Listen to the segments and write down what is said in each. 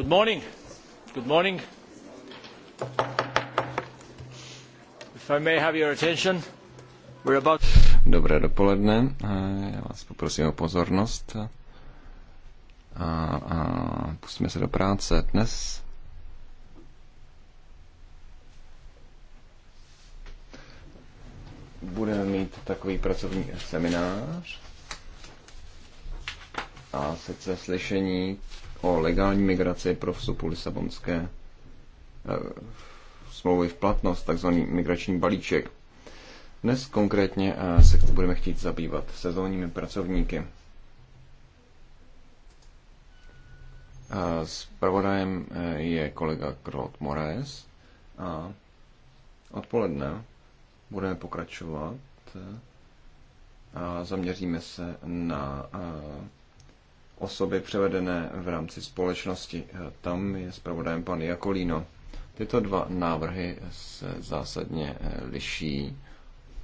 Good morning. Good morning. If I may have your attention, we're about... Dobré dopoledne, eh, já vás poprosím o pozornost eh, a, a pustíme se do práce dnes. Budeme mít takový pracovní seminář a sice slyšení o legální migraci pro vstupu Lisabonské eh, smlouvy v platnost, takzvaný migrační balíček. Dnes konkrétně eh, se budeme chtít zabývat sezónními pracovníky. Eh, pravodajem je kolega Krot Moraes a odpoledne budeme pokračovat a zaměříme se na osoby převedené v rámci společnosti. E, Tam je zpravodajem pan Jakolíno. Tyto dva návrhy se zásadně e, liší,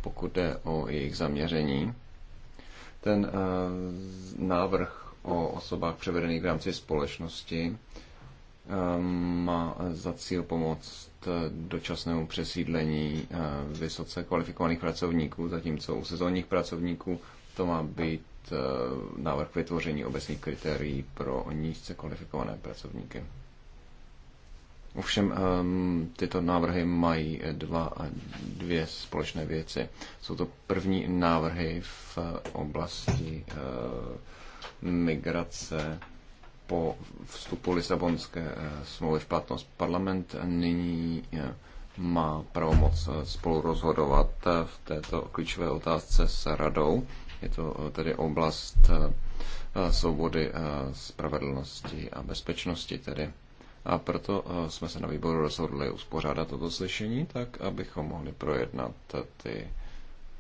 pokud jde o jejich zaměření. Ten e, návrh o osobách převedených v rámci společnosti má za cíl pomoct dočasnému přesídlení vysoce kvalifikovaných pracovníků, zatímco u sezónních pracovníků to má být Eh, návrh vytvoření obecných kritérií pro nízce kvalifikované pracovníky. Ovšem ehm, tyto návrhy mají dva, dvě společné věci. Jsou to první návrhy v oblasti eh, migrace po vstupu Lisabonské eh, smlouvy v platnost. Parlament nyní má pravomoc spolu rozhodovat v této klíčové otázce s radou je to eh, tedy oblast eh, eh, svobody, spravedlnosti a bezpečnosti tedy. A proto jsme se na výboru rozhodli uspořádat toto slyšení, tak abychom mohli projednat ty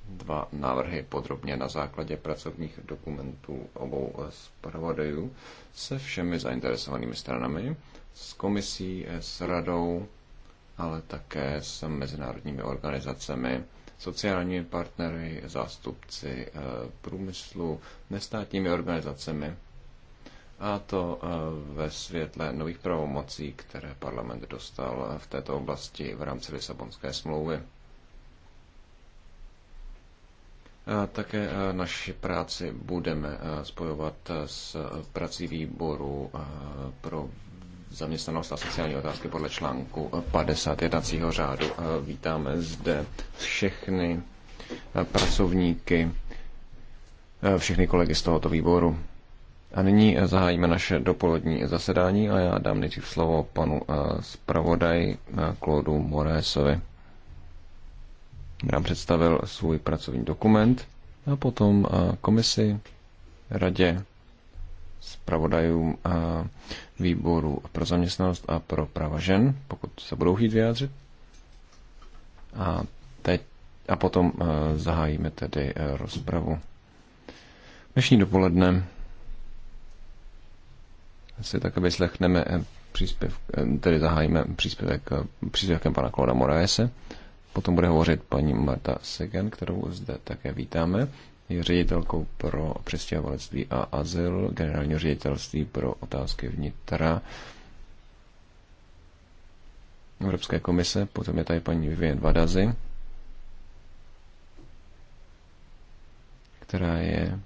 dva návrhy podrobně na základě pracovních dokumentů obou zpravodajů se všemi zainteresovanými stranami, s komisí, s radou, ale také s mezinárodními organizacemi, sociálními partnery, zástupci eh, průmyslu, nestátními organizacemi. A to eh, ve světle nových pravomocí, které parlament dostal eh, v této oblasti v rámci Lisabonské smlouvy. Také naši práci budeme spojovat s prací výboru pro zaměstnanost a sociální otázky podle článku 50 jednacího řádu. Vítáme zde všechny pracovníky, všechny kolegy z tohoto výboru. A nyní zahájíme naše dopolední zasedání a já dám nejdřív slovo panu zpravodaj Claudu Moresovi. Nám představil svůj pracovní dokument a potom komisi, radě, zpravodajům výboru pro zaměstnanost a pro práva žen, pokud se budou chtít vyjádřit. A, teď, a potom eh, zahájíme tedy eh, rozpravu. Dnešní dopoledne si také vyslechneme eh, příspěv, tedy zahájíme příspěvek, příspěvkem pana Kloda Moraese. Potom bude hovořit paní Marta Segen, kterou zde také vítáme je ředitelkou pro přestěhovalectví a azyl, generálního ředitelství pro otázky vnitra Evropské komise, potom je tady paní Vivien Vadazy, která je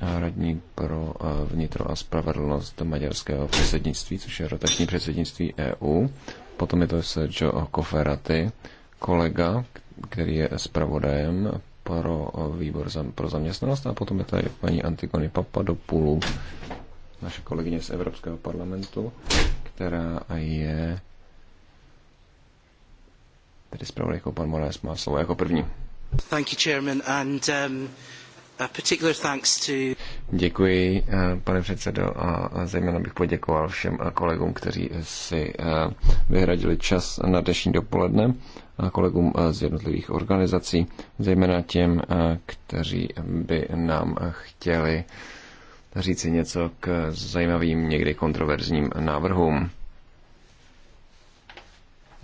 radní pro eh, vnitro a spravedlnost maďarského předsednictví, což je rotační předsednictví EU. Potom je to Sergio Koferaty, kolega, který je zpravodajem pro výbor pro zaměstnanost a potom je tady paní Antigony Papadopoulou, naše kolegyně z Evropského parlamentu, která je tedy zpravodajkou pan Morales má slovo jako první. Thank you, chairman, and, um... Děkuji, eh, pane předsedo, a zejména bych poděkoval všem eh, kolegům, kteří si eh, vyhradili čas na dnešní dopoledne a kolegům z jednotlivých organizací, zejména těm, kteří by nám chtěli říci něco k zajímavým, někdy kontroverzním návrhům.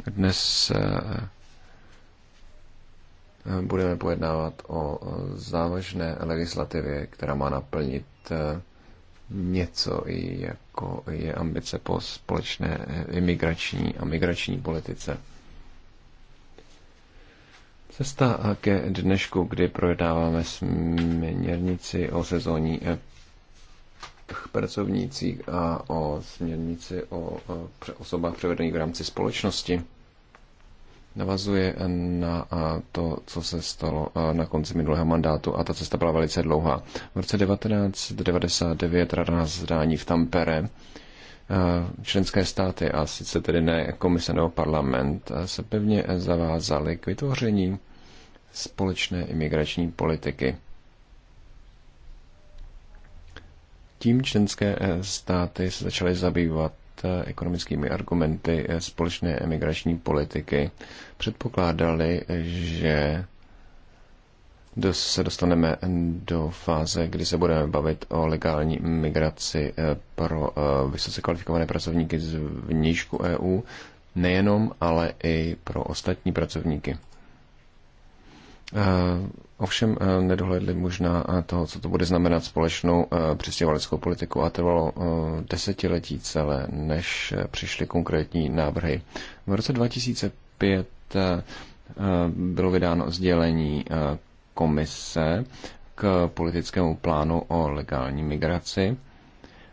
Dnes budeme pojednávat o závažné legislativě, která má naplnit eh, něco i jako je ambice po společné eh, imigrační a migrační politice. Cesta eh, ke dnešku, kdy projednáváme směrnici o sezóní pracovnících a o směrnici o osobách převedených v rámci společnosti navazuje na to, co se stalo na konci minulého mandátu a ta cesta byla velice dlouhá. V roce 1999 rada na zdání v Tampere členské státy, a sice tedy ne komise nebo parlament, se pevně zavázaly k vytvoření společné imigrační politiky. Tím členské e, státy se začaly zabývat E, ekonomickými argumenty e, společné emigrační politiky předpokládali, že se dostaneme do fáze, kdy se budeme bavit o legální migraci e, pro vysoce kvalifikované pracovníky z vnížku EU, nejenom, ale i pro ostatní pracovníky. Eh, ovšem eh, nedohledli možná eh, toho, co to bude znamenat společnou přistěhovaleckou politiku a trvalo desetiletí celé, než přišly konkrétní návrhy. V roce 2005 bylo vydáno sdělení komise k politickému plánu o legální migraci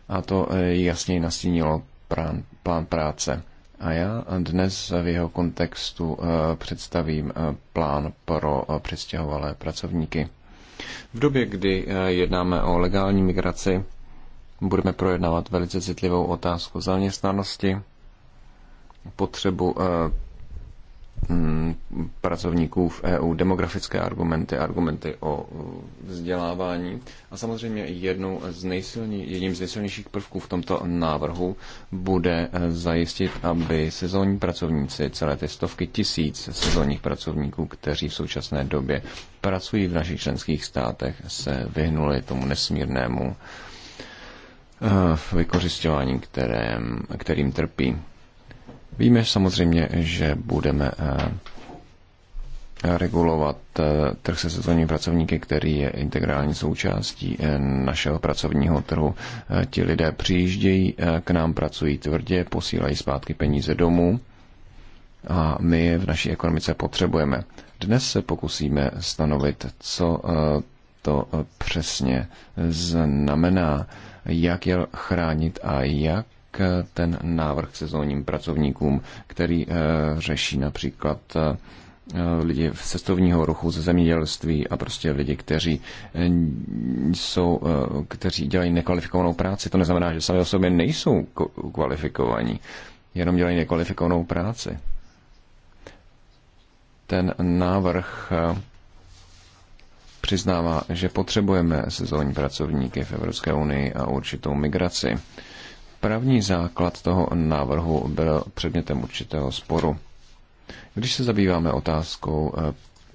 a to jasněji nastínilo plán, plán práce. A já dnes v jeho kontextu eh, představím eh, plán pro eh, přestěhovalé pracovníky. V době, kdy jednáme o legální migraci, budeme projednávat velice citlivou otázku zaměstnanosti, potřebu Mm, pracovníků v EU, demografické argumenty, argumenty o mm, vzdělávání. A samozřejmě jednou z nejsilní, jedním z nejsilnějších prvků v tomto návrhu bude e, zajistit, aby sezónní pracovníci, celé ty stovky tisíc sezónních pracovníků, kteří v současné době pracují v našich členských státech, se vyhnuli tomu nesmírnému e, vykořišťování, kterým trpí. Víme samozřejmě, že budeme eh, regulovat eh, trh se sezónními pracovníky, který je integrální součástí eh, našeho pracovního trhu. Ti lidé přijíždějí k nám, pracují tvrdě, posílají zpátky peníze domů a my je v naší ekonomice potřebujeme. Dnes se pokusíme stanovit, co to přesně znamená, jak je chránit a jak ten návrh k sezónním pracovníkům, který eh, řeší například eh, lidi v cestovního ruchu, ze zemědělství a prostě lidi, kteří eh, jsou, kteří dělají nekvalifikovanou práci. To neznamená, že sami o sobě nejsou kvalifikovaní, jenom dělají nekvalifikovanou práci. Ten návrh přiznává, že potřebujeme sezónní pracovníky v Evropské unii a určitou migraci Právní základ toho návrhu byl předmětem určitého sporu. Když se zabýváme otázkou eh,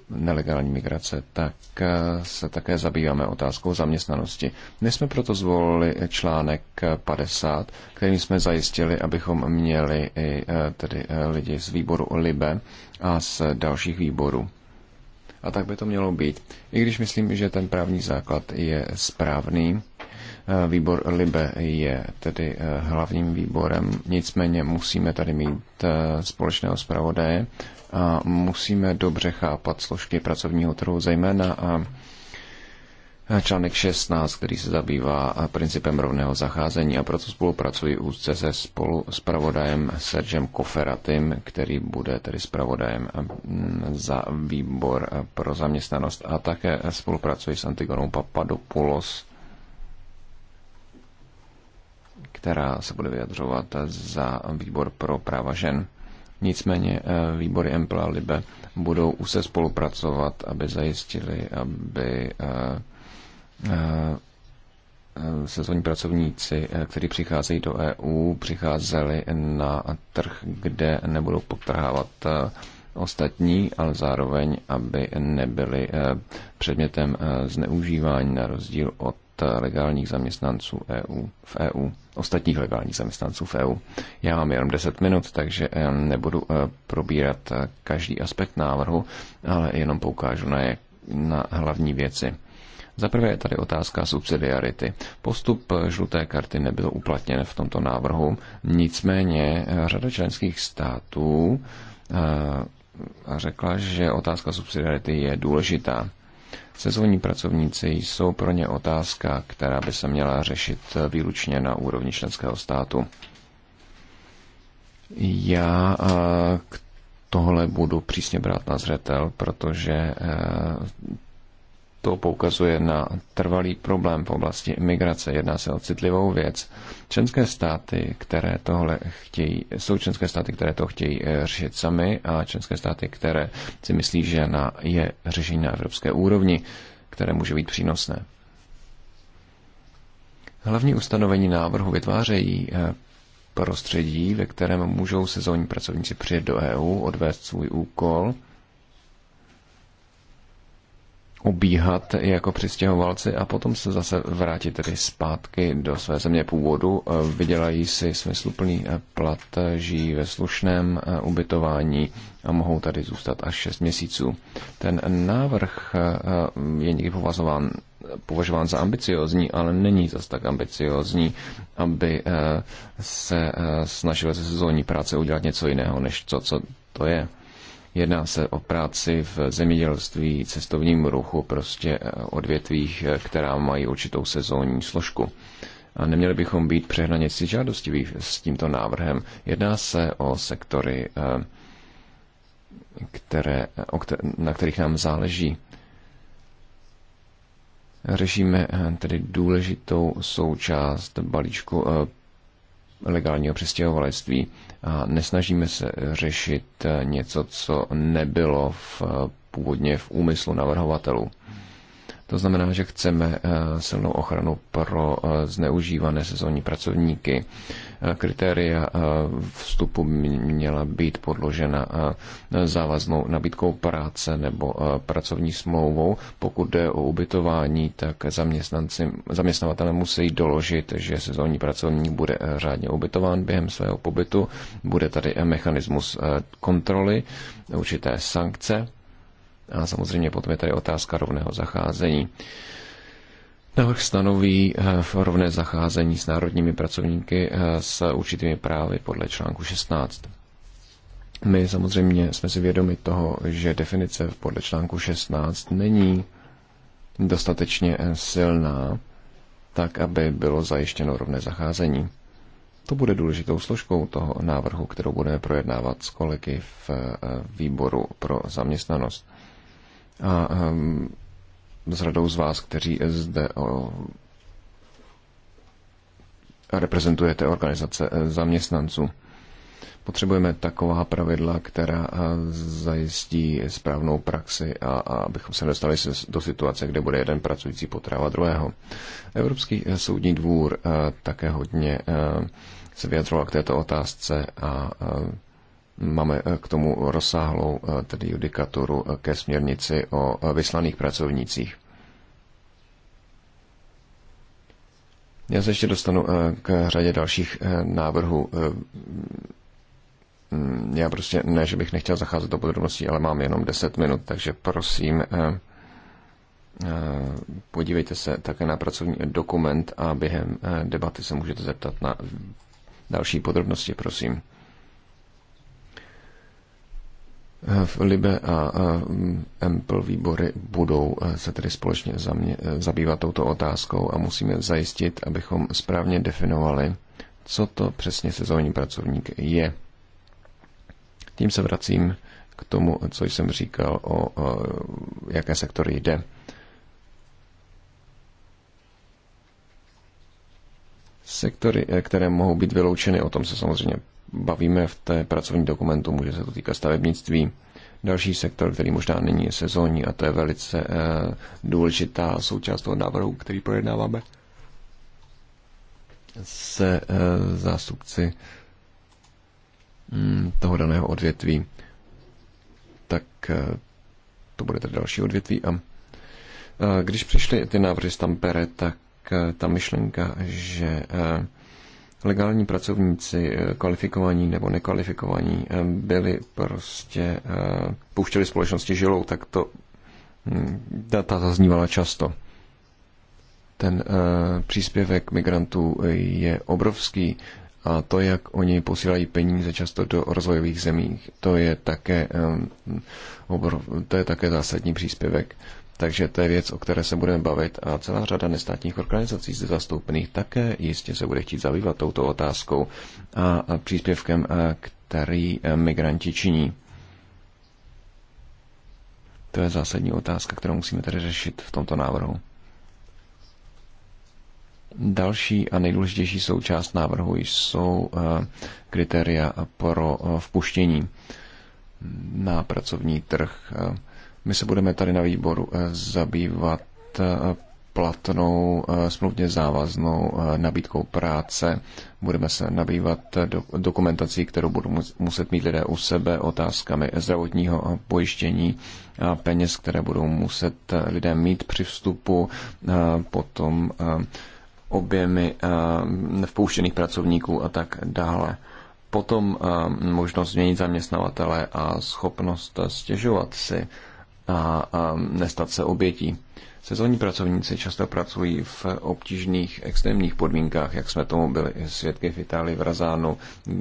nelegální migrace, tak eh, se také zabýváme otázkou zaměstnanosti. My jsme proto zvolili článek 50, kterým jsme zajistili, abychom měli i eh, tedy lidi z výboru LIBE a z dalších výborů. A tak by to mělo být. I když myslím, že ten právní základ je správný, Eh, výbor Libe je tedy eh, hlavním výborem, nicméně musíme tady mít eh, společného zpravodaje a musíme dobře chápat složky pracovního trhu, zejména a článek 16, který se zabývá principem rovného zacházení a proto spolupracuji úzce se spolu s pravodajem Sergem Koferatym, který bude tedy zpravodajem za výbor pro zaměstnanost a také spolupracuji s Antigonou Papadopoulos, která se bude vyjadřovat za výbor pro práva žen. Nicméně eh, výbory MPL a LIBE budou už se spolupracovat, aby zajistili, aby eh, eh, sezónní pracovníci, kteří přicházejí do EU, přicházeli na trh, kde nebudou potrhávat ostatní, ale zároveň, aby nebyli předmětem zneužívání na rozdíl od legálních zaměstnanců EU v EU, ostatních legálních zaměstnanců v EU. Já mám jenom 10 minut, takže nebudu eh, probírat eh, každý aspekt návrhu, ale jenom poukážu na, jak, na hlavní věci. Za prvé je tady otázka subsidiarity. Postup eh, žluté karty nebyl uplatněn v tomto návrhu, nicméně řada členských států řekla, že otázka subsidiarity je důležitá. Sezónní pracovníci jsou pro ně otázka, která by se měla řešit výlučně na úrovni členského státu. Já eh, tohle budu přísně brát na zřetel, protože eh, to poukazuje na trvalý problém v oblasti imigrace. Jedná se o citlivou věc. Členské státy, které tohle chtějí, jsou členské státy, které to chtějí eh, řešit sami a členské státy, které si myslí, že na, je řešení na evropské úrovni, které může být přínosné. Hlavní ustanovení návrhu vytvářejí eh, prostředí, ve kterém můžou sezónní pracovníci přijet do EU, odvést svůj úkol ubíhat jako přistěhovalci a potom se zase vrátit tedy zpátky do své země původu. E, vydělají si smysluplný e, plat, e, žijí ve slušném ubytování a mohou tady zůstat až 6 měsíců. Ten návrh je někdy považován, považován za ambiciozní, ale není zas tak ambiciozní, aby se snažil ze sezónní práce udělat něco jiného, než co co to je. Jedná se o práci v zemědělství, cestovním ruchu, prostě eh, odvětvích, eh, která mají určitou sezónní složku. A neměli bychom být přehnaně si žádostiví s tímto návrhem. Jedná se o sektory, eh, které, na kterých nám záleží. Řešíme tedy důležitou součást balíčku legálního přestěhovalectví a nesnažíme se řešit eh, něco, co nebylo v, eh, původně v úmyslu navrhovatelů. To znamená, že chceme eh, silnou ochranu pro eh, zneužívané sezónní pracovníky. Eh, kritéria vstupu měla být podložena závaznou nabídkou práce nebo pracovní smlouvou. Pokud jde o ubytování, tak zaměstnanci, zaměstnavatele musí doložit, že sezónní pracovník bude řádně ubytován během svého pobytu. Bude tady mechanismus kontroly, určité sankce a samozřejmě potom je tady otázka rovného zacházení. Návrh stanoví eh, v rovné zacházení s národními pracovníky eh, s určitými právy podle článku 16. My samozřejmě jsme si vědomi toho, že definice podle článku 16 není dostatečně eh, silná, tak aby bylo zajištěno rovné zacházení. To bude důležitou složkou toho návrhu, kterou budeme projednávat s kolegy v výboru pro zaměstnanost a ehm, s radou z vás, kteří zde o reprezentujete organizace e, zaměstnanců. Potřebujeme taková pravidla, která e, zajistí správnou praxi a, a abychom se dostali do situace, kde bude jeden pracující potrávat druhého. Evropský e, soudní dvůr také hodně se vyjadřoval k této otázce a Máme eh, k tomu rozsáhlou eh, tedy judikaturu eh, ke směrnici o vyslaných pracovnících. Já se ještě dostanu k řadě dalších návrhů. Mm, já prostě ne, že bych nechtěl zacházet do podrobností, ale mám jenom 10 minut, takže prosím, podívejte se také na pracovní dokument a během debaty se můžete zeptat na další podrobnosti, prosím. v Libe a Empl výbory budou e, se tedy společně e, zabývat touto otázkou a musíme zajistit, abychom správně definovali, co to přesně sezónní pracovník je. Tím se vracím k tomu, co jsem říkal o, o jaké sektory jde. Sektory, e, které mohou být vyloučeny, o tom se samozřejmě bavíme v té pracovní dokumentu, může se to týkat stavebnictví. Další sektor, který možná není sezónní a to je velice eh, důležitá součást toho návrhu, který projednáváme se eh, zástupci hm, toho daného odvětví, tak eh, to bude tedy další odvětví. A když přišly ty návrhy z Tampere, tak ta myšlenka, že legální pracovníci, eh, kvalifikovaní nebo nekvalifikovaní, eh, byli prostě, eh, pouštěli společnosti žilou, tak to data hm, zaznívala často. Ten příspěvek migrantů je obrovský a to, jak oni posílají peníze často do rozvojových zemí, to je také, to je také zásadní příspěvek takže to je věc, o které se budeme bavit a celá řada nestátních organizací zde zastoupených také jistě se bude chtít zabývat touto otázkou a příspěvkem, který e, migranti činí. To je zásadní otázka, kterou musíme tady řešit v tomto návrhu. Další a nejdůležitější součást návrhu jsou e, kritéria pro e, vpuštění na pracovní trh my se budeme tady na výboru eh, zabývat eh, platnou, eh, smluvně závaznou nabídkou práce. Budeme se nabývat dokumentací, kterou budou muset mít lidé u sebe, otázkami zdravotního pojištění a peněz, které budou muset lidé mít při vstupu, potom objemy vpouštěných pracovníků a tak dále. Potom možnost změnit zaměstnavatele a schopnost stěžovat si a, a nestat se obětí. Sezónní pracovníci často pracují v obtížných extrémních podmínkách, jak jsme tomu byli svědky v Itálii, v Razánu,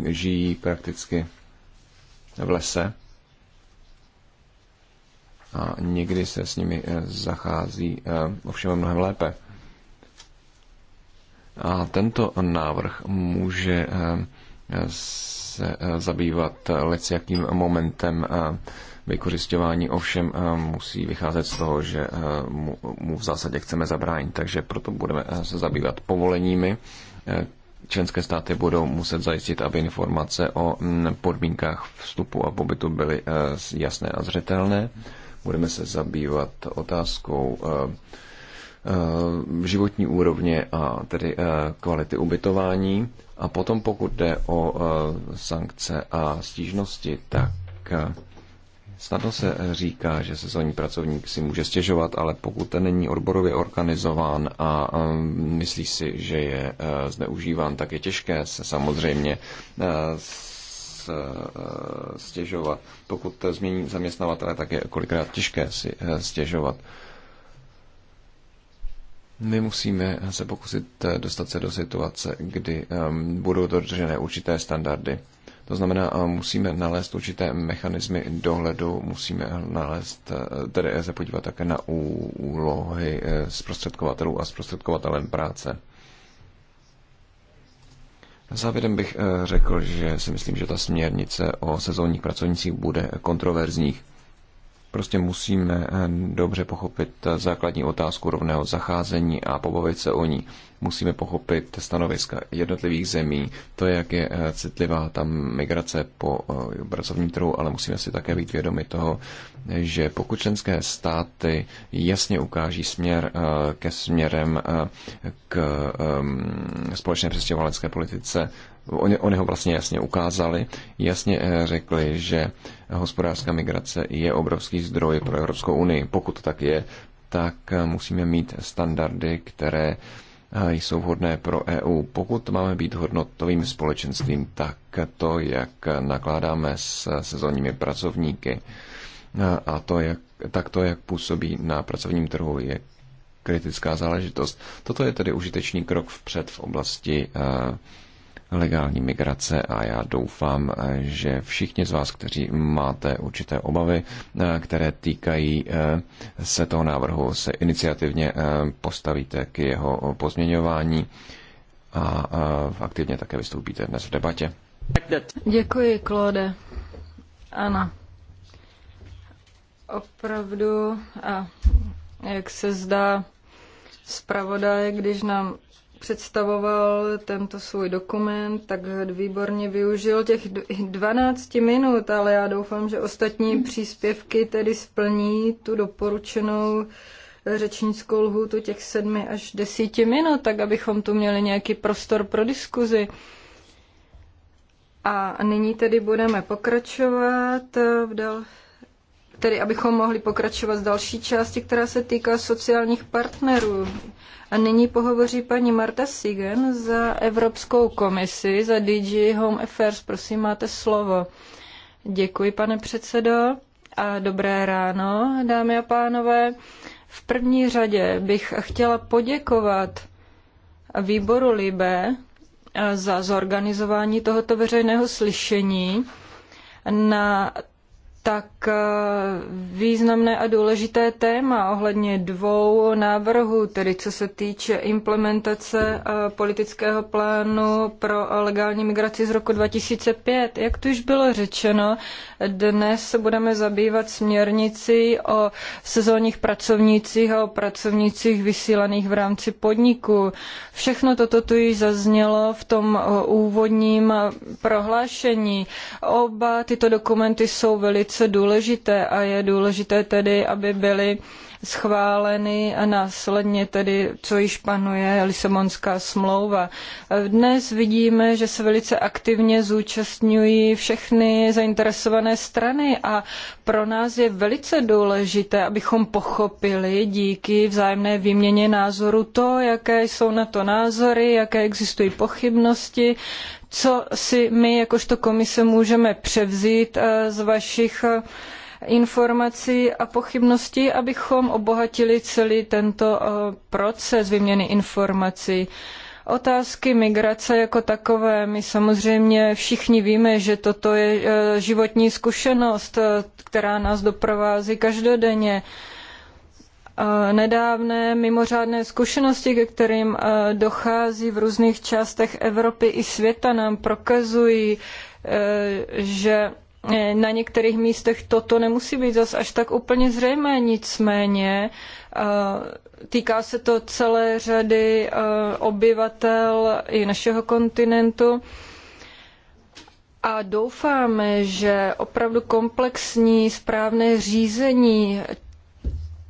žijí prakticky v lese a někdy se s nimi eh, zachází eh, ovšem mnohem lépe. A tento návrh může eh, se zabývat jakým momentem Vykořišťování ovšem eh, musí vycházet z toho, že eh, mu v zásadě chceme zabránit, takže proto budeme eh, se zabývat povoleními. Členské státy budou muset zajistit, aby informace o mm, podmínkách vstupu a pobytu byly jasné a zřetelné. Budeme se zabývat otázkou životní úrovně a tedy kvality ubytování. A potom pokud jde o sankce a stížnosti, tak Snadno se říká, že sezónní pracovník si může stěžovat, ale pokud ten není odborově organizován a myslí si, že je e, zneužíván, tak je těžké se samozřejmě e, e, stěžovat. Pokud změní zaměstnavatele, tak je kolikrát těžké si stěžovat. My musíme se pokusit dostat se do situace, kdy budou dodržené určité standardy. To znamená, musíme nalézt určité mechanismy dohledu, musíme nalézt, eh, tedy se podívat také na úlohy eh, zprostředkovatelů a zprostředkovatelem práce. Závěrem bych eh, řekl, že si myslím, že ta směrnice o sezónních pracovnicích bude kontroverzních Prostě musíme eh, dobře pochopit eh, základní otázku rovného zacházení a pobavit se o ní. Musíme pochopit stanoviska jednotlivých zemí, to, jak je eh, citlivá ta migrace po pracovním trhu, ale musíme si také být vědomi toho, že pokud členské státy jasně ukáží směr ke směrem k ehm, společné přestěhovalecké politice, oni, oni ho vlastně jasně ukázali, jasně eh, řekli, že hospodářská migrace je obrovský zdroj pro Evropskou unii. Pokud tak je, tak eh, musíme mít standardy, které eh, jsou vhodné pro EU. Pokud máme být hodnotovým společenstvím, tak to, jak nakládáme s sezónními pracovníky a to, jak, tak to, jak působí na pracovním trhu, je kritická záležitost. Toto je tedy užitečný krok vpřed v oblasti uh, legální migrace a já doufám, že všichni z vás, kteří máte určité obavy, eh, které týkají eh, se toho návrhu, se iniciativně eh, postavíte k jeho pozměňování a aktivně také vystoupíte dnes v debatě. Děkuji, Klode. Ano. Opravdu, a jak se zdá, zpravodaj, když nám představoval tento svůj dokument, tak výborně využil těch 12 minut, ale já doufám, že ostatní příspěvky tedy splní tu doporučenou řečnickou lhůtu těch sedmi až desíti minut, tak abychom tu měli nějaký prostor pro diskuzi. A nyní tedy budeme pokračovat v dal... tedy abychom mohli pokračovat z další části, která se týká sociálních partnerů. A nyní pohovoří paní Marta Sigen za Evropskou komisi, za DG Home Affairs. Prosím, máte slovo. Děkuji, pane předsedo, a dobré ráno, dámy a pánové. V první řadě bych chtěla poděkovat výboru Libe eh, za zorganizování tohoto veřejného slyšení na tak eh, významné a důležité téma ohledně dvou návrhů, tedy co se týče implementace eh, politického plánu pro legální migraci z roku 2005. Jak tu už bylo řečeno, dnes se budeme zabývat směrnicí o sezónních pracovnících a o pracovnících vysílaných v rámci podniku. Všechno toto tu již zaznělo v tom eh, úvodním prohlášení. Oba tyto dokumenty jsou velice velice důležité a je důležité tedy, aby byly schváleny a následně tedy, co již panuje Lisabonská smlouva. Dnes vidíme, že se velice aktivně zúčastňují všechny zainteresované strany a pro nás je velice důležité, abychom pochopili díky vzájemné výměně názoru to, jaké jsou na to názory, jaké existují pochybnosti, co si my jakožto komise můžeme převzít eh, z vašich eh, informací a pochybností, abychom obohatili celý tento eh, proces výměny informací. Otázky migrace jako takové, my samozřejmě všichni víme, že toto je životní zkušenost, která nás doprovází každodenně. Eh, nedávné mimořádné zkušenosti, ke kterým eh, dochází v různých částech Evropy i světa, nám prokazují, eh, že na některých místech toto nemusí být zas až tak úplně zřejmé, nicméně týká se to celé řady obyvatel i našeho kontinentu. A doufáme, že opravdu komplexní správné řízení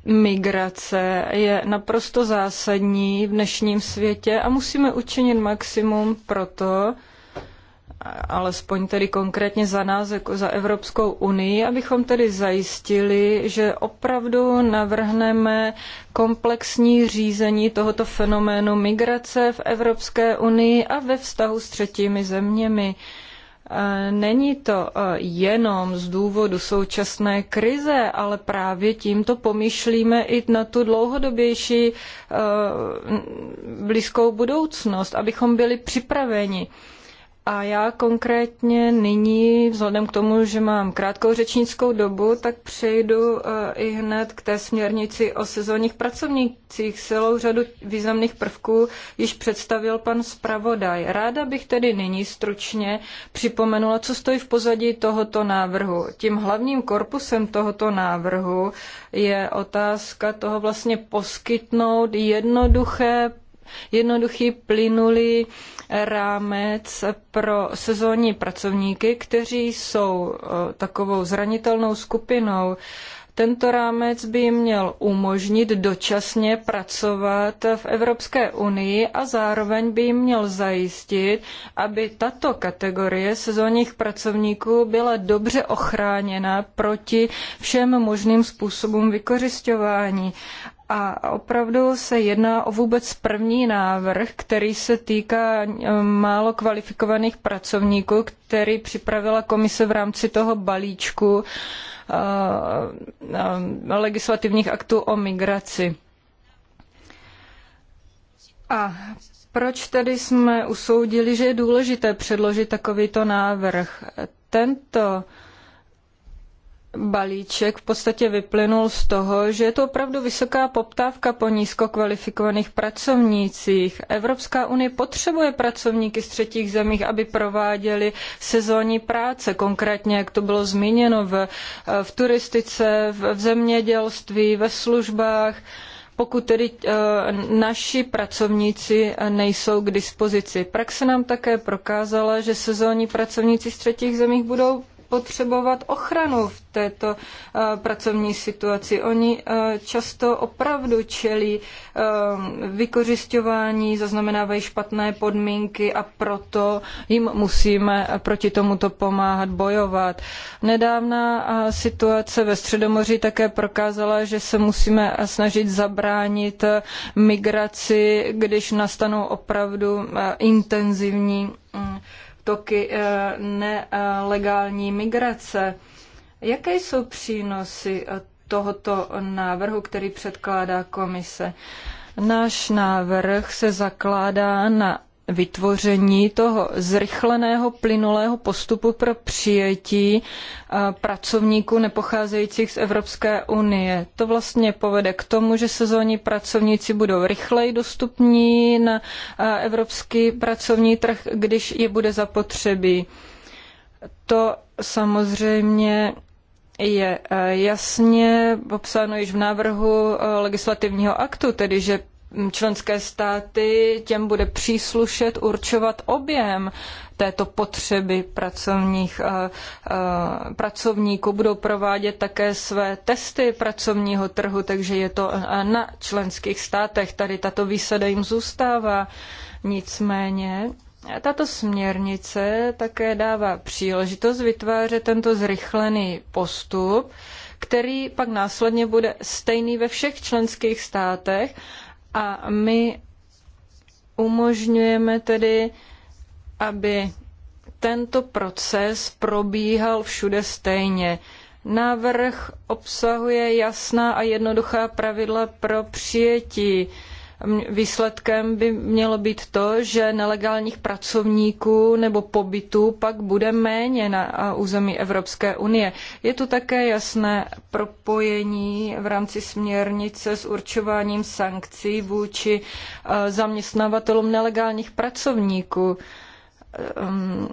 migrace je naprosto zásadní v dnešním světě a musíme učinit maximum pro to, alespoň tedy konkrétně za nás, jako za Evropskou unii, abychom tedy zajistili, že opravdu navrhneme komplexní řízení tohoto fenoménu migrace v Evropské unii a ve vztahu s třetími zeměmi. Není to e, jenom z důvodu současné krize, ale právě tímto pomýšlíme i na tu dlouhodobější e, blízkou budoucnost, abychom byli připraveni. A já konkrétně nyní, vzhledem k tomu, že mám krátkou řečnickou dobu, tak přejdu eh, i hned k té směrnici o sezónních pracovnících. Celou řadu významných prvků již představil pan zpravodaj. Ráda bych tedy nyní stručně připomenula, co stojí v pozadí tohoto návrhu. Tím hlavním korpusem tohoto návrhu je otázka toho vlastně poskytnout jednoduché jednoduchý plynulý rámec pro sezónní pracovníky, kteří jsou eh, takovou zranitelnou skupinou. Tento rámec by jim měl umožnit dočasně pracovat v Evropské unii a zároveň by jim měl zajistit, aby tato kategorie sezónních pracovníků byla dobře ochráněna proti všem možným způsobům vykořišťování. A opravdu se jedná o vůbec první návrh, který se týká um, málo kvalifikovaných pracovníků, který připravila komise v rámci toho balíčku uh, um, legislativních aktů o migraci. A proč tedy jsme usoudili, že je důležité předložit takovýto návrh? Tento balíček v podstatě vyplynul z toho, že je to opravdu vysoká poptávka po nízkokvalifikovaných pracovnících. Evropská unie potřebuje pracovníky z třetích zemí, aby prováděli sezónní práce, konkrétně, jak to bylo zmíněno, v, v turistice, v, v zemědělství, ve službách pokud tedy eh, naši pracovníci nejsou k dispozici. Praxe nám také prokázala, že sezónní pracovníci z třetích zemí budou potřebovat ochranu v této eh, pracovní situaci. Oni eh, často opravdu čelí eh, vykořišťování, zaznamenávají špatné podmínky a proto jim musíme proti tomuto pomáhat bojovat. Nedávná situace ve Středomoří také prokázala, že se musíme snažit zabránit migraci, když nastanou opravdu intenzivní mm, toky eh, nelegální migrace. Jaké jsou přínosy eh, tohoto návrhu, který předkládá komise? Náš návrh se zakládá na vytvoření toho zrychleného plynulého postupu pro přijetí eh, pracovníků nepocházejících z Evropské unie. To vlastně povede k tomu, že sezónní pracovníci budou rychleji dostupní na eh, evropský pracovní trh, když je bude zapotřebí. To samozřejmě je eh, jasně popsáno již v návrhu legislativního aktu, tedy že členské státy, těm bude příslušet určovat objem této potřeby pracovních eh, eh, pracovníků. Budou provádět také své testy pracovního trhu, takže je to na členských státech. Tady tato výsada jim zůstává. Nicméně tato směrnice také dává příležitost vytvářet tento zrychlený postup, který pak následně bude stejný ve všech členských státech a my umožňujeme tedy, aby tento proces probíhal všude stejně. Návrh obsahuje jasná a jednoduchá pravidla pro přijetí uh, Výsledkem by mělo být to, že nelegálních pracovníků nebo pobytů pak bude méně na území Evropské unie. Je tu také jasné propojení v rámci směrnice s určováním sankcí vůči e, zaměstnavatelům nelegálních pracovníků. Ehm,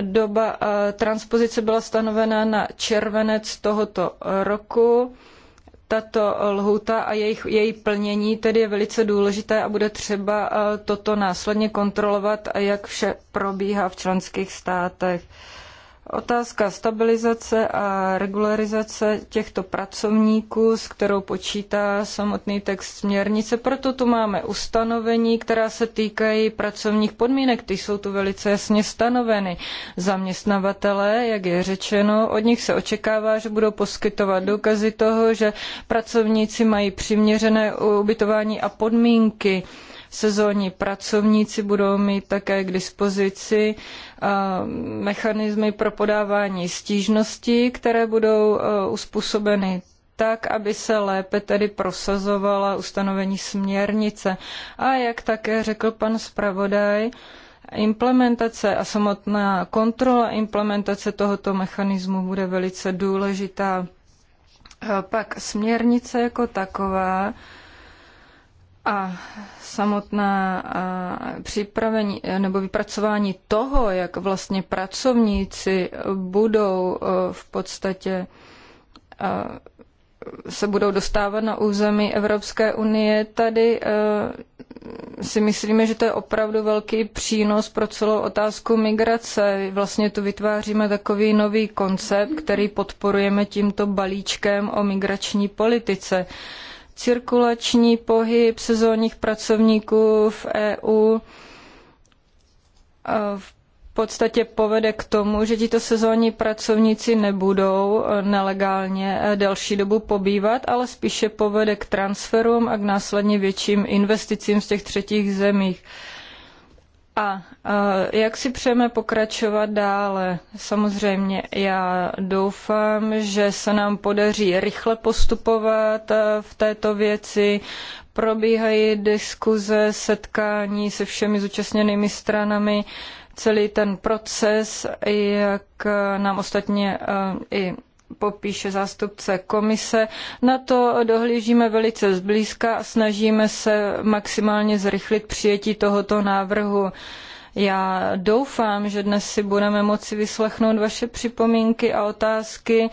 doba e, transpozice byla stanovena na červenec tohoto roku tato lhůta a jejich, její plnění tedy je velice důležité a bude třeba eh, toto následně kontrolovat, jak vše probíhá v členských státech. Otázka stabilizace a regularizace těchto pracovníků, s kterou počítá samotný text směrnice. Proto tu máme ustanovení, která se týkají pracovních podmínek. Ty jsou tu velice jasně stanoveny. Zaměstnavatelé, jak je řečeno, od nich se očekává, že budou poskytovat důkazy toho, že pracovníci mají přiměřené ubytování a podmínky sezónní pracovníci budou mít také k dispozici eh, mechanismy pro podávání stížností, které budou eh, uspůsobeny tak, aby se lépe tedy prosazovala ustanovení směrnice. A jak také řekl pan zpravodaj, implementace a samotná kontrola implementace tohoto mechanismu bude velice důležitá. Eh, pak směrnice jako taková a samotná připravení nebo vypracování toho, jak vlastně pracovníci budou e, v podstatě e, se budou dostávat na území Evropské unie, tady e, si myslíme, že to je opravdu velký přínos pro celou otázku migrace. Vlastně tu vytváříme takový nový koncept, který podporujeme tímto balíčkem o migrační politice cirkulační pohyb sezónních pracovníků v EU v podstatě povede k tomu, že tito sezónní pracovníci nebudou e, nelegálně e, delší dobu pobývat, ale spíše povede k transferům a k následně větším investicím z těch třetích zemích. A e, jak si přejeme pokračovat dále? Samozřejmě já doufám, že se nám podaří rychle postupovat e, v této věci. Probíhají diskuze, setkání se všemi zúčastněnými stranami. Celý ten proces, jak nám ostatně e, i popíše zástupce komise. Na to dohlížíme velice zblízka a snažíme se maximálně zrychlit přijetí tohoto návrhu. Já doufám, že dnes si budeme moci vyslechnout vaše připomínky a otázky,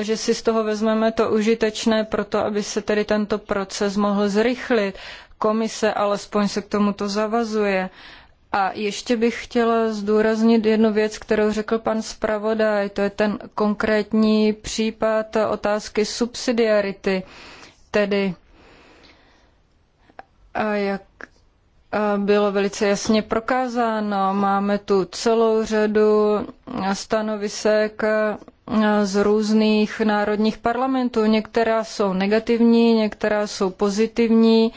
že si z toho vezmeme to užitečné pro to, aby se tedy tento proces mohl zrychlit. Komise alespoň se k tomuto zavazuje. A ještě bych chtěla zdůraznit jednu věc, kterou řekl pan zpravodaj, to je ten konkrétní případ otázky subsidiarity, tedy a jak bylo velice jasně prokázáno. Máme tu celou řadu stanovisek z různých národních parlamentů. Některá jsou negativní, některá jsou pozitivní. A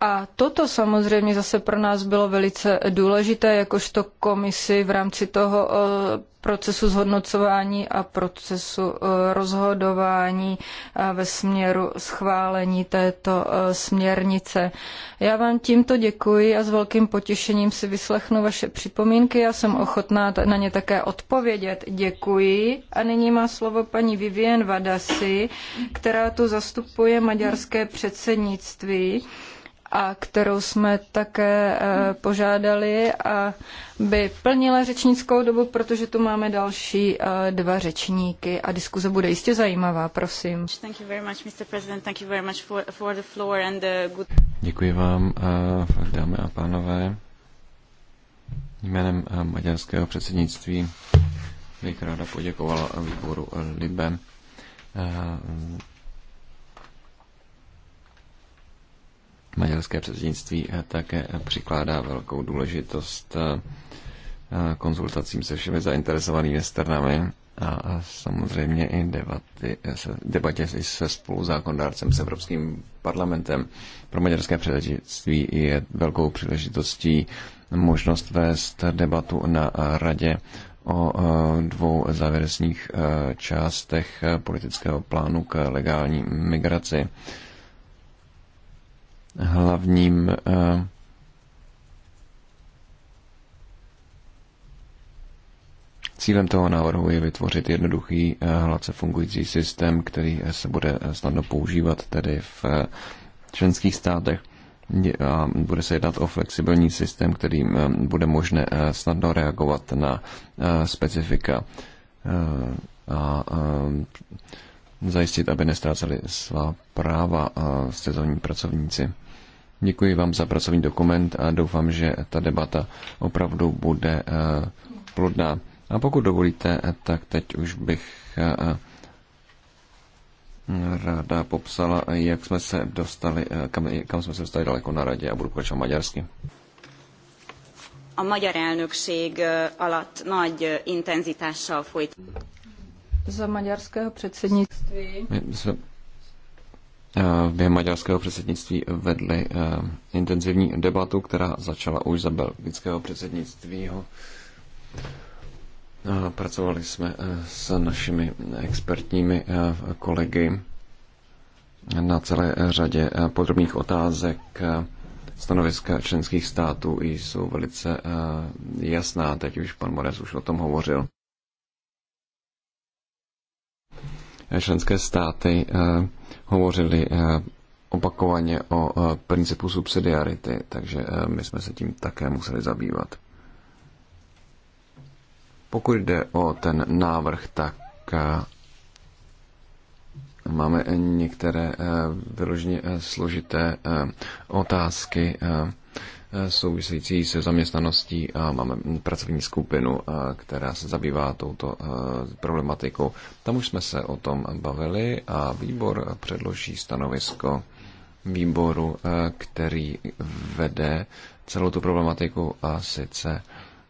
a toto samozřejmě zase pro nás bylo velice důležité, jakožto komisi v rámci toho eh, procesu zhodnocování a procesu eh, rozhodování eh, ve směru schválení této směrnice. Já vám tímto děkuji a s velkým potěšením si vyslechnu vaše připomínky. Já jsem ochotná na ně také odpovědět. Děkuji. A nyní má slovo paní Vivien Vadasi, která tu zastupuje maďarské předsednictví a kterou jsme také eh, požádali, aby plnila řečnickou dobu, protože tu máme další eh, dva řečníky a diskuze bude jistě zajímavá, prosím. Děkuji vám, eh, dámy a pánové. Jménem maďarského předsednictví bych ráda poděkovala výboru Libe Maďarské předsednictví eh, také eh, přikládá velkou důležitost eh, konzultacím se všemi zainteresovanými stranami a samozřejmě i debaty, debatě se spoluzákonodárcem s Evropským parlamentem. Pro maďarské předsednictví je velkou příležitostí možnost vést debatu na radě o dvou závěrečných částech politického plánu k legální migraci hlavním eh, Cílem toho návrhu je vytvořit jednoduchý, eh, hladce fungující systém, který eh, se bude snadno používat tedy v členských státech. A bude se jednat o flexibilní systém, kterým bude možné snadno reagovat na specifika a zajistit, aby nestráceli svá práva a sezónní pracovníci. Děkuji vám za pracovní dokument a doufám, že ta debata opravdu bude eh, plodná. A pokud dovolíte, tak teď už bych eh, ráda popsala, jak jsme se dostali, eh, kam, kam jsme se dostali daleko na radě a budu pokračovat maďarsky. A magyar elnökség alatt nagy intenzitással folyt za maďarského předsednictví. My jsme eh, během maďarského předsednictví vedli eh, intenzivní debatu, která začala už za belgického předsednictví. Eh, pracovali jsme s našimi expertními kolegy na celé řadě podrobných otázek. Stanoviska členských států jsou velice jasná, teď už pan Mores už o tom hovořil. členské státy eh, hovořily eh, opakovaně o eh, principu subsidiarity, takže my jsme se tím také museli zabývat. Pokud jde o ten návrh, tak máme některé vyloženě složité otázky související se zaměstnaností a máme pracovní skupinu, která se zabývá touto problematikou. Tam už jsme se o tom bavili a výbor předloží stanovisko výboru, který vede celou tu problematiku a sice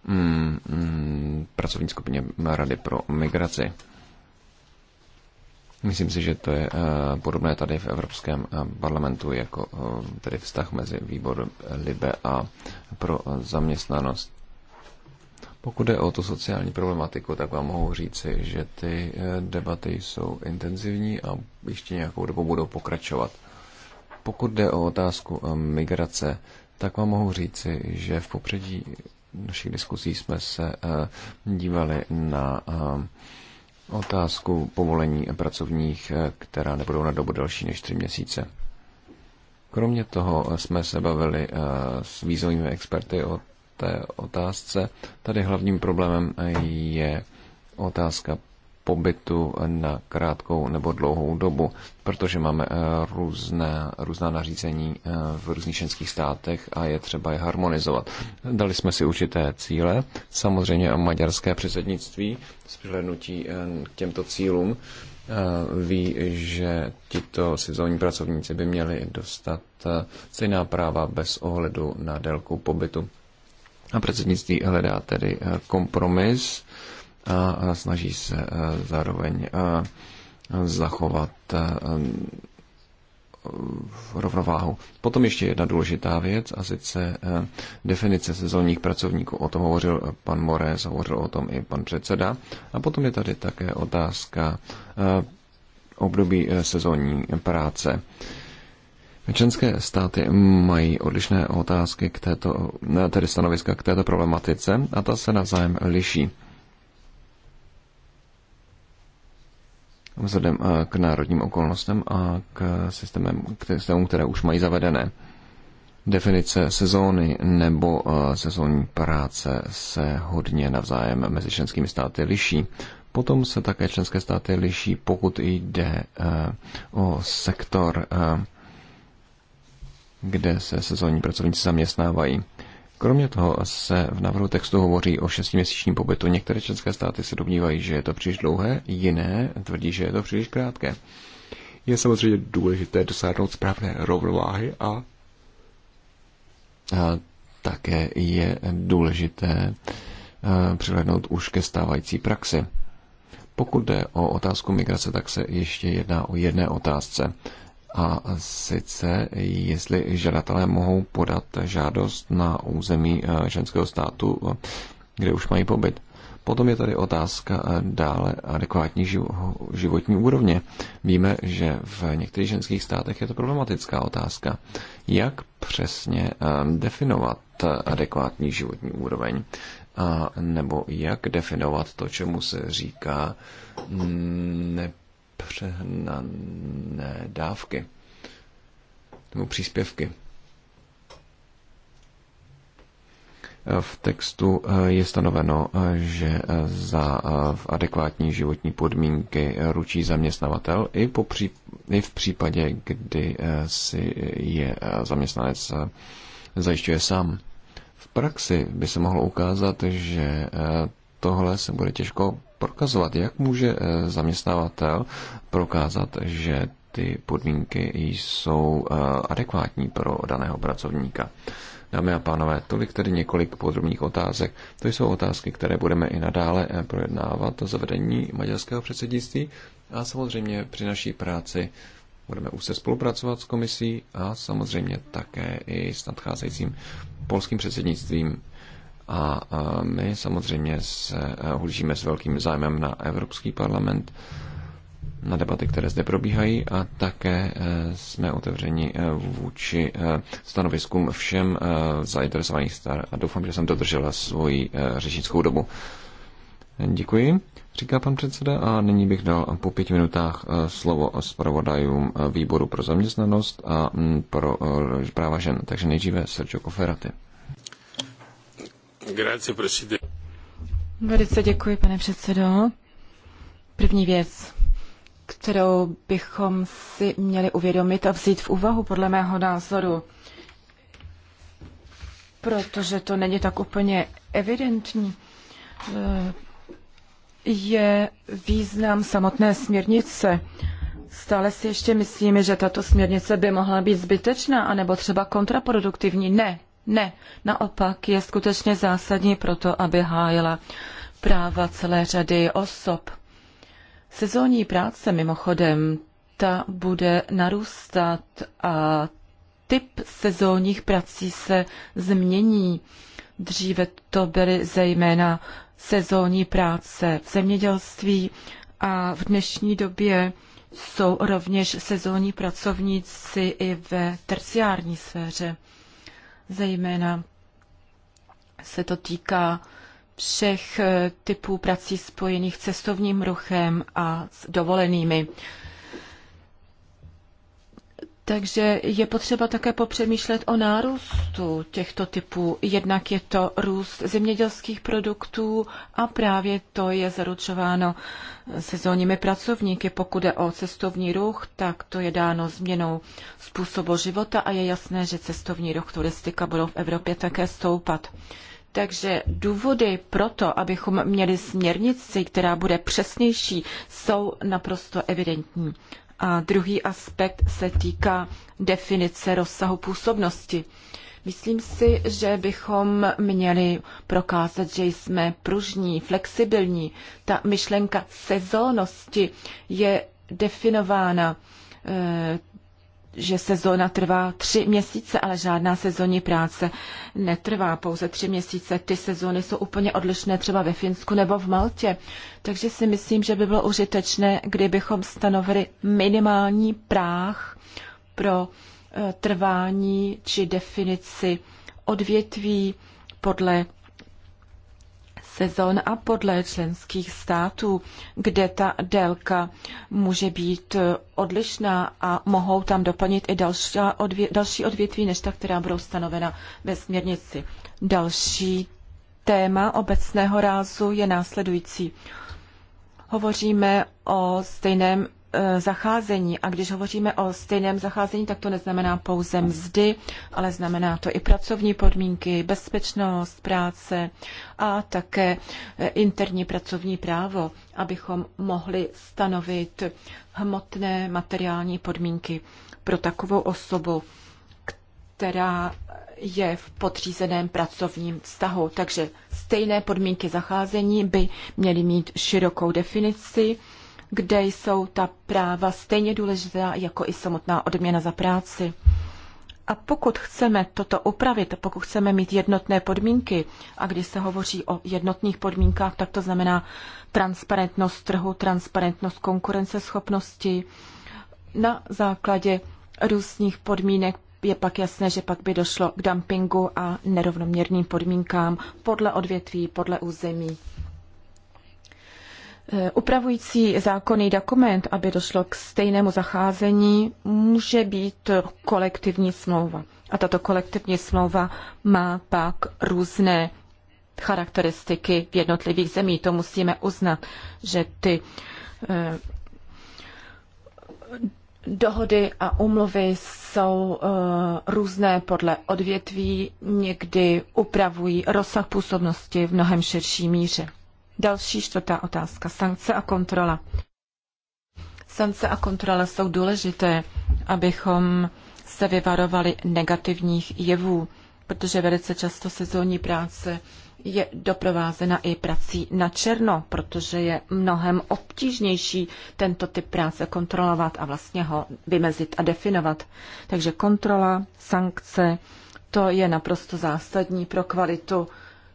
mm, mm, pracovní skupině Rady pro migraci. Myslím si, že to je eh, podobné tady v Evropském eh, parlamentu jako eh, tedy vztah mezi výbor LIBE a pro zaměstnanost. Pokud jde o tu sociální problematiku, tak vám mohu říci, že ty debaty jsou intenzivní a ještě nějakou dobu budou pokračovat. Pokud jde o otázku migrace, tak vám mohu říci, že v popředí našich diskusí jsme se dívali na otázku povolení pracovních, eh, která nebudou na dobu delší než tři měsíce. Kromě toho jsme se bavili eh, s vízovými experty o té otázce. Tady hlavním problémem je otázka pobytu na krátkou nebo dlouhou dobu, protože máme eh, různé, různá nařízení eh, v různých členských státech a je třeba je harmonizovat. Dali jsme si určité cíle, samozřejmě a maďarské předsednictví s přihlednutí eh, k těmto cílům ví, že tito sezónní pracovníci by měli dostat stejná práva bez ohledu na délku pobytu. A předsednictví hledá tedy kompromis, a snaží se zároveň zachovat rovnováhu. Potom ještě jedna důležitá věc, a sice e, definice sezónních pracovníků. O tom hovořil pan Morez, hovořil o tom i pan předseda. A potom je tady také otázka e, období e, sezónní práce. Členské státy mají odlišné otázky k této, tedy stanoviska k této problematice a ta se navzájem liší. vzhledem eh, k národním okolnostem a k systémům, k systému, které už mají zavedené. Definice sezóny nebo eh, sezónní práce se hodně navzájem mezi členskými státy liší. Potom se také členské státy liší, pokud jde eh, o sektor, kde se sezónní pracovníci zaměstnávají. Kromě toho se v návrhu textu hovoří o šestiměsíčním pobytu. Některé české státy se domnívají, že je to příliš dlouhé, jiné tvrdí, že je to příliš krátké. Je samozřejmě důležité dosáhnout správné rovnováhy a, a také je důležité e, přihlednout už ke stávající praxi. Pokud jde o otázku migrace, tak se ještě jedná o jedné otázce. A sice, jestli žadatelé mohou podat žádost na území eh, členského státu, eh, kde už mají pobyt. Potom je tady otázka eh, dále adekvátní životní úrovně. Víme, že v některých ženských státech je to problematická otázka. Jak přesně definovat adekvátní životní úroveň? A nebo jak definovat to, čemu se říká mm, přehnané dávky nebo příspěvky. V textu eh, je stanoveno, eh, že eh, za adekvátní životní podmínky ručí zaměstnavatel i, po pří, i v případě, kdy si je zaměstnanec zajišťuje sám. V praxi by se mohlo ukázat, že tohle se bude těžko prokazovat. Jak může eh, zaměstnavatel prokázat, že ty podmínky jsou eh, adekvátní pro daného pracovníka? Dámy a pánové, tolik tedy několik podrobných otázek. To jsou otázky, které budeme i nadále eh, projednávat za zavedení maďarského předsednictví a samozřejmě při naší práci budeme už se spolupracovat s komisí a samozřejmě také i s nadcházejícím polským předsednictvím a my samozřejmě se hlížíme s velkým zájmem na Evropský parlament, na debaty, které zde probíhají a také e, jsme otevřeni e, vůči e, stanoviskům všem zainteresovaných star a doufám, že jsem dodržela svoji řečnickou dobu. Děkuji, říká pan předseda a nyní bych dal po pěti minutách slovo zpravodajům výboru pro zaměstnanost a pro práva žen. Takže nejdříve Sergio Koferaty. Velice děkuji, pane předsedo. První věc, kterou bychom si měli uvědomit a vzít v úvahu, podle mého názoru, protože to není tak úplně evidentní, je význam samotné směrnice. Stále si ještě myslíme, že tato směrnice by mohla být zbytečná anebo třeba kontraproduktivní. Ne, ne, naopak je skutečně zásadní proto, aby hájila práva celé řady osob. Sezónní práce mimochodem, ta bude narůstat a typ sezónních prací se změní. Dříve to byly zejména sezónní práce v zemědělství a v dnešní době jsou rovněž sezónní pracovníci i ve terciární sféře. Zejména se to týká všech eh, typů prací spojených s cestovním ruchem a s dovolenými. Takže je potřeba také popřemýšlet o nárůstu těchto typů. Jednak je to růst zemědělských produktů a právě to je zaručováno sezónními pracovníky. Pokud je o cestovní ruch, tak to je dáno změnou způsobu života a je jasné, že cestovní ruch turistika budou v Evropě také stoupat. Takže důvody pro to, abychom měli směrnici, která bude přesnější, jsou naprosto evidentní. A druhý aspekt se týká definice rozsahu působnosti. Myslím si, že bychom měli prokázat, že jsme pružní, flexibilní. Ta myšlenka sezónnosti je definována eh, že sezóna trvá tři měsíce, ale žádná sezónní práce netrvá pouze tři měsíce. Ty sezóny jsou úplně odlišné třeba ve Finsku nebo v Maltě. Takže si myslím, že by bylo užitečné, kdybychom stanovili minimální práh pro eh, trvání či definici odvětví podle sezon a podle členských států, kde ta délka může být odlišná a mohou tam doplnit i další, odvě, další odvětví, než ta, která budou stanovena ve směrnici. Další téma obecného rázu je následující. Hovoříme o stejném E, zacházení. A když hovoříme o stejném zacházení, tak to neznamená pouze mzdy, ale znamená to i pracovní podmínky, bezpečnost práce a také e, interní pracovní právo, abychom mohli stanovit hmotné materiální podmínky pro takovou osobu, která je v podřízeném pracovním vztahu. Takže stejné podmínky zacházení by měly mít širokou definici kde jsou ta práva stejně důležitá jako i samotná odměna za práci. A pokud chceme toto upravit, pokud chceme mít jednotné podmínky, a když se hovoří o jednotných podmínkách, tak to znamená transparentnost trhu, transparentnost konkurenceschopnosti. Na základě různých podmínek je pak jasné, že pak by došlo k dumpingu a nerovnoměrným podmínkám podle odvětví, podle území. Eh, upravující zákonný dokument, aby došlo k stejnému zacházení, může být kolektivní smlouva. A tato kolektivní smlouva má pak různé charakteristiky v jednotlivých zemí. To musíme uznat, že ty eh, Dohody a umluvy jsou uh, různé podle odvětví, někdy upravují rozsah působnosti v mnohem širší míře. Další čtvrtá otázka. Sankce a kontrola. Sankce a kontrola jsou důležité, abychom se vyvarovali negativních jevů, protože velice často sezónní práce je doprovázena i prací na černo, protože je mnohem obtížnější tento typ práce kontrolovat a vlastně ho vymezit a definovat. Takže kontrola, sankce, to je naprosto zásadní pro kvalitu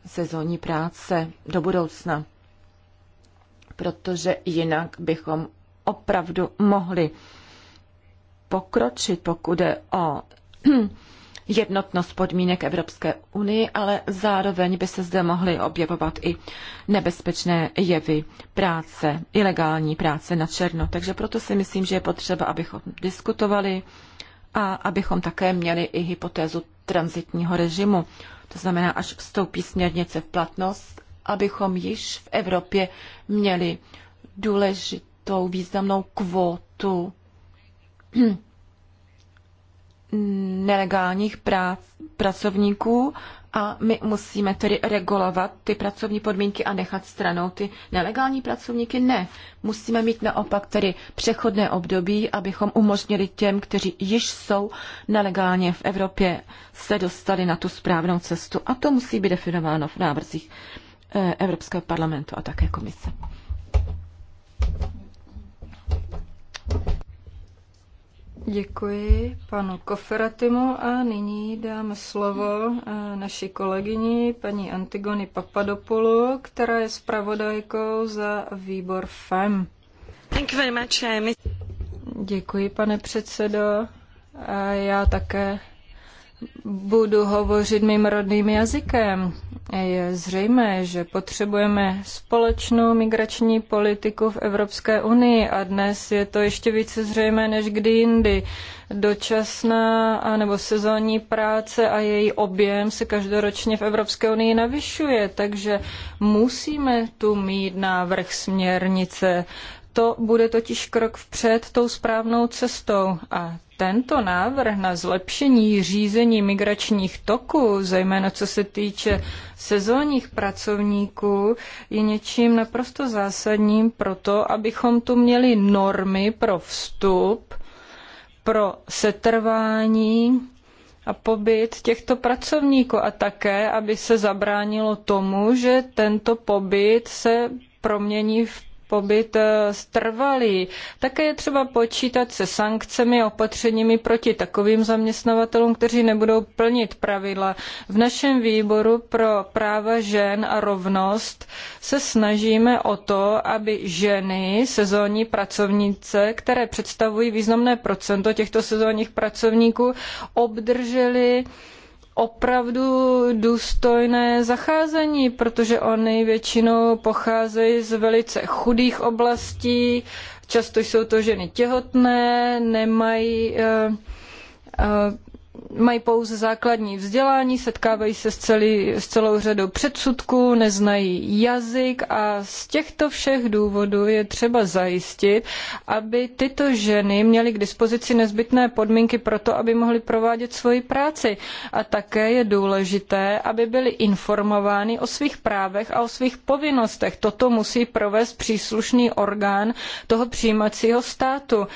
sezónní práce do budoucna, protože jinak bychom opravdu mohli pokročit, pokud jde o jednotnost podmínek Evropské unii, ale zároveň by se zde mohly objevovat i nebezpečné jevy práce, ilegální práce na černo. Takže proto si myslím, že je potřeba, abychom diskutovali a abychom také měli i hypotézu transitního režimu to znamená, až vstoupí směrnice v platnost, abychom již v Evropě měli důležitou významnou kvotu nelegálních prác, pracovníků a my musíme tedy regulovat ty pracovní podmínky a nechat stranou ty nelegální pracovníky? Ne. Musíme mít naopak tedy přechodné období, abychom umožnili těm, kteří již jsou nelegálně v Evropě, se dostali na tu správnou cestu. A to musí být definováno v návrzích eh, Evropského parlamentu a také komise. Děkuji panu Koferatimu a nyní dáme slovo eh, naší kolegyni paní Antigony Papadopoulou, která je zpravodajkou za výbor FEM. Thank you very much. Eh, Děkuji, pane předsedo. A já také budu hovořit mým rodným jazykem, je zřejmé, že potřebujeme společnou migrační politiku v Evropské unii a dnes je to ještě více zřejmé než kdy jindy. Dočasná nebo sezónní práce a její objem se každoročně v Evropské unii navyšuje, takže musíme tu mít návrh směrnice to bude totiž krok vpřed tou správnou cestou. A tento návrh na zlepšení řízení migračních toků, zejména co se týče sezónních pracovníků, je něčím naprosto zásadním pro to, abychom tu měli normy pro vstup, pro setrvání a pobyt těchto pracovníků a také, aby se zabránilo tomu, že tento pobyt se promění v pobyt eh, trvalý. Také je třeba počítat se sankcemi a opatřeními proti takovým zaměstnavatelům, kteří nebudou plnit pravidla. V našem výboru pro práva žen a rovnost se snažíme o to, aby ženy, sezónní pracovnice, které představují významné procento těchto sezónních pracovníků, obdržely opravdu důstojné zacházení, protože oni většinou pocházejí z velice chudých oblastí, často jsou to ženy těhotné, nemají eh, eh, mají pouze základní vzdělání, setkávají se s, celý, s celou řadou předsudků, neznají jazyk a z těchto všech důvodů je třeba zajistit, aby tyto ženy měly k dispozici nezbytné podmínky pro to, aby mohly provádět svoji práci. A také je důležité, aby byly informovány o svých právech a o svých povinnostech. Toto musí provést příslušný orgán toho přijímacího státu.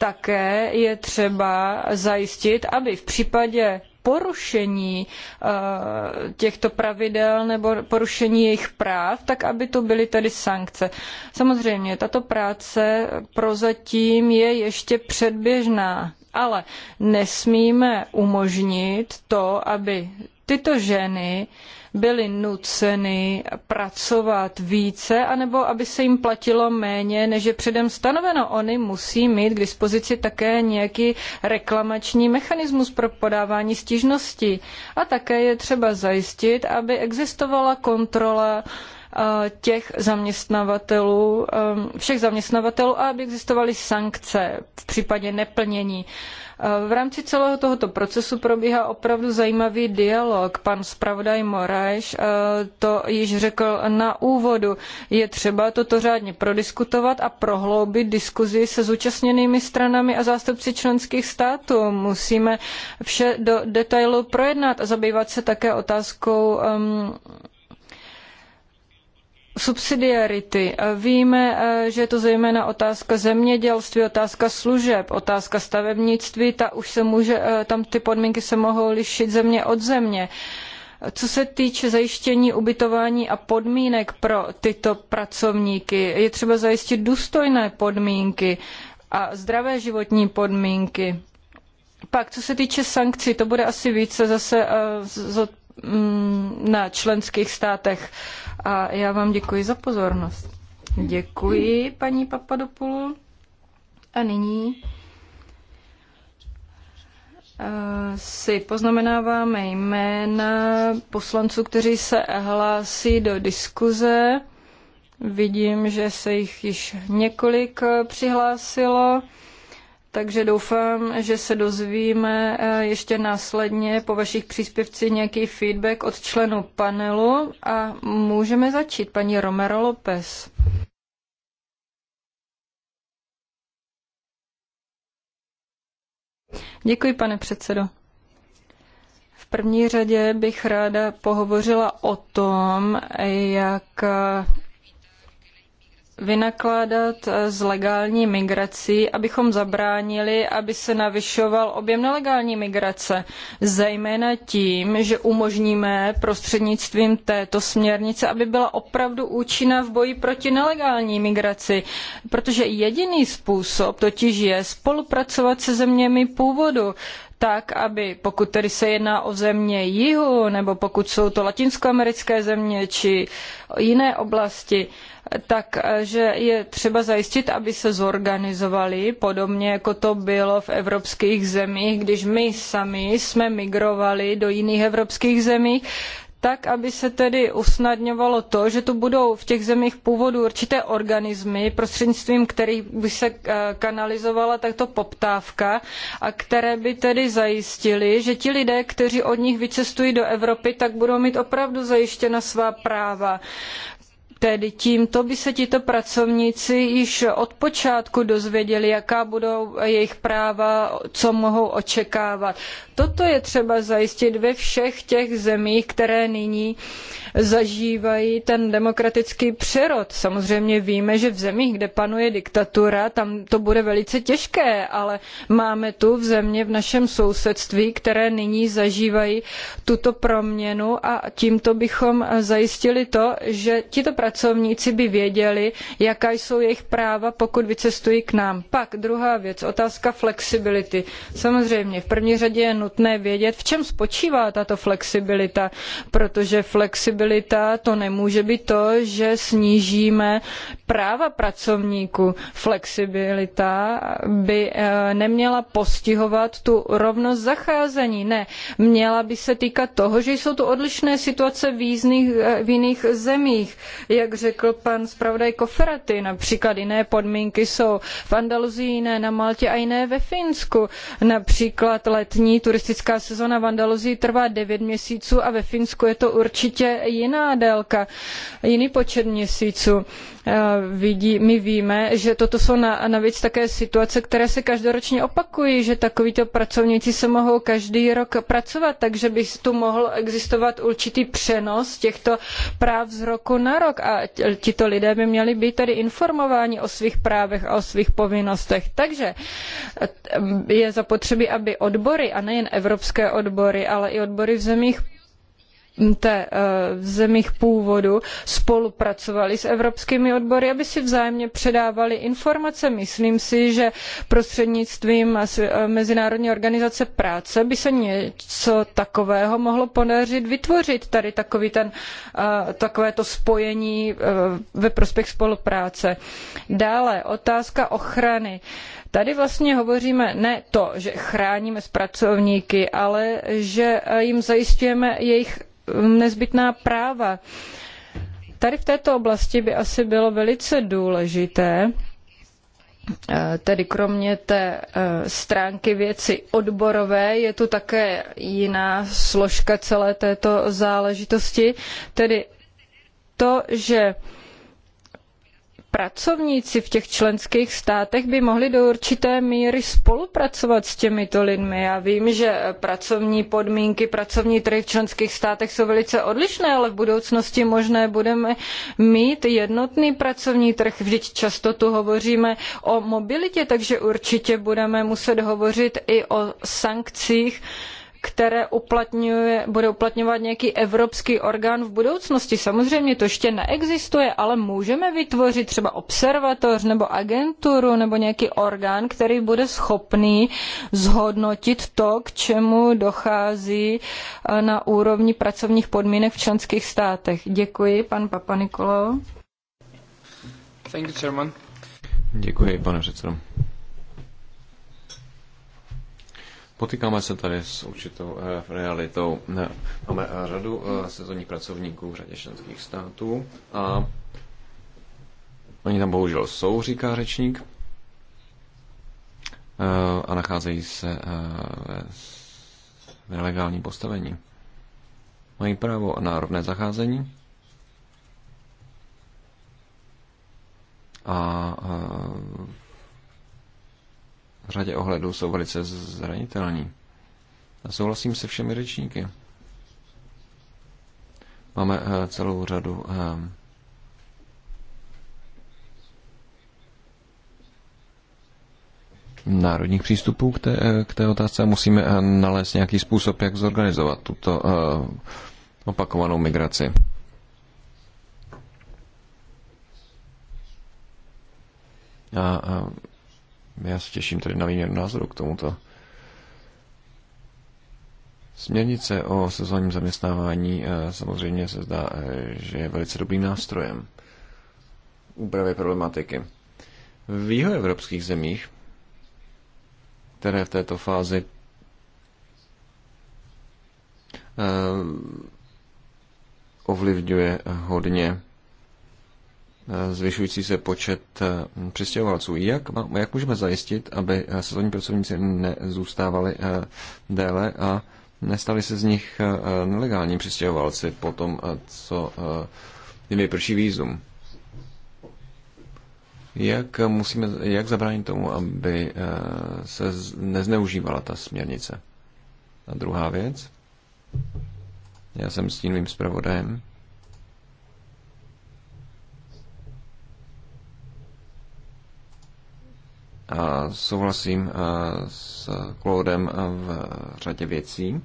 Také je třeba zajistit, aby v případě porušení eh, těchto pravidel nebo porušení jejich práv, tak aby to byly tedy sankce. Samozřejmě, tato práce prozatím je ještě předběžná, ale nesmíme umožnit to, aby tyto ženy byly nuceny pracovat více, anebo aby se jim platilo méně, než je předem stanoveno. Oni musí mít k dispozici také nějaký reklamační mechanismus pro podávání stížností. A také je třeba zajistit, aby existovala kontrola eh, těch zaměstnavatelů, eh, všech zaměstnavatelů a aby existovaly sankce v případě neplnění. V rámci celého tohoto procesu probíhá opravdu zajímavý dialog. Pan zpravodaj Moraes eh, to již řekl na úvodu. Je třeba toto řádně prodiskutovat a prohloubit diskuzi se zúčastněnými stranami a zástupci členských států. Musíme vše do detailu projednat a zabývat se také otázkou subsidiarity. Víme, eh, že je to zejména otázka zemědělství, otázka služeb, otázka stavebnictví, ta už se může, eh, tam ty podmínky se mohou lišit země od země. Co se týče zajištění ubytování a podmínek pro tyto pracovníky, je třeba zajistit důstojné podmínky a zdravé životní podmínky. Pak, co se týče sankcí, to bude asi více zase eh, Mm, na členských státech. A já vám děkuji za pozornost. Děkuji, paní Papadopoulou. A nyní eh, si poznamenáváme jména poslanců, kteří se hlásí do diskuze. Vidím, že se jich již několik eh, přihlásilo takže doufám, že se dozvíme eh, ještě následně po vašich příspěvcích nějaký feedback od členů panelu a můžeme začít. Paní Romero López. Děkuji, pane předsedo. V první řadě bych ráda pohovořila o tom, jak vynakládat s eh, legální migrací, abychom zabránili, aby se navyšoval objem nelegální migrace, zejména tím, že umožníme prostřednictvím této směrnice, aby byla opravdu účinná v boji proti nelegální migraci, protože jediný způsob totiž je spolupracovat se zeměmi původu tak, aby pokud tedy se jedná o země jihu, nebo pokud jsou to latinskoamerické země či jiné oblasti, takže eh, je třeba zajistit, aby se zorganizovali, podobně jako to bylo v evropských zemích, když my sami jsme migrovali do jiných evropských zemí, tak, aby se tedy usnadňovalo to, že tu budou v těch zemích původu určité organismy, prostřednictvím kterých by se eh, kanalizovala takto poptávka a které by tedy zajistily, že ti lidé, kteří od nich vycestují do Evropy, tak budou mít opravdu zajištěna svá práva Tedy tímto by se tito pracovníci již od počátku dozvěděli, jaká budou jejich práva, co mohou očekávat. Toto je třeba zajistit ve všech těch zemích, které nyní zažívají ten demokratický přerod. Samozřejmě víme, že v zemích, kde panuje diktatura, tam to bude velice těžké, ale máme tu v země v našem sousedství, které nyní zažívají tuto proměnu a tímto bychom zajistili to, že tito pracovníci by věděli, jaká jsou jejich práva, pokud vycestují k nám. Pak druhá věc, otázka flexibility. Samozřejmě, v první řadě je nutné vědět, v čem spočívá tato flexibilita, protože flexibilita flexibilita to nemůže být to, že snížíme práva pracovníků. Flexibilita by eh, neměla postihovat tu rovnost zacházení. Ne, měla by se týkat toho, že jsou tu odlišné situace v, jízdných, eh, v jiných zemích. Jak řekl pan zpravodaj Koferaty, například jiné podmínky jsou v Andaluzii, jiné na Maltě a jiné ve Finsku. Například letní turistická sezona v Andaluzii trvá 9 měsíců a ve Finsku je to určitě jiná délka, jiný počet měsíců. Eh, vidí, my víme, že toto jsou na, navíc také situace, které se každoročně opakují, že takovýto pracovníci se mohou každý rok pracovat, takže by tu mohl existovat určitý přenos těchto práv z roku na rok a tito lidé by měli být tedy informováni o svých právech a o svých povinnostech. Takže eh, je zapotřebí, aby odbory, a nejen evropské odbory, ale i odbory v zemích v eh, zemích původu spolupracovali s evropskými odbory, aby si vzájemně předávali informace. Myslím si, že prostřednictvím eh, Mezinárodní organizace práce by se něco takového mohlo podařit vytvořit tady takový ten, eh, takové to spojení ve prospěch spolupráce. Dále otázka ochrany. Tady vlastně hovoříme ne to, že chráníme pracovníky, ale že jim zajišťujeme jejich nezbytná práva. Tady v této oblasti by asi bylo velice důležité, eh, tedy kromě té eh, stránky věci odborové, je tu také jiná složka celé této záležitosti, tedy to, že pracovníci v těch členských státech by mohli do určité míry spolupracovat s těmito lidmi. Já vím, že pracovní podmínky, pracovní trhy v členských státech jsou velice odlišné, ale v budoucnosti možné budeme mít jednotný pracovní trh. Vždyť často tu hovoříme o mobilitě, takže určitě budeme muset hovořit i o sankcích, které uplatňuje, bude uplatňovat nějaký evropský orgán v budoucnosti. Samozřejmě to ještě neexistuje, ale můžeme vytvořit třeba observatoř nebo agenturu nebo nějaký orgán, který bude schopný zhodnotit to, k čemu dochází eh, na úrovni pracovních podmínek v členských státech. Děkuji, pan Papa Nikolo. Děkuji, pane předsedo. Potýkáme se tady s určitou eh, realitou. Máme řadu eh, sezónních pracovníků v řadě členských států a oni tam bohužel jsou, říká řečník, eh, a nacházejí se v nelegálním postavení. Mají právo na rovné zacházení a řadě ohledů jsou velice zranitelní. A souhlasím se všemi řečníky. Máme eh, celou řadu eh, národních přístupů k té, eh, k té otázce a musíme nalézt nějaký způsob, jak zorganizovat tuto opakovanou migraci. A, a já se těším tady na výměnu názoru k tomuto. Směrnice o sezónním zaměstnávání eh, samozřejmě se zdá, eh, že je velice dobrým nástrojem úpravy problematiky. V jihoevropských zemích, které v této fázi eh, ovlivňuje hodně Eh, zvyšující se počet eh, přistěhovalců. Jak, jak můžeme zajistit, aby eh, sezónní pracovníci nezůstávali déle a nestali se z nich nelegální přistěhovalci po tom, co jim vyprší výzum? Jak, musíme, jak zabránit tomu, aby se nezneužívala ta směrnice? A druhá věc. Já jsem s tím mým zpravodajem souhlasím s Claudem v řadě věcí.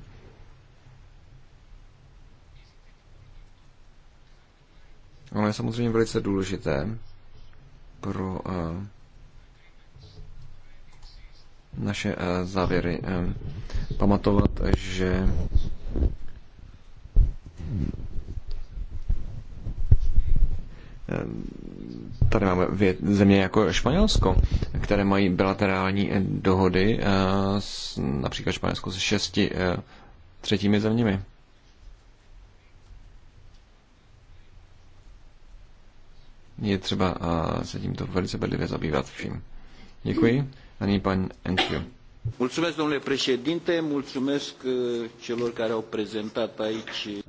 Ono je samozřejmě velice důležité pro naše závěry pamatovat, že Ehm, tady máme země jako Španělsko, které mají bilaterální eh, dohody eh, s, například Španělsko se šesti eh, třetími zeměmi. Je třeba se tímto velice bedlivě zabývat vším. Děkuji. A nyní pan Enfio. Mulțumesc, domnule președinte, mulțumesc celor care au prezentat aici.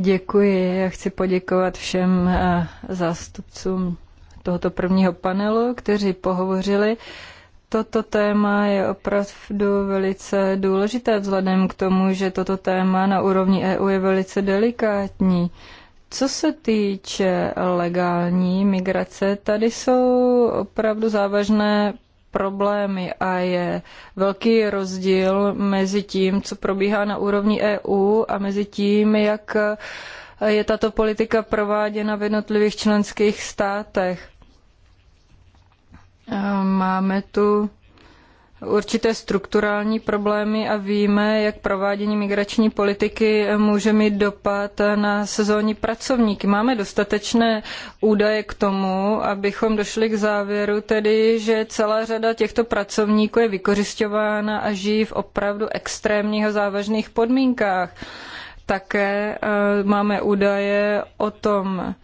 Děkuji. Já chci poděkovat všem eh, zástupcům tohoto prvního panelu, kteří pohovořili. Toto téma je opravdu velice důležité vzhledem k tomu, že toto téma na úrovni EU je velice delikátní. Co se týče legální migrace, tady jsou opravdu závažné problémy a je velký rozdíl mezi tím, co probíhá na úrovni EU a mezi tím, jak je tato politika prováděna v jednotlivých členských státech. Máme tu určité strukturální problémy a víme, jak provádění migrační politiky může mít dopad na sezónní pracovníky. Máme dostatečné údaje k tomu, abychom došli k závěru, tedy, že celá řada těchto pracovníků je vykořišťována a žijí v opravdu extrémních a závažných podmínkách. Také eh, máme údaje o tom,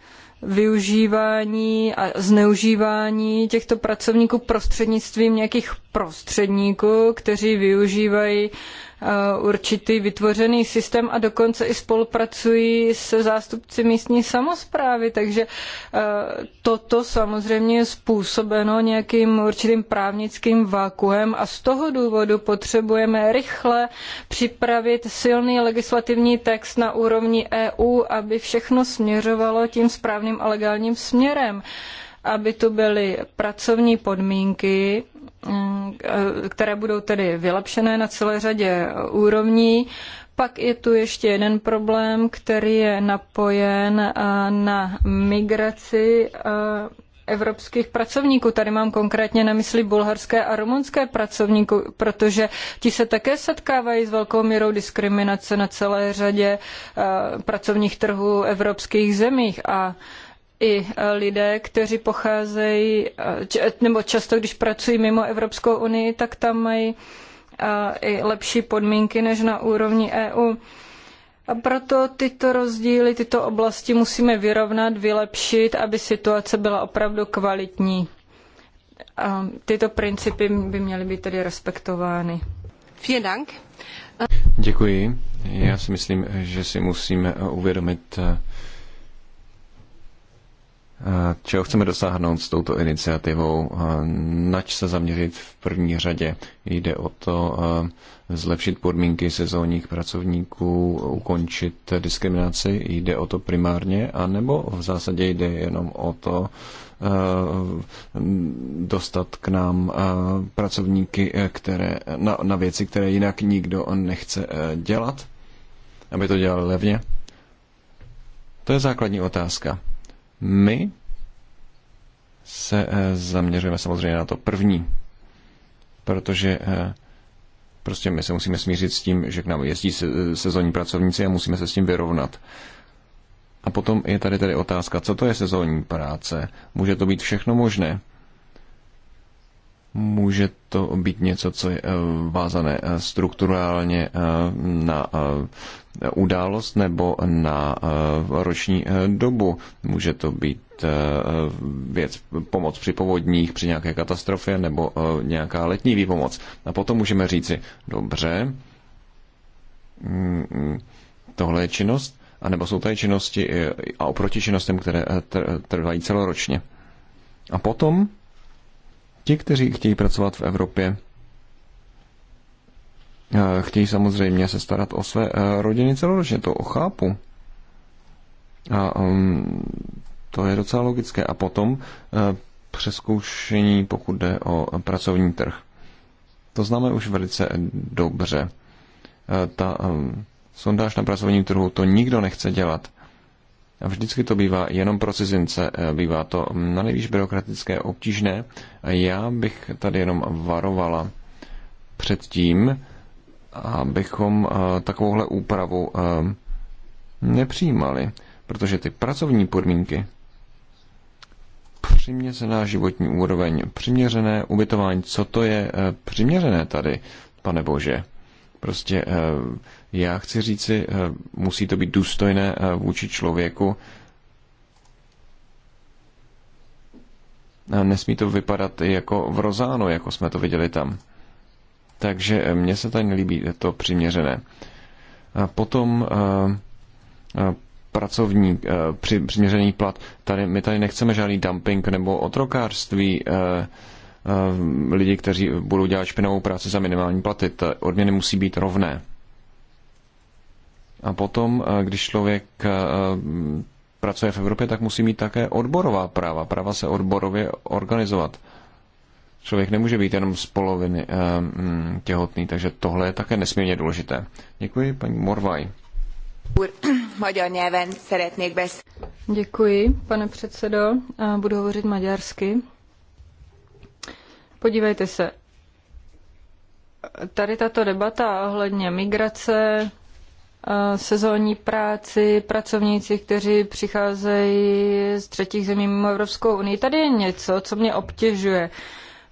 využívání a zneužívání těchto pracovníků prostřednictvím nějakých prostředníků, kteří využívají Eh, určitý vytvořený systém a dokonce i spolupracují se zástupci místní samosprávy, takže eh, toto samozřejmě je způsobeno nějakým určitým právnickým vákuem a z toho důvodu potřebujeme rychle připravit silný legislativní text na úrovni EU, aby všechno směřovalo tím správným a legálním směrem aby tu byly pracovní podmínky, eh, které budou tedy vylepšené na celé řadě úrovní. Pak je tu ještě jeden problém, který je napojen eh, na migraci eh, evropských pracovníků. Tady mám konkrétně na mysli bulharské a rumunské pracovníky, protože ti se také setkávají s velkou mírou diskriminace na celé řadě pracovních trhů evropských zemích a i e, lidé, kteří pocházejí, e, e, nebo často, když pracují mimo Evropskou unii, tak tam mají i lepší podmínky než na úrovni EU. A proto tyto rozdíly, tyto oblasti musíme vyrovnat, vylepšit, aby situace byla opravdu kvalitní. A tyto principy by měly být tedy respektovány. Vielen Dank. Děkuji. Já si myslím, že si musíme uvědomit, Eh, čeho chceme dosáhnout s touto iniciativou, eh, nač se zaměřit v první řadě. Jde o to eh, zlepšit podmínky sezónních pracovníků, ukončit diskriminaci, jde o to primárně, a nebo v zásadě jde jenom o to dostat k nám pracovníky které, na, na věci, které jinak nikdo nechce dělat, aby to dělali levně? To je základní otázka. My se eh, zaměřujeme samozřejmě na to první, protože eh, prostě my se musíme smířit s tím, že k nám jezdí eh, sezónní pracovníci a musíme se s tím vyrovnat. A potom je tady tedy otázka, co to je sezónní práce? Může to být všechno možné. Může to být něco, co je eh, vázané eh, strukturálně eh, na událost nebo na roční dobu. Může to být věc pomoc při povodních, při nějaké katastrofě nebo nějaká letní výpomoc. A potom můžeme říci, dobře, mm, mm, tohle je činnost, anebo jsou tady činnosti a oproti činnostem, které trvají celoročně. A potom Ti, kteří chtějí pracovat v Evropě, eh, chtějí samozřejmě se starat o své eh, rodiny celoročně, to chápu. A um, to je docela logické. A potom eh, přeskoušení, pokud jde o pracovní trh. To známe už velice dobře. Ta mm, sondáž na pracovním trhu, to nikdo nechce dělat. A vždycky to bývá jenom pro cizince, eh, bývá to na nejvíc byrokratické obtížné. já bych tady jenom varovala před tím, abychom eh, takovouhle úpravu eh, nepřijímali, protože ty pracovní podmínky, přiměřená životní úroveň, přiměřené ubytování, co to je přiměřené tady, pane Bože? Prostě eh, já chci říci, eh, musí to být důstojné eh, vůči člověku. A nesmí to vypadat jako v Rozánu, jako jsme to viděli tam. Takže mně se tady nelíbí to přiměřené. A potom pracovní přiměřený plat. Tady, my tady nechceme žádný dumping nebo otrokářství. A, Eh, lidi, kteří budou dělat špinavou práci za minimální platy. Ty odměny musí být rovné. A potom, eh, když člověk eh, pracuje v Evropě, tak musí mít také odborová práva, práva se odborově organizovat. Člověk nemůže být jenom z poloviny mm, těhotný, takže tohle je také nesmírně důležité. Děkuji, paní Morvaj. Děkuji, pane předsedo. Budu hovořit maďarsky. Podívejte se, tady tato debata ohledně migrace, eh, sezónní práci, pracovníci, kteří přicházejí z třetích zemí mimo Evropskou unii. Tady je něco, co mě obtěžuje.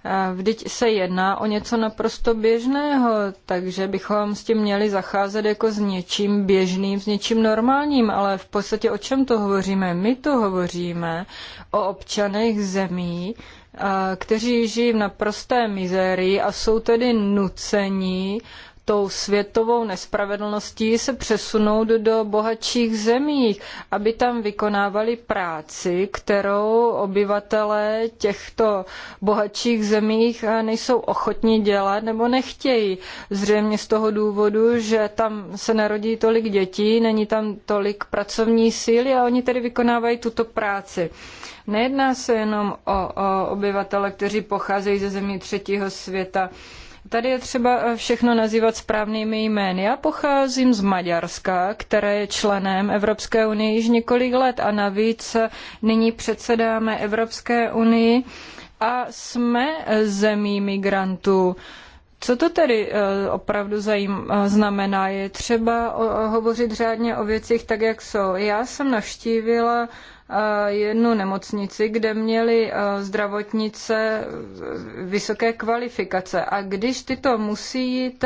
Eh, vždyť se jedná o něco naprosto běžného, takže bychom s tím měli zacházet jako s něčím běžným, s něčím normálním, ale v podstatě o čem to hovoříme? My to hovoříme o občanech zemí, kteří žijí v naprosté mizérii a jsou tedy nuceni tou světovou nespravedlností se přesunout do bohatších zemí, aby tam vykonávali práci, kterou obyvatelé těchto bohatších zemích eh, nejsou ochotni dělat nebo nechtějí. Zřejmě z toho důvodu, že tam se narodí tolik dětí, není tam tolik pracovní síly a oni tedy vykonávají tuto práci. Nejedná se jenom o, o obyvatele, kteří pocházejí ze zemí třetího světa. Tady je třeba eh, všechno nazývat správnými jmény. Já pocházím z Maďarska, které je členem Evropské unie již několik let a navíc eh, nyní předsedáme Evropské unii a jsme eh, zemí migrantů. Co to tedy opravdu zajím, znamená? Je třeba hovořit řádně o věcích tak, jak jsou. Já jsem navštívila Eh, jednu nemocnici, kde měli eh, zdravotnice eh, vysoké kvalifikace. A když tyto musí jít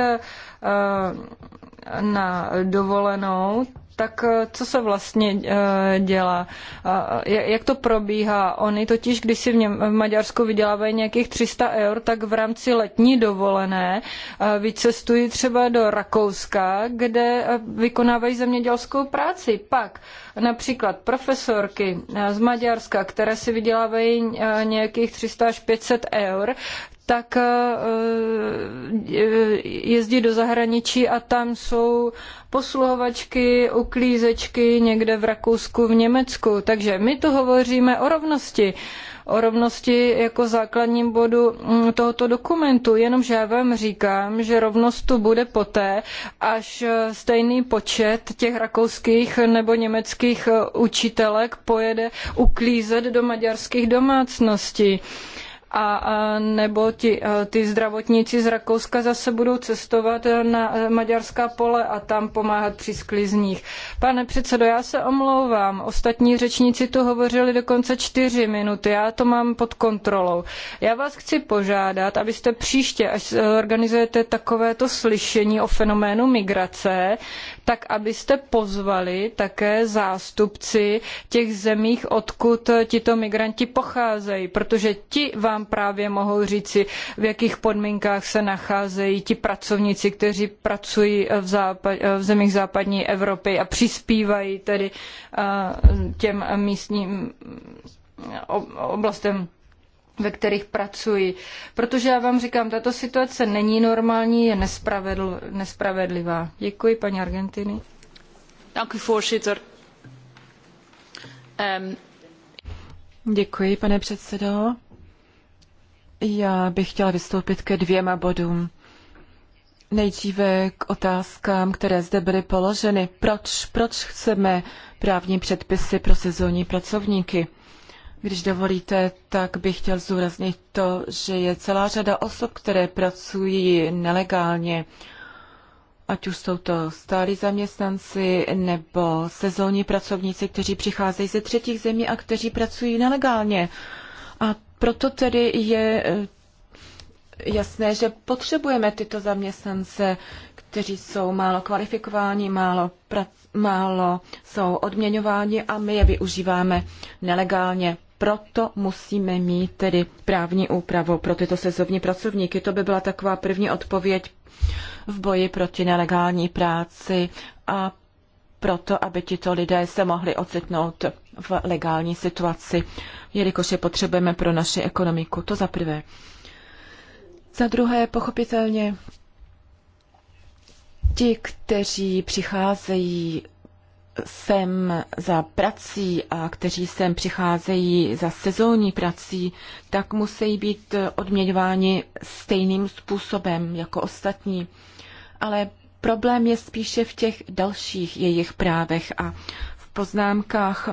na dovolenou, tak eh, co se vlastně eh, dělá? Jak to probíhá? Oni totiž, když si v, Něm- v Maďarsku vydělávají nějakých 300 eur, tak v rámci letní dovolené eh, vycestují třeba do Rakouska, kde vykonávají zemědělskou práci. Pak například profesorky z Maďarska, které si vydělávají nějakých 300 až 500 eur, tak eh, eh, jezdí do zahraničí a tam jsou posluhovačky, uklízečky někde v Rakousku, v Německu. Takže my tu hovoříme o rovnosti o rovnosti jako základním bodu mm, tohoto dokumentu, jenomže já vám říkám, že rovnost tu bude poté, až eh, stejný počet těch rakouských nebo německých učitelek pojede uklízet do maďarských domácností. Uh, a nebo ti, ty zdravotníci z Rakouska zase budou cestovat na e, maďarská pole a tam pomáhat při sklizních. Pane předsedo, já se omlouvám, ostatní řečníci tu hovořili dokonce čtyři minuty, já to mám pod kontrolou. Já vás chci požádat, abyste příště, až organizujete takovéto slyšení o fenoménu migrace, tak abyste pozvali také zástupci těch zemích, odkud tito migranti pocházejí, protože ti vám právě mohou říci, v jakých podmínkách se nacházejí ti pracovníci, kteří pracují v, západ, v zemích západní Evropy a přispívají tedy eh, těm místním oblastem ve kterých pracuji. Protože já vám říkám, tato situace není normální, je nespravedl, nespravedlivá. Děkuji, paní Argentiny. Děkuji, u, ehm. Děkuji, pane předsedo. Já bych chtěla vystoupit ke dvěma bodům. Nejdříve k otázkám, které zde byly položeny. Proč, proč chceme právní předpisy pro sezónní pracovníky? Když dovolíte, tak bych chtěl zúraznit to, že je celá řada osob, které pracují nelegálně, ať už jsou to stálí zaměstnanci nebo sezónní pracovníci, kteří přicházejí ze třetích zemí a kteří pracují nelegálně. A proto tedy je eh, jasné, že potřebujeme tyto zaměstnance, kteří jsou málo kvalifikováni, málo, prac, málo jsou odměňováni a my je využíváme nelegálně proto musíme mít tedy právní úpravu pro tyto sezovní pracovníky. To by byla taková první odpověď v boji proti nelegální práci a proto, aby tito lidé se mohli ocitnout v legální situaci, jelikož je potřebujeme pro naši ekonomiku. To za prvé. Za druhé, pochopitelně, ti, kteří přicházejí sem za prací a kteří sem přicházejí za sezónní prací, tak musí být odměňováni stejným způsobem jako ostatní. Ale problém je spíše v těch dalších jejich právech a v poznámkách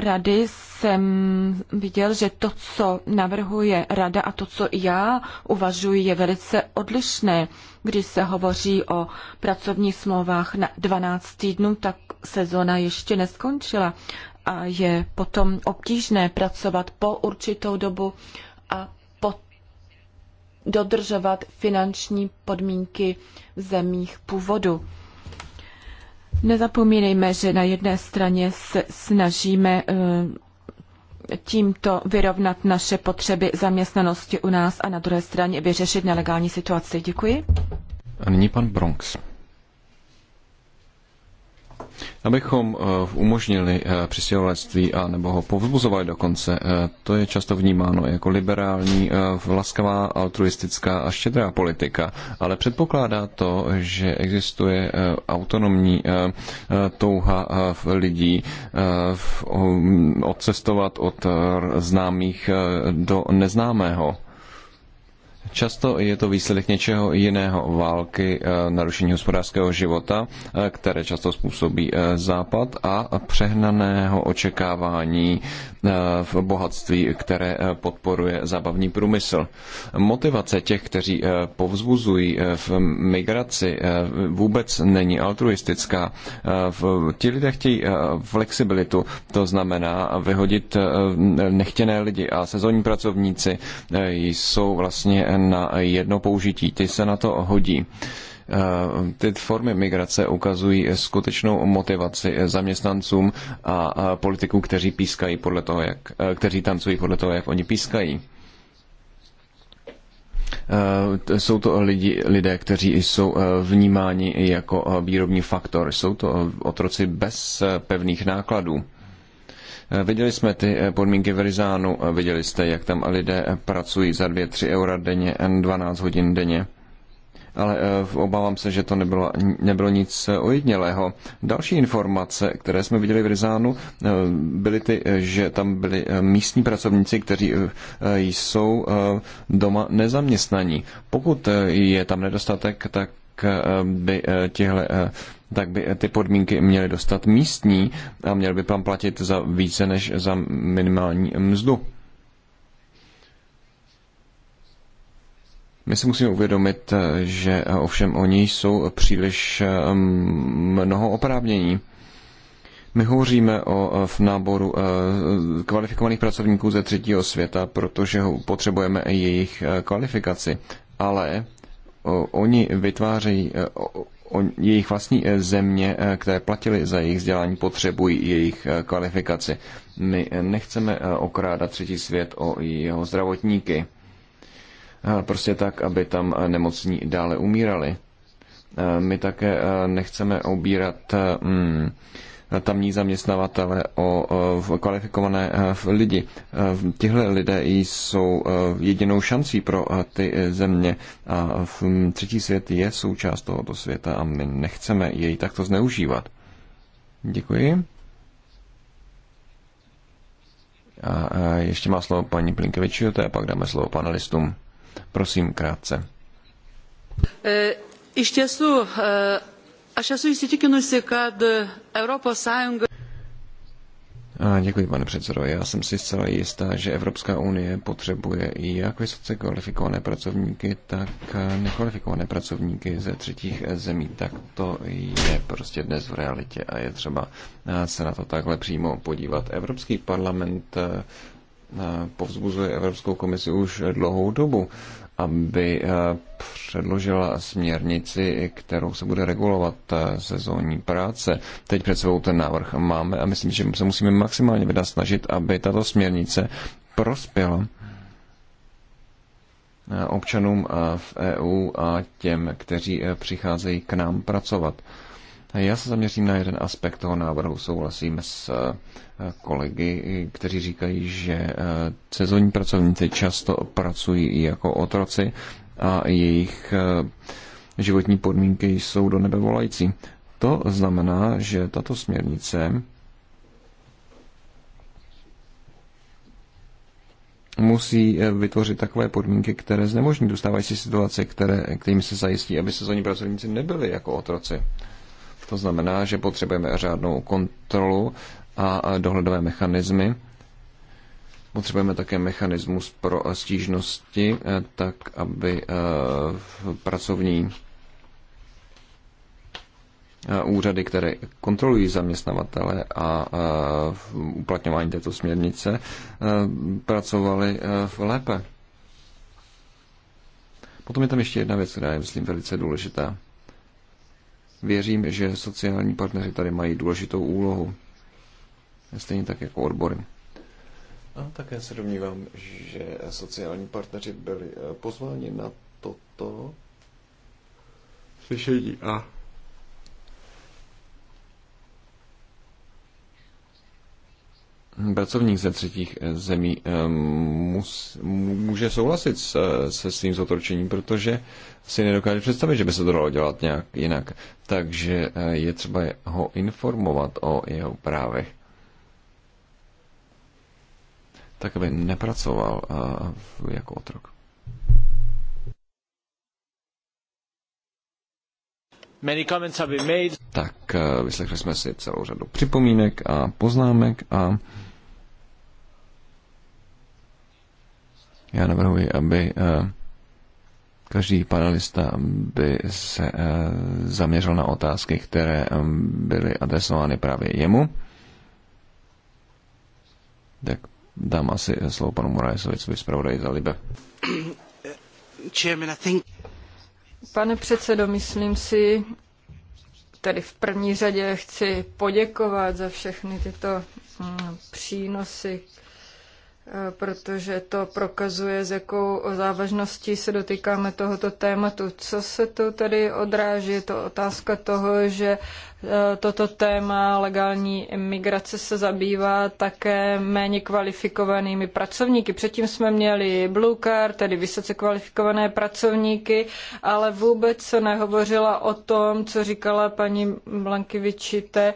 rady jsem viděl, že to, co navrhuje rada a to, co já uvažuji, je velice odlišné. Když se hovoří o pracovních smlouvách na 12 týdnů, tak sezona ještě neskončila a je potom obtížné pracovat po určitou dobu a dodržovat finanční podmínky v zemích původu. Nezapomínejme, že na jedné straně se snažíme eh, tímto vyrovnat naše potřeby zaměstnanosti u nás a na druhé straně vyřešit nelegální situaci. Děkuji. A nyní pan Bronx. Abychom eh, umožnili eh, přistěhovalectví a nebo ho povzbuzovali dokonce, eh, to je často vnímáno jako liberální, laskavá, altruistická a štědrá politika, ale předpokládá to, že existuje autonomní touha lidí odcestovat od známých do neznámého. Často je to výsledek něčeho jiného, války, eh, narušení hospodářského života, eh, které často způsobí eh, západ a přehnaného očekávání v bohatství, které podporuje zábavní průmysl. Motivace těch, kteří povzbuzují v migraci, vůbec není altruistická. Ti lidé chtějí flexibilitu, to znamená vyhodit nechtěné lidi a sezónní pracovníci jsou vlastně na jedno použití. Ty se na to hodí. Eh, ty formy migrace ukazují skutečnou motivaci zaměstnancům a politiků, kteří pískají podle toho, jak, eh, kteří tancují podle toho, jak oni pískají. Eh, jsou to lidi, lidé, kteří jsou vnímáni jako výrobní faktor. Jsou to otroci bez pevných nákladů. Eh, viděli jsme ty eh, podmínky v Rizánu, eh, viděli jste, jak tam lidé pracují za 2-3 eura denně, 12 hodin denně. Ale obávám se, že to nebylo, nebylo nic ojednělého. Další informace, které jsme viděli v Rizánu, byly ty, že tam byli místní pracovníci, kteří jsou doma nezaměstnaní. Pokud je tam nedostatek, tak Eh, by eh, těhle eh, tak by ty podmínky měly dostat místní a měl by tam platit za více než za minimální mzdu. My si musíme uvědomit, že ovšem oni jsou příliš mnoho oprávnění. My hovoříme o v náboru kvalifikovaných pracovníků ze třetího světa, protože potřebujeme i jejich kvalifikaci. Ale oni vytvářejí e, jejich vlastní e, země, e, které platili za jejich vzdělání, potřebují jejich kvalifikaci. My nechceme okrádat třetí svět o jeho zdravotníky. Prostě tak, aby tam nemocní dále umírali. My také nechceme obírat hmm, tamní zaměstnavatele, o kvalifikované e, lidi. E, tihle lidé jsou e, jedinou šancí pro ty země a třetí svět je součást tohoto světa a my nechceme jej takto zneužívat. Děkuji. A ještě má slovo paní Plinkevičiute a pak dáme slovo panelistům. Prosím, krátce. Ještě jsou Aš esu įsitikinusi, kad Europos Sąjunga. A děkuji, pane předsedo. Já jsem si zcela jistá, že Evropská unie potřebuje jak vysoce kvalifikované pracovníky, tak nekvalifikované pracovníky ze třetích e, zemí. Tak to je prostě dnes v realitě a je třeba se na to takhle přímo podívat. Evropský parlament e, povzbuzuje Evropskou komisi už dlouhou dobu aby eh, předložila směrnici, kterou se bude regulovat eh, sezónní práce. Teď před sebou ten návrh máme a myslím, že se musíme maximálně vydat snažit, aby tato směrnice prospěla eh, občanům v EU a těm, kteří přicházejí k nám pracovat. Já se zaměřím na jeden aspekt toho návrhu. Souhlasím s eh, kolegy, kteří říkají, že eh, sezónní pracovníci často pracují i jako otroci a jejich eh, životní podmínky jsou do nebe volající. To znamená, že tato směrnice musí vytvořit takové podmínky, které znemožní dostávající situace, které, kterým se zajistí, aby sezónní pracovníci nebyli jako otroci. To znamená, že potřebujeme řádnou kontrolu a dohledové mechanismy. Potřebujeme také mechanismus pro stížnosti, eh, tak aby eh, pracovní eh, úřady, které kontrolují zaměstnavatele a v uplatňování této směrnice, pracovali lépe. Potom je tam ještě jedna věc, která je, myslím, velice důležitá. Věřím, že sociální partneři tady mají důležitou úlohu, stejně tak jako odbory. A také se domnívám, že sociální partneři byli eh, pozváni na toto slyšení a pracovník ze třetích eh, zemí eh, mus, může souhlasit se, se svým zotročením, protože si nedokáže představit, že by se to dalo dělat nějak jinak. Takže eh, je třeba ho informovat o jeho právech. Tak, aby nepracoval eh, jako otrok. Many comments have been made. Tak eh, vyslechli jsme si celou řadu připomínek a poznámek a já navrhuji, aby Každý panelista by se eh, zaměřil na otázky, které eh, byly adresovány právě jemu. Tak dám asi slovo panu Moraesovi, by zpravodaj za Libe. Pane předsedo, myslím si, tedy v první řadě chci poděkovat za všechny tyto mm, přínosy Eh, protože to prokazuje, s jakou závažností se dotýkáme tohoto tématu. Co se tu tedy odráží? Je to otázka toho, že eh, toto téma legální imigrace se zabývá také méně kvalifikovanými pracovníky. Předtím jsme měli blue card, tedy vysoce kvalifikované pracovníky, ale vůbec se nehovořila o tom, co říkala paní Blankyvičite,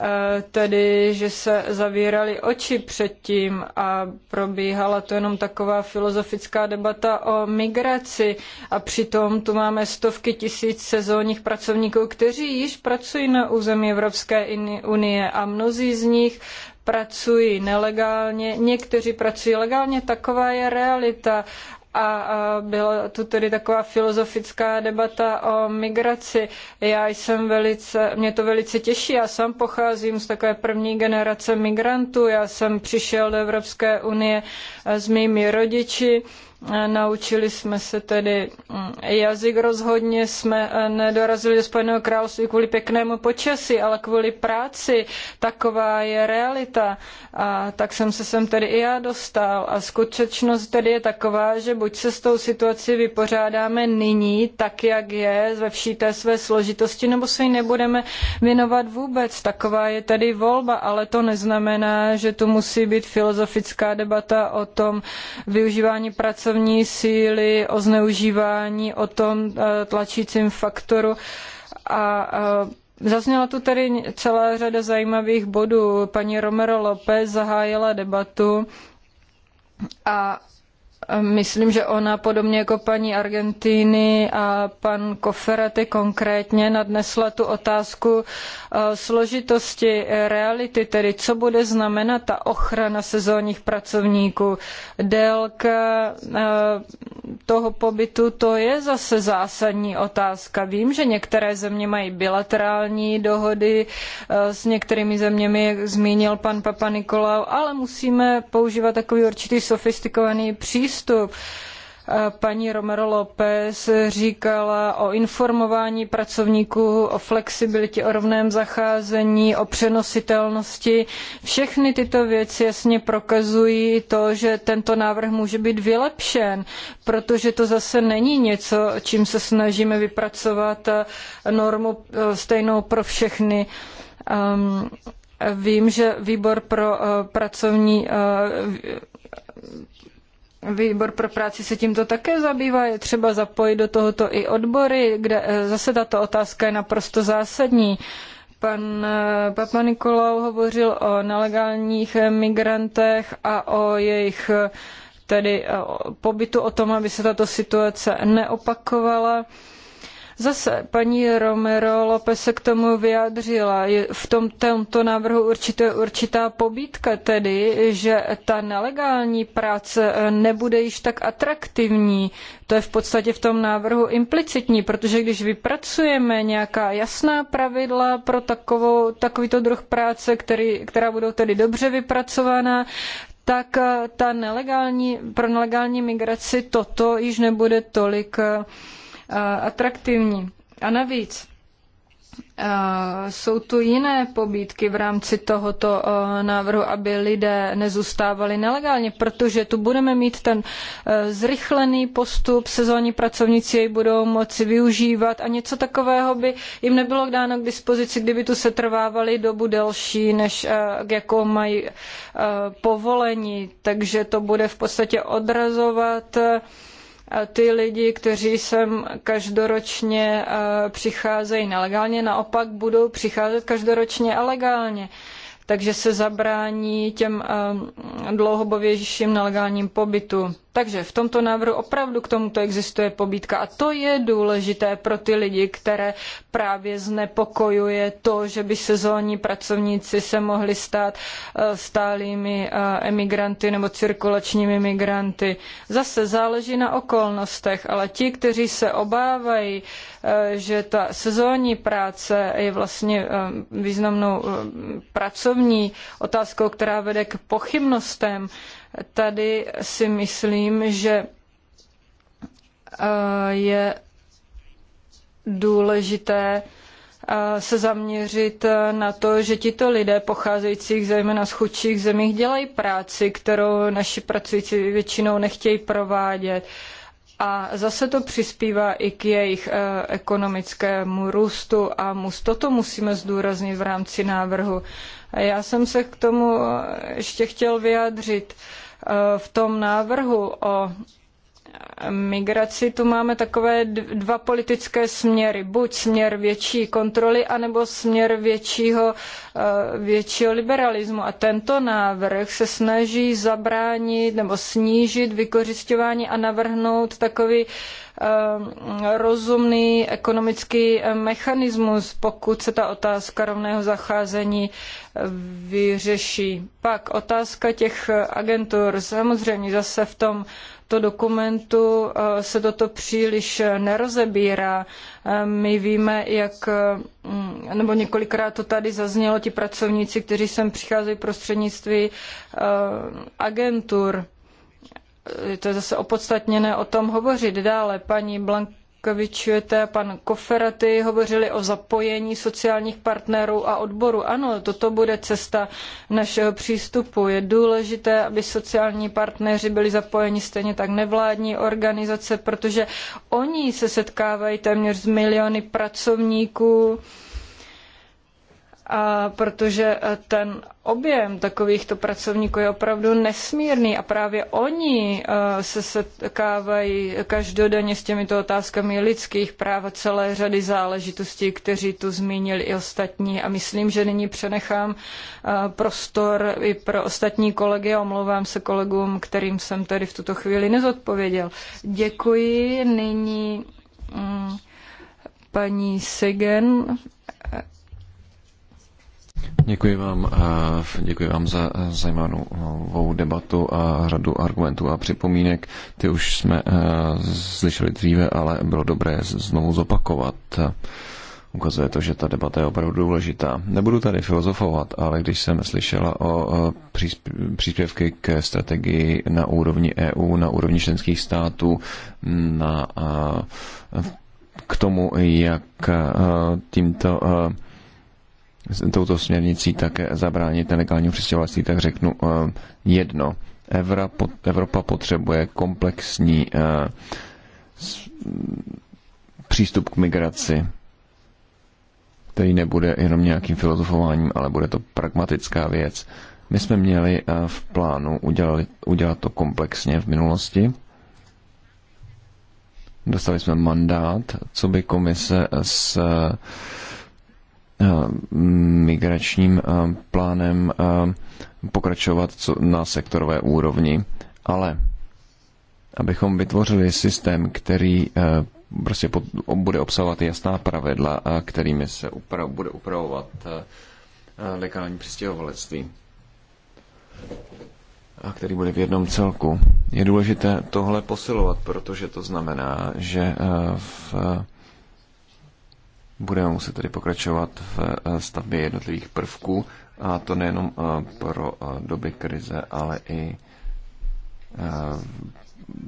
Eh, tedy, že se zavíraly oči předtím a probíhala to jenom taková filozofická debata o migraci a přitom tu máme stovky tisíc sezónních pracovníků, kteří již pracují na území Evropské unie a mnozí z nich pracují nelegálně, někteří pracují legálně, taková je realita a byla tu tedy taková filozofická debata o migraci. Já jsem velice, mě to velice těší, já sám pocházím z takové první generace migrantů, já jsem přišel do Evropské unie eh, s mými rodiči, Naučili jsme se tedy mm, jazyk rozhodně, jsme eh, nedorazili do Spojeného království kvůli pěknému počasí, ale kvůli práci. Taková je realita. A tak jsem se sem tedy i já dostal. A skutečnost tedy je taková, že buď se s tou situací vypořádáme nyní, tak jak je, ve vší té své složitosti, nebo se jí nebudeme věnovat vůbec. Taková je tedy volba, ale to neznamená, že tu musí být filozofická debata o tom využívání pracovní pracovní síly, o zneužívání, o tom eh, tlačícím faktoru a eh, Zazněla tu tedy celá řada zajímavých bodů. Paní Romero López zahájila debatu a Myslím, že ona podobně jako paní Argentíny a pan Koferaty konkrétně nadnesla tu otázku e, složitosti reality, tedy co bude znamenat ta ochrana sezónních pracovníků. Délka e, toho pobytu, to je zase zásadní otázka. Vím, že některé země mají bilaterální dohody e, s některými zeměmi, jak zmínil pan Papa Nikolau, ale musíme používat takový určitý sofistikovaný přístup přístup. Paní Romero López říkala o informování pracovníků, o flexibilitě, o rovném zacházení, o přenositelnosti. Všechny tyto věci jasně prokazují to, že tento návrh může být vylepšen, protože to zase není něco, čím se snažíme vypracovat normu eh, stejnou pro všechny. Um, Vím, že výbor pro eh, pracovní eh, Výbor pro práci se tímto také zabývá, je třeba zapojit do tohoto i odbory, kde eh, zase tato otázka je naprosto zásadní. Pan eh, Papa Nikolau hovořil o nelegálních eh, migrantech a o jejich tedy pobytu, o tom, aby se tato situace neopakovala. Zase paní Romero Lopez se k tomu vyjádřila. Je v tom, tomto návrhu určitě určitá pobídka tedy, že ta nelegální práce nebude již tak atraktivní. To je v podstatě v tom návrhu implicitní, protože když vypracujeme nějaká jasná pravidla pro takovou, takovýto druh práce, který, která budou tedy dobře vypracovaná, tak ta nelegální, pro nelegální migraci toto již nebude tolik uh, atraktivní. A navíc jsou tu jiné pobídky v rámci tohoto návrhu, aby lidé nezůstávali nelegálně, protože tu budeme mít ten zrychlený postup, sezónní pracovníci jej budou moci využívat a něco takového by jim nebylo dáno k dispozici, kdyby tu setrvávali dobu delší, než jakou mají povolení. Takže to bude v podstatě odrazovat ty lidi, kteří sem každoročně e, přicházejí nelegálně, naopak budou přicházet každoročně a legálně. Takže se zabrání těm e, dlouhobovějším nelegálním pobytům. Takže v tomto návrhu opravdu k tomuto existuje pobídka a to je důležité pro ty lidi, které právě znepokojuje to, že by sezónní pracovníci se mohli stát eh, stálými eh, emigranty nebo cirkulačními migranty. Zase záleží na okolnostech, ale ti, kteří se obávají, eh, že ta sezónní práce je vlastně významnou pracovní otázkou, která vede k pochybnostem, Tady si myslím, že eh, je důležité eh, se zaměřit eh, na to, že tito lidé pocházejících zejména z chudších zemích dělají práci, kterou naši pracující většinou nechtějí provádět. A zase to přispívá i k jejich ekonomickému růstu a mus, toto musíme zdůraznit v rámci návrhu. Já jsem se k tomu ještě chtěl vyjádřit v tom návrhu o migraci tu máme takové dva politické směry. Buď směr větší kontroly, anebo směr většího, eh, většího liberalismu. A tento návrh se snaží zabránit nebo snížit vykořišťování a navrhnout takový eh, rozumný ekonomický eh, mechanismus, pokud se ta otázka rovného zacházení vyřeší. Pak otázka těch agentur. Samozřejmě zase v tom to dokumentu eh, se toto příliš nerozebírá. Eh, my víme, jak, mm, nebo několikrát to tady zaznělo, ti pracovníci, kteří sem přicházejí prostřednictví eh, agentur, to je zase opodstatněné o tom hovořit dále. Paní Blank a pan Koferaty hovořili o zapojení sociálních partnerů a odboru. Ano, toto bude cesta našeho přístupu. Je důležité, aby sociální partneři byli zapojeni stejně tak nevládní organizace, protože oni se setkávají téměř s miliony pracovníků, a protože e, ten objem takovýchto pracovníků je opravdu nesmírný a právě oni e, se setkávají každodenně s těmito otázkami lidských práv a celé řady záležitostí, kteří tu zmínili i ostatní. A myslím, že nyní přenechám e, prostor i pro ostatní kolegy a omlouvám se kolegům, kterým jsem tady v tuto chvíli nezodpověděl. Děkuji. Nyní mm, paní Segen Děkuji vám, eh, děkuji vám za eh, zajímavou eh, debatu a řadu argumentů a připomínek. Ty už jsme slyšeli dříve, ale bylo dobré znovu zopakovat. Ukazuje to, že ta debata je opravdu důležitá. Nebudu tady filozofovat, ale když jsem slyšela o příspěvky k strategii na úrovni EU, na úrovni členských států, na, k tomu, jak tímto touto směrnicí také zabránit nelegálnímu přistěhovalství, tak řeknu eh, jedno. Evropa potřebuje komplexní eh, přístup k migraci, který nebude jenom nějakým filozofováním, ale bude to pragmatická věc. My jsme měli eh, v plánu udělali, udělat to komplexně v minulosti. Dostali jsme mandát, co by komise s Eh, migračním eh, plánem eh, pokračovat na sektorové úrovni, ale abychom vytvořili systém, který prostě bude obsahovat jasná pravidla, kterými se bude upravovat legální přistěhovalectví a který bude v jednom celku. Je důležité tohle posilovat, protože to znamená, že v Budeme muset tedy pokračovat v eh, stavbě jednotlivých prvků, a to nejenom eh, pro eh, doby krize, ale i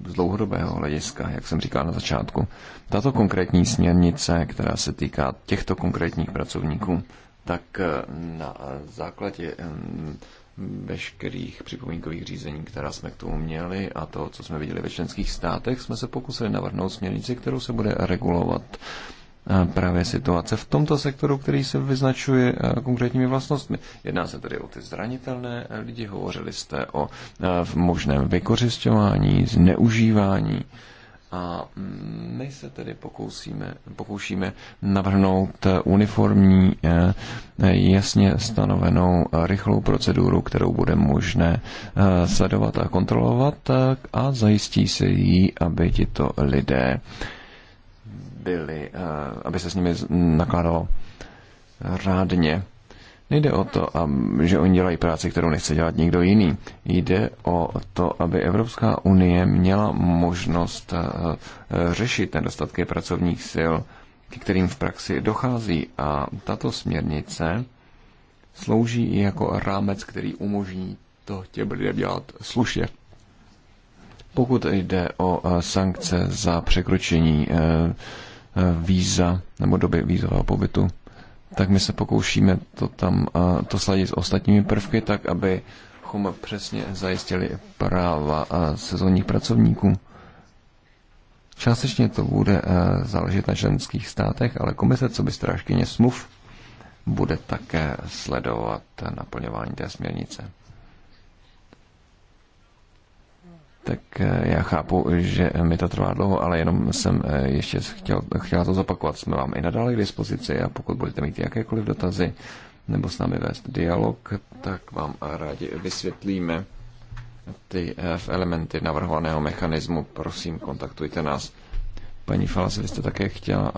z dlouhodobého hlediska, jak jsem říkal na začátku. Tato konkrétní směrnice, která se týká těchto konkrétních pracovníků, tak na základě veškerých připomínkových řízení, která jsme k tomu měli a to, co jsme viděli ve členských státech, jsme se pokusili navrhnout směrnici, kterou se bude regulovat Eh, právě situace v tomto sektoru, který se vyznačuje eh, konkrétními vlastnostmi. Jedná se tedy o ty zranitelné eh, lidi, hovořili jste o možném vykořišťování, zneužívání. A mm, my se tedy pokusíme, pokoušíme navrhnout uniformní, jasně stanovenou rychlou proceduru, kterou bude možné sledovat a kontrolovat a zajistí se jí, aby tito lidé byly, eh, aby se s nimi nakládalo rádně. Nejde o to, že oni dělají práci, kterou nechce dělat nikdo jiný. Jde o to, aby Evropská unie měla možnost eh, řešit nedostatky pracovních sil, k kterým v praxi dochází. A tato směrnice slouží i jako rámec, který umožní to těm lidem dělat slušně. Pokud jde o eh, sankce za překročení víza nebo doby vízového pobytu, tak my se pokoušíme to tam to sladit s ostatními prvky, tak abychom přesně zajistili práva sezónních pracovníků. Částečně to bude e, záležet na členských státech, ale komise, co by strážkyně smluv, bude také sledovat naplňování té směrnice. Tak eh, já chápu, že mi to trvá dlouho, ale jenom jsem eh, ještě chtěl, chtěla to zopakovat. Jsme vám i nadále k dispozici a pokud budete mít jakékoliv dotazy nebo s námi vést dialog, tak vám rádi vysvětlíme ty eh, elementy navrhovaného mechanismu. Prosím, kontaktujte nás. Paní Falas, vy jste také chtěla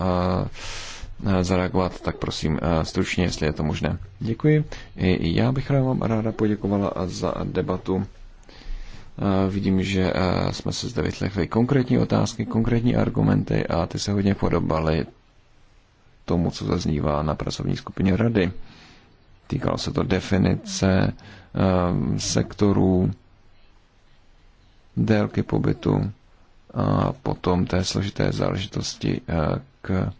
zareagovat, tak prosím stručně, jestli je to možné. Děkuji. I já bych vám ráda poděkovala za debatu Eh, vidím, že eh, jsme se zde vytlechli konkrétní otázky, konkrétní argumenty a ty se hodně podobaly tomu, co zaznívá na pracovní skupině rady. Týkalo se to definice eh, sektorů, délky pobytu a potom té složité záležitosti k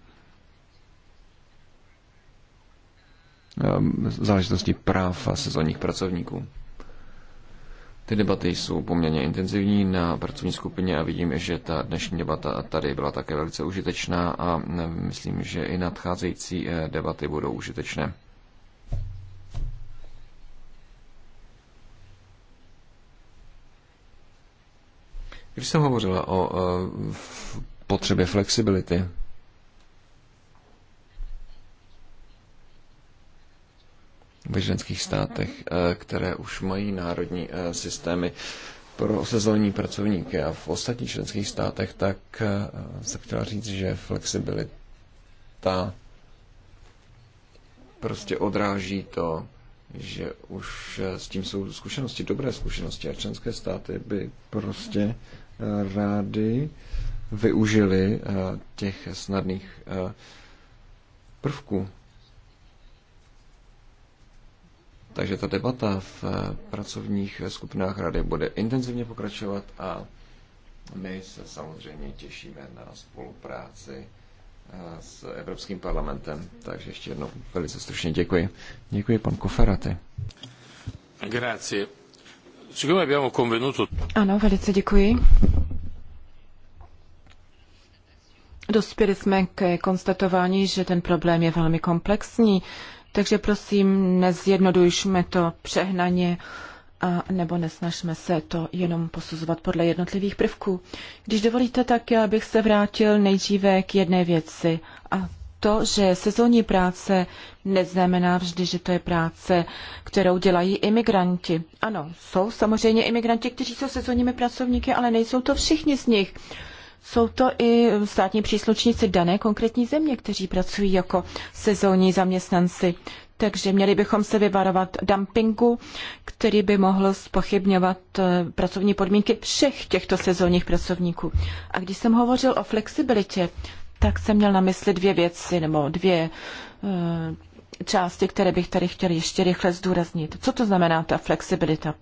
záležitosti práv a sezónních pracovníků. Ty debaty jsou poměrně intenzivní na pracovní skupině a vidím, že ta dnešní debata tady byla také velice užitečná a myslím, že i nadcházející eh, debaty budou užitečné. Když jsem hovořila o eh, potřebě flexibility, ve ženských státech, eh, které už mají národní eh, systémy pro sezónní pracovníky a v ostatních členských státech, tak eh, se chtěla říct, že flexibilita prostě odráží to, že už s tím jsou zkušenosti, dobré zkušenosti a členské státy by prostě rády využili těch snadných prvků Takže ta debata v eh, pracovních skupinách rady bude intenzivně pokračovat a my se samozřejmě těšíme na spolupráci eh, s Evropským parlamentem. Takže ještě jednou velice stručně děkuji. Děkuji, pan Koferaty. Grazie. Ano, velice děkuji. Dospěli jsme ke konstatování, že ten problém je velmi komplexní takže prosím, nezjednodušme to přehnaně a nebo nesnažme se to jenom posuzovat podle jednotlivých prvků. Když dovolíte, tak já bych se vrátil nejdříve k jedné věci a to, že sezónní práce neznamená vždy, že to je práce, kterou dělají imigranti. Ano, jsou samozřejmě imigranti, kteří jsou sezónními pracovníky, ale nejsou to všichni z nich. Jsou to i státní příslušníci dané konkrétní země, kteří pracují jako sezónní zaměstnanci. Takže měli bychom se vyvarovat dumpingu, který by mohl spochybňovat eh, pracovní podmínky všech těchto sezónních pracovníků. A když jsem hovořil o flexibilitě, tak jsem měl na mysli dvě věci nebo dvě eh, části, které bych tady chtěl ještě rychle zdůraznit. Co to znamená ta flexibilita?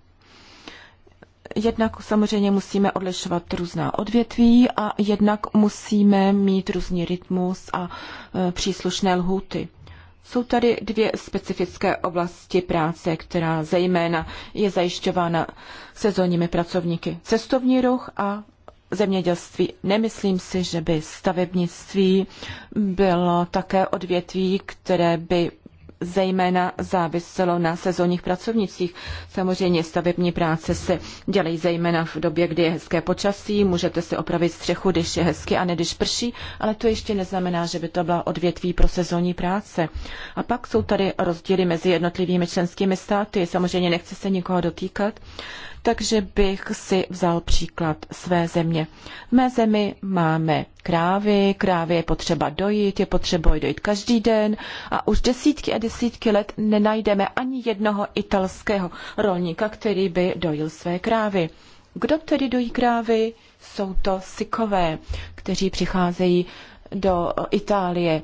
Jednak samozřejmě musíme odlišovat různá odvětví a jednak musíme mít různý rytmus a e, příslušné lhůty. Jsou tady dvě specifické oblasti práce, která zejména je zajišťována sezónními pracovníky. Cestovní ruch a zemědělství. Nemyslím si, že by stavebnictví bylo také odvětví, které by zejména záviselo na sezónních pracovnicích. Samozřejmě stavební práce se dělají zejména v době, kdy je hezké počasí, můžete si opravit střechu, když je hezky a ne když prší, ale to ještě neznamená, že by to byla odvětví pro sezónní práce. A pak jsou tady rozdíly mezi jednotlivými členskými státy. Samozřejmě nechci se nikoho dotýkat takže bych si vzal příklad své země. V mé zemi máme krávy, krávy je potřeba dojít, je potřeba dojít každý den a už desítky a desítky let nenajdeme ani jednoho italského rolníka, který by dojil své krávy. Kdo tedy dojí krávy? Jsou to sykové, kteří přicházejí do Itálie.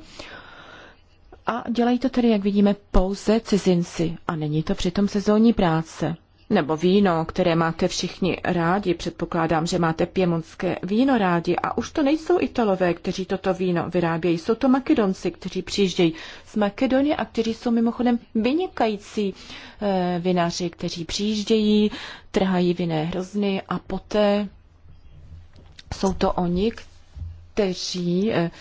A dělají to tedy, jak vidíme, pouze cizinci a není to přitom sezónní práce nebo víno, které máte všichni rádi. Předpokládám, že máte piemonské víno rádi. A už to nejsou Italové, kteří toto víno vyrábějí. Jsou to Makedonci, kteří přijíždějí z Makedonie a kteří jsou mimochodem vynikající e, vinaři, kteří přijíždějí, trhají vinné hrozny a poté jsou to oni, kteří e,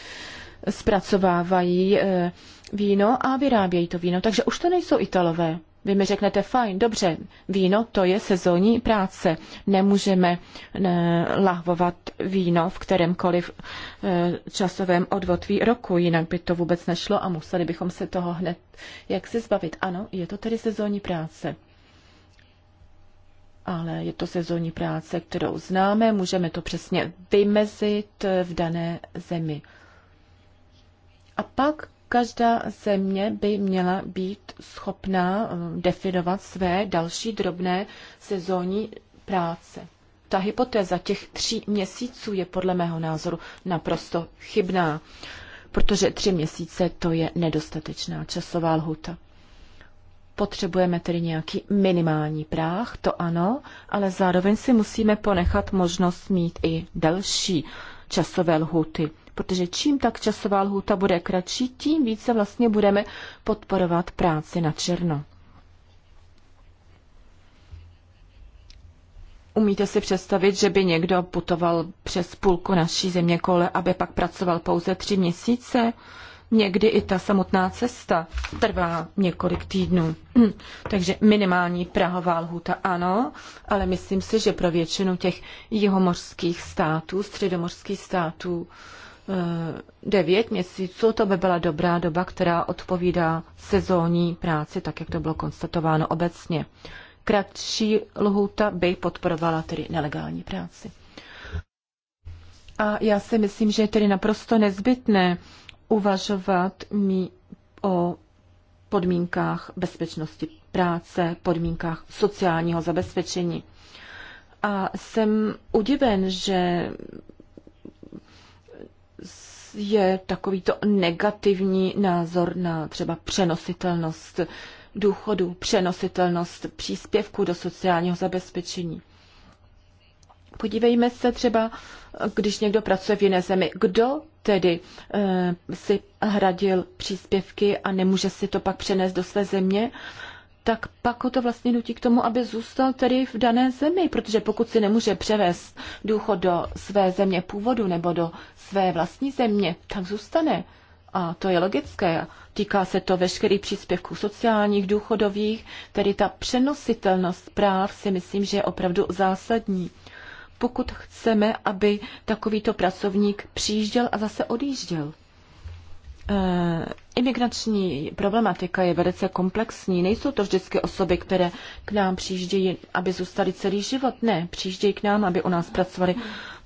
zpracovávají e, víno a vyrábějí to víno. Takže už to nejsou Italové. Vy mi řeknete, fajn, dobře, víno to je sezónní práce. Nemůžeme ne, eh, lahvovat víno v kterémkoliv e, časovém odvotví roku, jinak by to vůbec nešlo a museli bychom se toho hned jak se zbavit. Ano, je to tedy sezónní práce. Ale je to sezónní práce, kterou známe, můžeme to přesně vymezit eh, v dané zemi. A pak každá země by měla být schopná eh, definovat své další drobné sezónní práce. Ta hypotéza těch tří měsíců je podle mého názoru naprosto chybná, protože tři měsíce to je nedostatečná časová lhuta. Potřebujeme tedy nějaký minimální práh, to ano, ale zároveň si musíme ponechat možnost mít i další časové lhuty protože čím tak časová lhůta bude kratší, tím více vlastně budeme podporovat práci na černo. Umíte si představit, že by někdo putoval přes půlku naší země kole, aby pak pracoval pouze tři měsíce? Někdy i ta samotná cesta trvá několik týdnů. Takže minimální prahová lhůta ano, ale myslím si, že pro většinu těch jihomorských států, středomorských států, Eh, devět měsíců, to by byla dobrá doba, která odpovídá sezónní práci, tak jak to bylo konstatováno obecně. Kratší lhůta by podporovala tedy nelegální práci. A já si myslím, že je tedy naprosto nezbytné uvažovat mi o podmínkách bezpečnosti práce, podmínkách sociálního zabezpečení. A jsem udiven, že je takovýto negativní názor na třeba přenositelnost důchodu, přenositelnost příspěvku do sociálního zabezpečení. Podívejme se třeba, když někdo pracuje v jiné zemi, kdo tedy e, si hradil příspěvky a nemůže si to pak přenést do své země tak pak ho to vlastně nutí k tomu, aby zůstal tedy v dané zemi, protože pokud si nemůže převést důchod do své země původu nebo do své vlastní země, tak zůstane. A to je logické. Týká se to veškerých příspěvků sociálních, důchodových, tedy ta přenositelnost práv si myslím, že je opravdu zásadní. Pokud chceme, aby takovýto pracovník přijížděl a zase odjížděl. Eh, imigrační problematika je velice komplexní. Nejsou to vždycky osoby, které k nám přijíždějí, aby zůstali celý život. Ne, přijíždějí k nám, aby u nás pracovali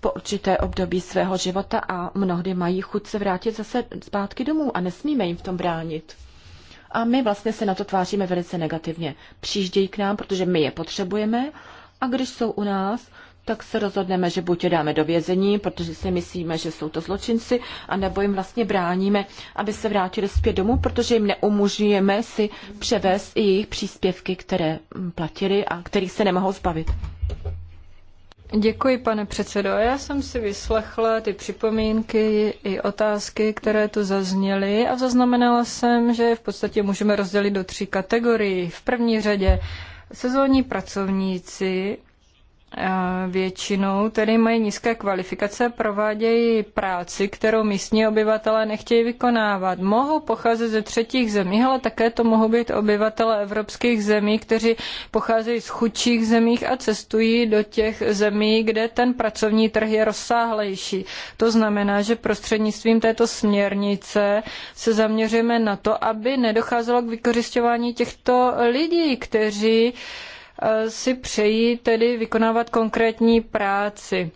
po určité období svého života a mnohdy mají chuť se vrátit zase zpátky domů a nesmíme jim v tom bránit. A my vlastně se na to tváříme velice negativně. Přijíždějí k nám, protože my je potřebujeme a když jsou u nás, tak se rozhodneme, že buď je dáme do vězení, protože si myslíme, že jsou to zločinci, anebo jim vlastně bráníme, aby se vrátili zpět domů, protože jim neumožňujeme si převést i jejich příspěvky, které mm, platili a kterých se nemohou zbavit. Děkuji, pane předsedo. Já jsem si vyslechla ty připomínky i otázky, které tu zazněly a zaznamenala jsem, že v podstatě můžeme rozdělit do tří kategorií. V první řadě sezónní pracovníci, Eh, většinou tedy mají nízké kvalifikace, provádějí práci, kterou místní obyvatelé nechtějí vykonávat. Mohou pocházet ze třetích zemí, ale také to mohou být obyvatelé evropských zemí, kteří pocházejí z chudších zemí a cestují do těch zemí, kde ten pracovní trh je rozsáhlejší. To znamená, že prostřednictvím této směrnice se zaměříme na to, aby nedocházelo k vykořišťování těchto lidí, kteří Eh, si přejí tedy vykonávat konkrétní práci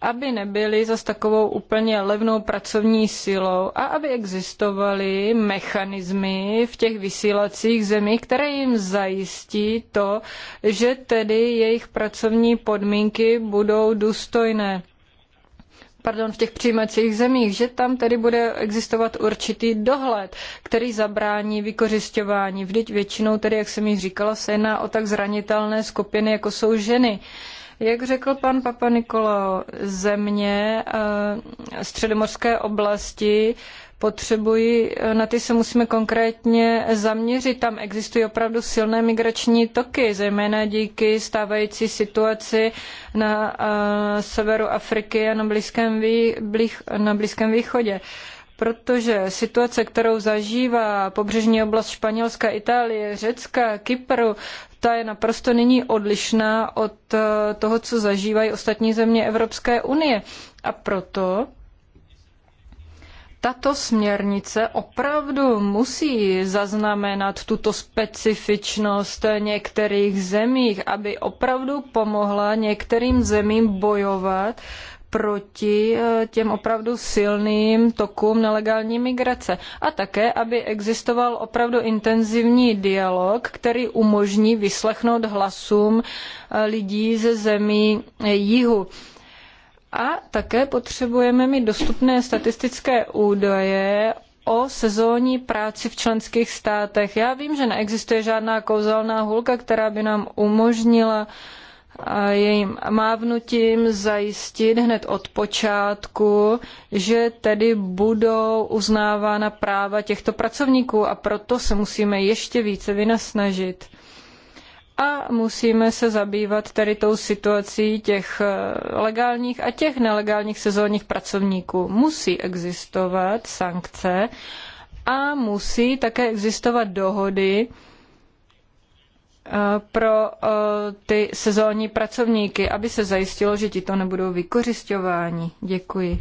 aby nebyly zas takovou úplně levnou pracovní silou a aby existovaly mechanismy v těch vysílacích zemích, které jim zajistí to, že tedy jejich pracovní podmínky budou důstojné pardon, v těch přijímacích zemích, že tam tedy bude existovat určitý dohled, který zabrání vykořišťování. Vždyť většinou tedy, jak jsem již říkala, se jedná o tak zranitelné skupiny, jako jsou ženy. Jak řekl pan Papa Nikolo, země eh, středomorské oblasti potřebují, eh, na ty se musíme konkrétně zaměřit. Tam existují opravdu silné migrační toky, zejména díky stávající situaci na eh, severu Afriky a na Blízkém, vý, na blízkém východě protože situace, kterou zažívá pobřežní oblast Španělska, Itálie, Řecka, Kypru, ta je naprosto nyní odlišná od eh, toho, co zažívají ostatní země Evropské unie. A proto tato směrnice opravdu musí zaznamenat tuto specifičnost některých zemích, aby opravdu pomohla některým zemím bojovat proti eh, těm opravdu silným tokům nelegální migrace. A také, aby existoval opravdu intenzivní dialog, který umožní vyslechnout hlasům eh, lidí ze zemí jihu a také potřebujeme mít dostupné statistické údaje o sezónní práci v členských státech. Já vím, že neexistuje žádná kouzelná hulka, která by nám umožnila jejím mávnutím zajistit hned od počátku, že tedy budou uznávána práva těchto pracovníků a proto se musíme ještě více vynasnažit a musíme se zabývat tady tou situací těch eh, legálních a těch nelegálních sezónních pracovníků. Musí existovat sankce a musí také existovat dohody eh, pro eh, ty sezónní pracovníky, aby se zajistilo, že ti to nebudou vykořišťováni. Děkuji.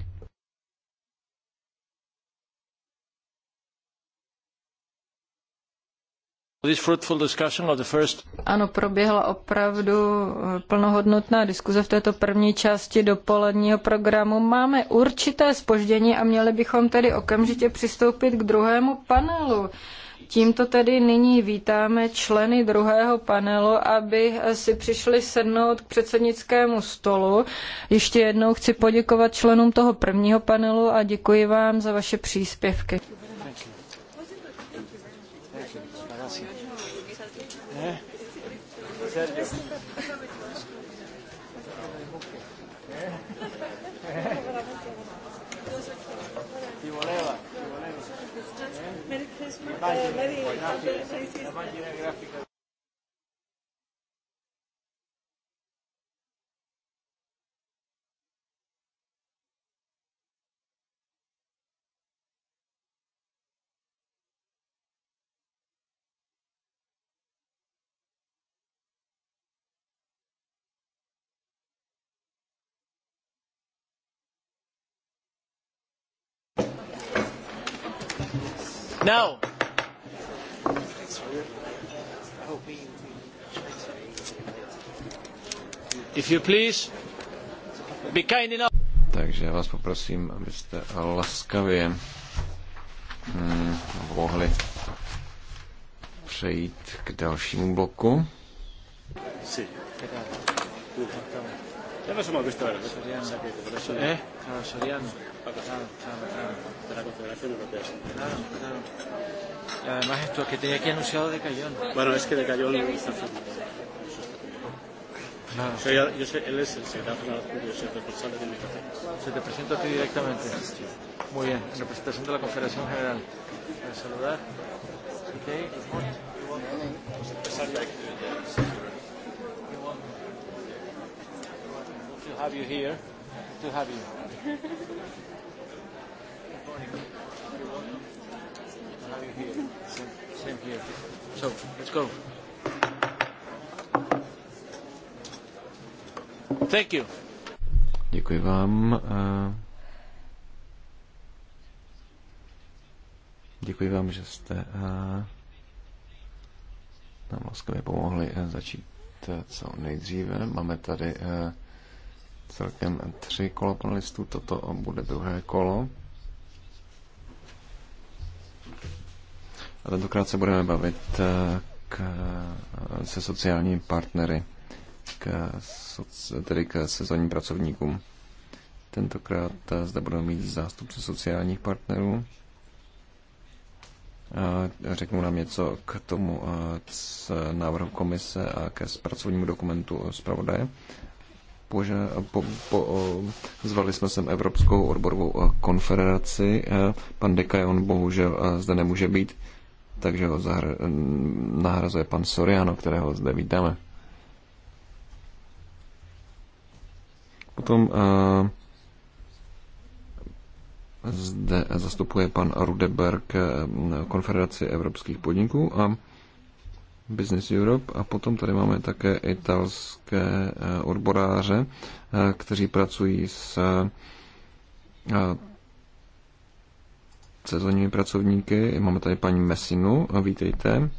Ano, proběhla opravdu eh, plnohodnotná diskuze v této první části dopoledního programu. Máme určité spoždění a měli bychom tedy okamžitě přistoupit k druhému panelu. Tímto tedy nyní vítáme členy druhého panelu, aby eh, si přišli sednout k předsednickému stolu. Ještě jednou chci poděkovat členům toho prvního panelu a děkuji vám za vaše příspěvky. Sergio. Ti voleva, ti voleva. Merry Christmas, Merry Navidad. No. if you please, be kind enough. Takže já vás poprosím, abyste laskavě hm, mohli hmm, přejít k dalšímu bloku. Sí. Ya nos hemos visto varias veces. Y además esto que tenía aquí anunciado de Cayón. Bueno, es que de Cayón está firmado. Claro. Soy, yo sé, él es el secretario de yo soy de Se te presento a ti directamente. Muy bien, en representación de la Confederación General. Para saludar. Okay. Good morning. have you here. To have you. Good morning. To have you here. Same, same here. So, let's go. Thank you. Děkuji vám. Eh, děkuji vám, že jste eh, nám laskavě pomohli eh, začít co nejdříve. Máme tady celkem tři kola panelistů, toto bude druhé kolo. A tentokrát se budeme bavit eh, k, eh, se sociálními partnery, k, tedy k sezónním pracovníkům. Tentokrát eh, zde budeme mít zástupce sociálních partnerů. Řeknu nám něco k tomu z návrhu komise a ke pracovnímu dokumentu zpravodaje poža, po, po, zvali jsme sem Evropskou odborovou e, konfederaci. E, pan Dekajon bohužel e, zde nemůže být, takže ho zahr- nahrazuje pan Soriano, kterého zde vítáme. Potom zde zastupuje pan Rudeberg Konfederaci evropských podniků a Business Europe a potom tady máme také italské eh, odboráře, eh, kteří pracují s eh, sezónními pracovníky. Máme tady paní Messinu, vítejte,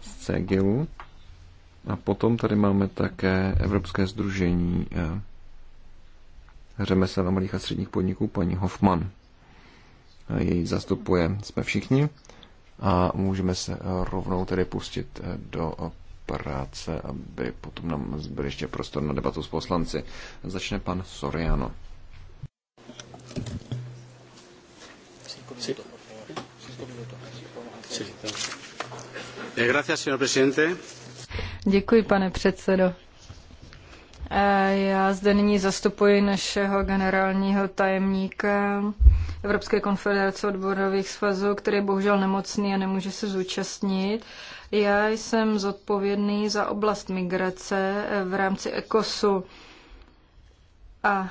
z CGU. A potom tady máme také Evropské združení řemesel a malých a středních podniků, paní Hoffman. Její zastupuje jsme všichni a můžeme se eh, rovnou tedy pustit eh, do eh, práce, aby potom nám zbyl ještě prostor na debatu s poslanci. Začne pan Soriano. Děkuji, pane předsedo. Já zde nyní zastupuji našeho generálního tajemníka Evropské konfederace odborových svazů, který je bohužel nemocný a nemůže se zúčastnit. Já jsem zodpovědný za oblast migrace v rámci ECOSu a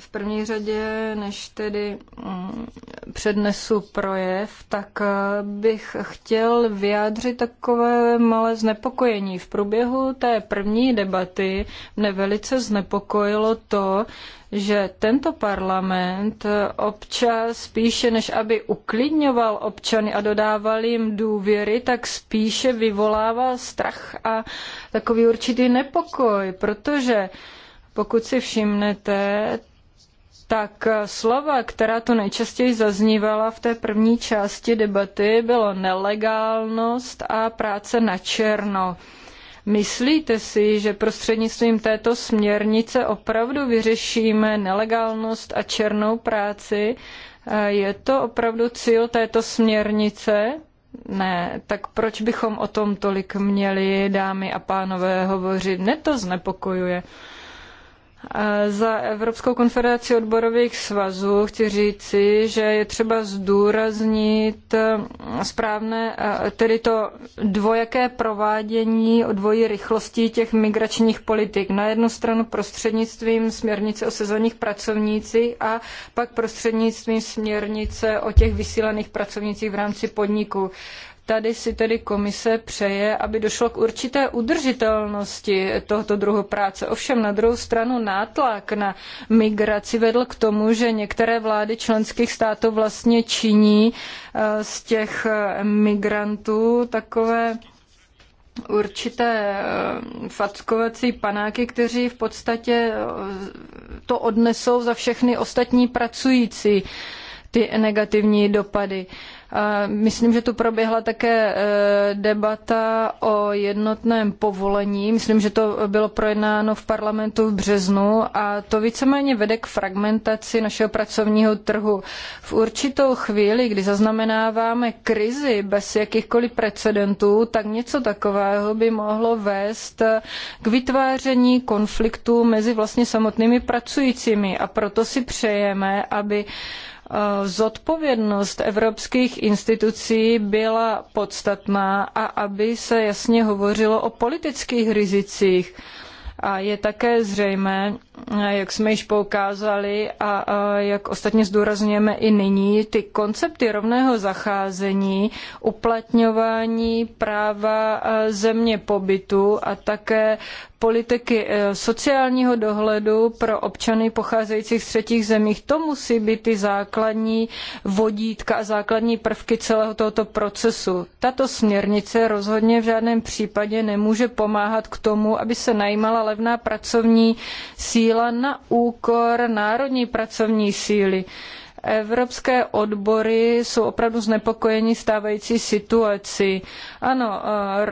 v první řadě, než tedy mm, přednesu projev, tak eh, bych chtěl vyjádřit takové malé znepokojení. V průběhu té první debaty mne velice znepokojilo to, že tento parlament eh, občas spíše než aby uklidňoval občany a dodával jim důvěry, tak spíše vyvolává strach a takový určitý nepokoj, protože pokud si všimnete, tak eh, slova, která to nejčastěji zaznívala v té první části debaty, bylo nelegálnost a práce na černo. Myslíte si, že prostřednictvím této směrnice opravdu vyřešíme nelegálnost a černou práci? Eh, je to opravdu cíl této směrnice? Ne, tak proč bychom o tom tolik měli, dámy a pánové, hovořit? Ne, to znepokojuje. Za Evropskou konfederaci odborových svazů chci říci, že je třeba zdůraznit eh, správné, eh, tedy to dvojaké provádění o dvojí rychlosti těch migračních politik. Na jednu stranu prostřednictvím směrnice o sezónních pracovnících a pak prostřednictvím směrnice o těch vysílaných pracovnících v rámci podniku. Tady si tedy komise přeje, aby došlo k určité udržitelnosti tohoto druhu práce. Ovšem na druhou stranu nátlak na migraci vedl k tomu, že některé vlády členských států vlastně činí eh, z těch eh, migrantů takové určité eh, fackovací panáky, kteří v podstatě to odnesou za všechny ostatní pracující ty negativní dopady. Uh, Myslím, že tu proběhla také e, debata o jednotném povolení. Myslím, že to bylo projednáno v parlamentu v březnu a to víceméně vede k fragmentaci našeho pracovního trhu. V určitou chvíli, kdy zaznamenáváme krizi bez jakýchkoliv precedentů, tak něco takového by mohlo vést e, k vytváření konfliktů mezi vlastně samotnými pracujícími. A proto si přejeme, aby Eh, zodpovědnost evropských institucí byla podstatná a aby se jasně hovořilo o politických rizicích. A je také zřejmé, jak jsme již poukázali a jak ostatně zdůrazňujeme i nyní, ty koncepty rovného zacházení, uplatňování práva země pobytu a také politiky e, sociálního dohledu pro občany pocházejících z třetích zemí. To musí být ty základní vodítka a základní prvky celého tohoto procesu. Tato směrnice rozhodně v žádném případě nemůže pomáhat k tomu, aby se najímala levná pracovní síla na úkor národní pracovní síly. Evropské odbory jsou opravdu znepokojeni stávající situací. Ano, eh,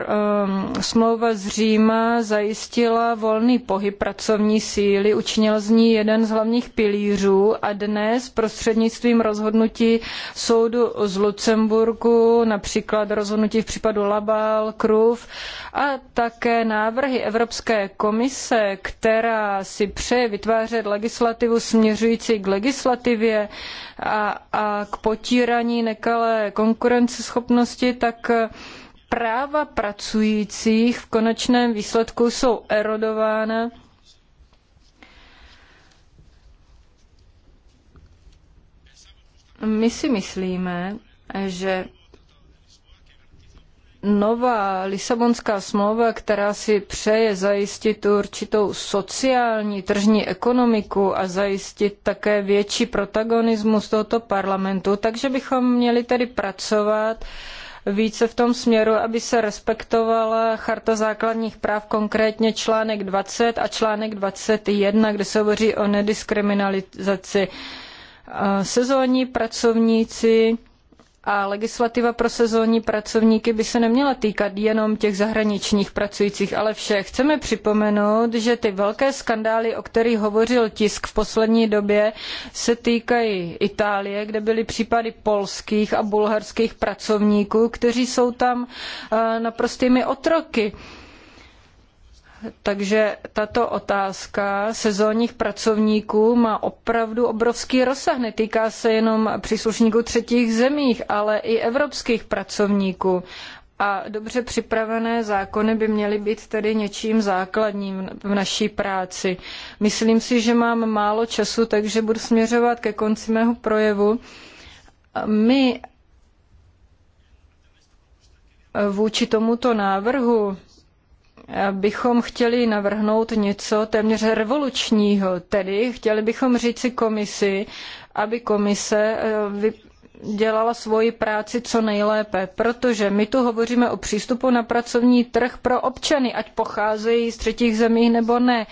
eh, smlouva z Říma zajistila volný pohyb pracovní síly, učinila z ní jeden z hlavních pilířů a dnes prostřednictvím rozhodnutí soudu z Lucemburku, například rozhodnutí v případu Labal, Krův a také návrhy Evropské komise, která si přeje vytvářet legislativu směřující k legislativě, a, a k potírání nekalé konkurenceschopnosti, tak eh, práva pracujících v konečném výsledku jsou erodována My si myslíme, že nová Lisabonská smlouva, která si přeje zajistit určitou sociální tržní ekonomiku a zajistit také větší protagonismus tohoto parlamentu, takže bychom měli tedy pracovat více v tom směru, aby se respektovala Charta základních práv, konkrétně článek 20 a článek 21, kde se hovoří o nediskriminalizaci. Sezónní pracovníci a legislativa pro sezónní pracovníky by se neměla týkat jenom těch zahraničních pracujících, ale všech. Chceme připomenout, že ty velké skandály, o kterých hovořil tisk v poslední době, se týkají Itálie, kde byly případy polských a bulharských pracovníků, kteří jsou tam eh, naprostými otroky. Takže tato otázka sezónních pracovníků má opravdu obrovský rozsah. Netýká se jenom příslušníků třetích zemí, ale i evropských pracovníků. A dobře připravené zákony by měly být tedy něčím základním v naší práci. Myslím si, že mám málo času, takže budu směřovat ke konci mého projevu. My vůči tomuto návrhu bychom chtěli navrhnout něco téměř revolučního, tedy chtěli bychom říci komisi, aby komise eh, dělala svoji práci co nejlépe, protože my tu hovoříme o přístupu na pracovní trh pro občany, ať pocházejí z třetích zemí nebo ne.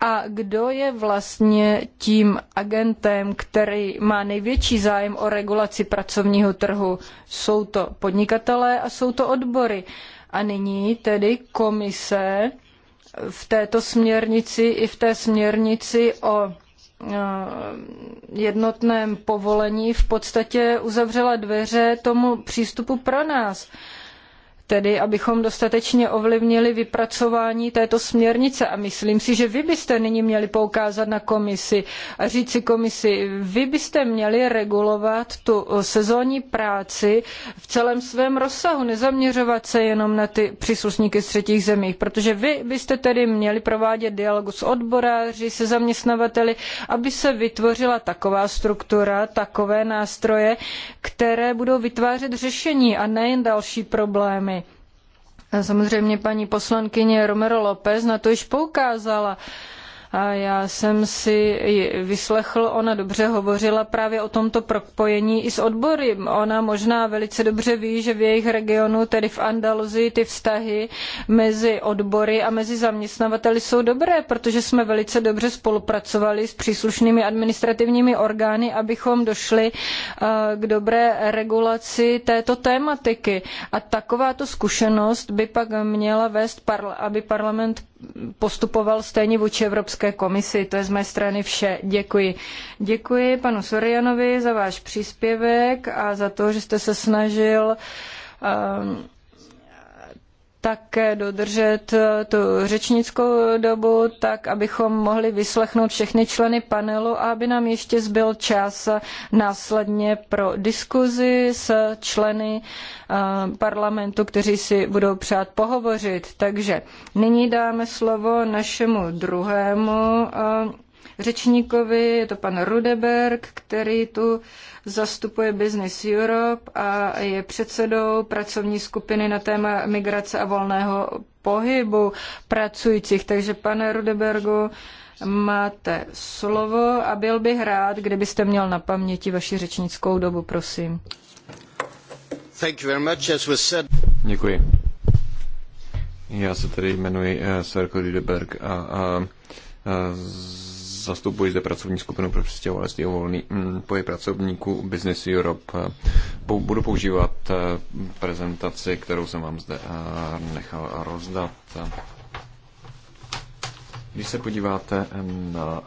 A kdo je vlastně tím agentem, který má největší zájem o regulaci pracovního trhu? Jsou to podnikatelé a jsou to odbory. Uh, a nyní tedy komise v této směrnici i v té směrnici o e, jednotném povolení v podstatě uzavřela dveře tomu přístupu pro nás tedy abychom dostatečně ovlivnili vypracování této směrnice. A myslím si, že vy byste nyní měli poukázat na komisi a říci komisi, vy byste měli regulovat tu sezónní práci v celém svém rozsahu, nezaměřovat se jenom na ty příslušníky z třetích zemí, protože vy byste tedy měli provádět dialog s odboráři, se zaměstnavateli, aby se vytvořila taková struktura, takové nástroje, které budou vytvářet řešení a nejen další problémy Samozřejmě paní poslankyně Romero López na to již poukázala. A já jsem si ji vyslechl, ona dobře hovořila právě o tomto propojení i s odbory. Ona možná velice dobře ví, že v jejich regionu, tedy v Andaluzii, ty vztahy mezi odbory a mezi zaměstnavateli jsou dobré, protože jsme velice dobře spolupracovali s příslušnými administrativními orgány, abychom došli eh, k dobré regulaci této tématiky. A takováto zkušenost by pak měla vést, aby parlament postupoval stejně vůči Evropské komisi. To je z mé strany vše. Děkuji. Děkuji panu Sorianovi za váš příspěvek a za to, že jste se snažil um, také dodržet eh, tu řečnickou dobu, tak abychom mohli vyslechnout všechny členy panelu a aby nám ještě zbyl čas následně pro diskuzi s členy eh, parlamentu, kteří si budou přát pohovořit. Takže nyní dáme slovo našemu druhému eh, řečníkovi, je to pan Rudeberg, který tu zastupuje Business Europe a je předsedou pracovní skupiny na téma migrace a volného pohybu pracujících. Takže pane Rudebergu, máte slovo a byl bych rád, kdybyste měl na paměti vaši řečnickou dobu, prosím. Děkuji. Já se tedy jmenuji uh, Rudeberg a, a Eh, zastupuji zde pracovní skupinu pro přestěhovalství o volný mm, pohyb pracovníků Business Europe. Eh, budu používat eh, prezentaci, kterou jsem vám zde nechal rozdat. Když se podíváte na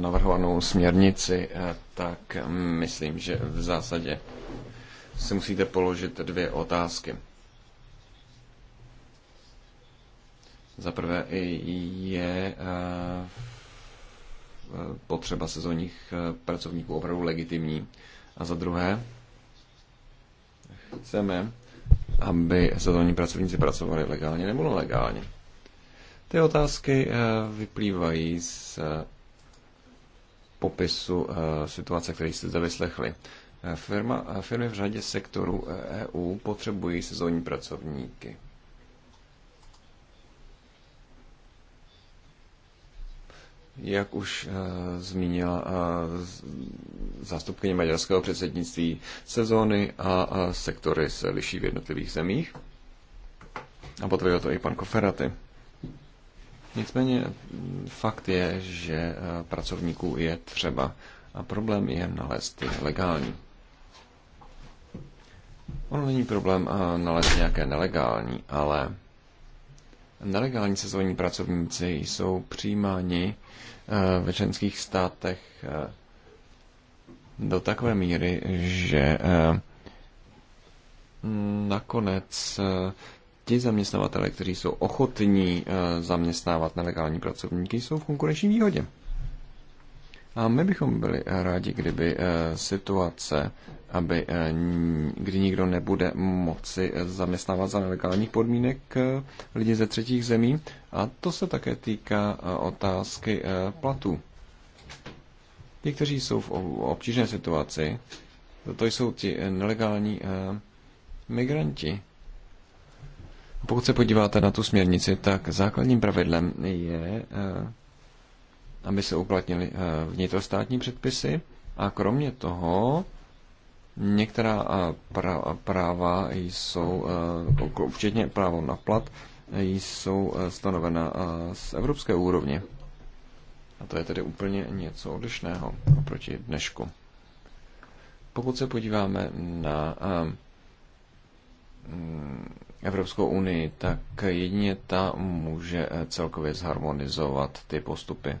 navrhovanou směrnici, tak myslím, že v zásadě si musíte položit dvě otázky. Za prvé je eh, eh, potřeba sezónních eh, pracovníků opravdu legitimní. A za druhé, chceme, aby sezónní pracovníci pracovali legálně nebo nelegálně. Ty otázky vyplývají z popisu situace, který jste zde vyslechli. Firma, firmy v řadě sektorů EU e potřebují sezónní pracovníky. Jak už eh, zmínila eh, zástupkyně maďarského předsednictví, sezóny a sektory se liší v jednotlivých zemích. A potvrdil to i pan Koferaty. Nicméně mm, fakt je, že eh, pracovníků je třeba a problém je nalézt je legální. Ono není problém nalézt nějaké nelegální, ale nelegální sezónní pracovníci jsou přijímáni Eh, ve členských státech eh, do takové míry, že eh, nakonec ti zaměstnavatele, kteří jsou ochotní zaměstnávat nelegální pracovníky, jsou v konkurenční výhodě. A my bychom byli rádi, kdyby situace aby eh, kdy nikdo nebude moci eh, zaměstnávat za nelegálních podmínek eh, lidi ze třetích zemí. A to se také týká otázky platů. Ti, kteří jsou v obtížné situaci, to jsou ti nelegální migranti. Pokud se podíváte na tu směrnici, tak základním pravidlem je, aby se uplatnili vnitrostátní předpisy a kromě toho Některá eh, práva jsou, eh, včetně právo na plat, eh, jsou stanovena z evropské úrovně. A to je tedy úplně něco odlišného oproti dnešku. Pokud se podíváme na mm, Evropskou unii, tak jedině ta může celkově zharmonizovat ty postupy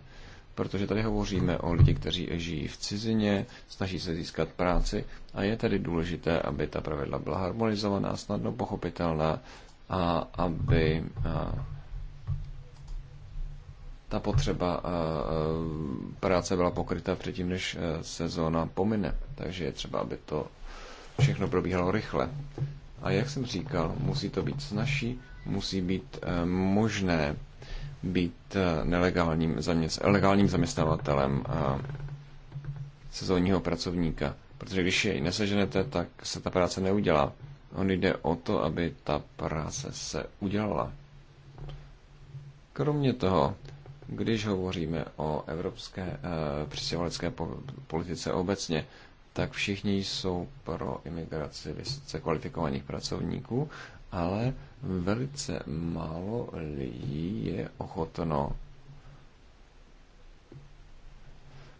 protože tady hovoříme o lidi, kteří žijí v cizině, snaží se získat práci a je tedy důležité, aby ta pravidla byla harmonizovaná, snadno pochopitelná a aby ta potřeba práce byla pokryta předtím, než e, sezóna pomine. Takže je třeba, aby to všechno probíhalo rychle. A jak jsem říkal, musí to být snažší, musí být e, možné být eh, nelegálním zaměst, legálním zaměstnavatelem eh, sezónního pracovníka. Protože když jej neseženete, tak se ta práce neudělá. On jde o to, aby ta práce se udělala. Kromě toho, když hovoříme o evropské e, přistěhovalecké po, politice obecně, tak všichni jsou pro imigraci vysoce kvalifikovaných pracovníků, ale velice málo lidí je ochotno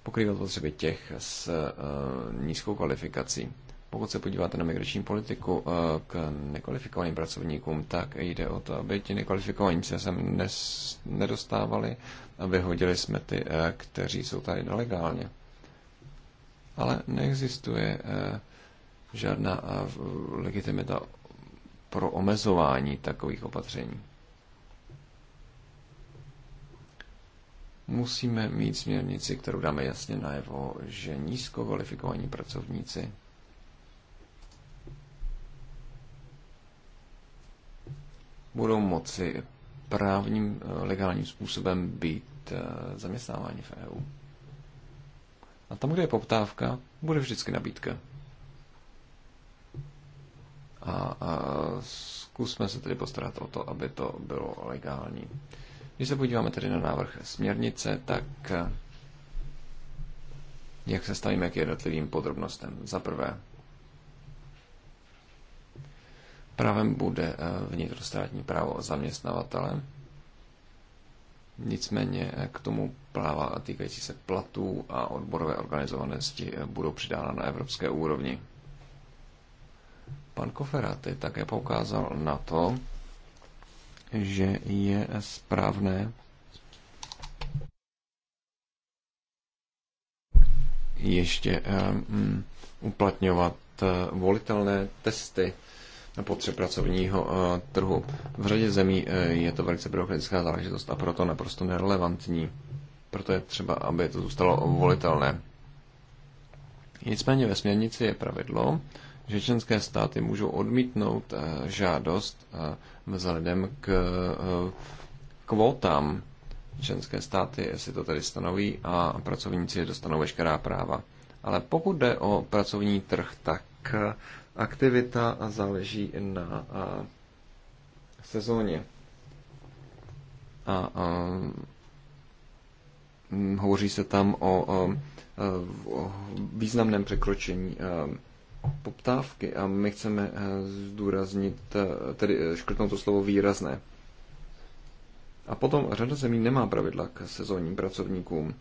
pokrývat potřeby těch s uh, nízkou kvalifikací. Pokud se podíváte na migrační politiku uh, k nekvalifikovaným pracovníkům, tak jde o to, aby ti nekvalifikovaní se sem nes, nedostávali a vyhodili jsme ty, uh, kteří jsou tady nelegálně. Ale neexistuje uh, žádná uh, legitimita pro omezování takových opatření. Musíme mít směrnici, kterou dáme jasně najevo, že nízko kvalifikovaní pracovníci budou moci právním eh, legálním způsobem být eh, zaměstnáváni v EU. A tam, kde je poptávka, bude vždycky nabídka a, a zkusme se tedy postarat o to, aby to bylo legální. Když se podíváme tedy na návrh směrnice, tak jak se stavíme k jednotlivým podrobnostem? Za prvé, právem bude eh, vnitrostátní právo zaměstnavatele. Nicméně eh, k tomu práva týkající se platů a odborové organizovanosti eh, budou přidána na evropské úrovni. Pan Koferaty také poukázal na to, že je správné ještě um, uplatňovat uh, volitelné testy na potřeb pracovního uh, trhu. V řadě zemí uh, je to velice byrokratická záležitost a proto naprosto nerelevantní. Proto je třeba, aby to zůstalo volitelné. Nicméně ve směrnici je pravidlo, že členské státy můžou odmítnout eh, žádost vzhledem eh, k eh, kvótám. Členské státy jestli to tedy stanoví a pracovníci dostanou veškerá práva. Ale pokud jde o pracovní trh, tak aktivita záleží na sezóně. A, a hovoří se tam o, o, o významném překročení poptávky a my chceme eh, zdůraznit, eh, tedy eh, škrtnout to slovo výrazné. A potom řada zemí nemá pravidla k sezónním pracovníkům.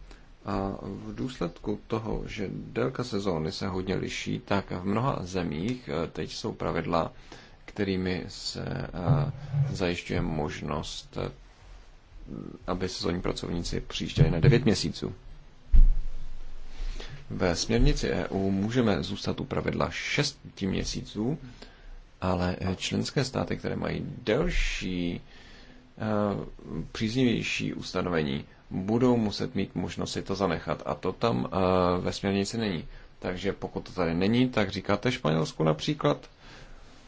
A v důsledku toho, že délka sezóny se hodně liší, tak v mnoha zemích teď jsou pravidla, kterými se zajišťuje možnost, aby sezónní pracovníci přijížděli na 9 měsíců. Ve směrnici EU můžeme zůstat u pravidla 6 měsíců, ale členské státy, které mají delší eh, příznivější ustanovení, budou muset mít možnost si to zanechat. A to tam eh, ve směrnici není. Takže pokud to tady není, tak říkáte Španělsku například,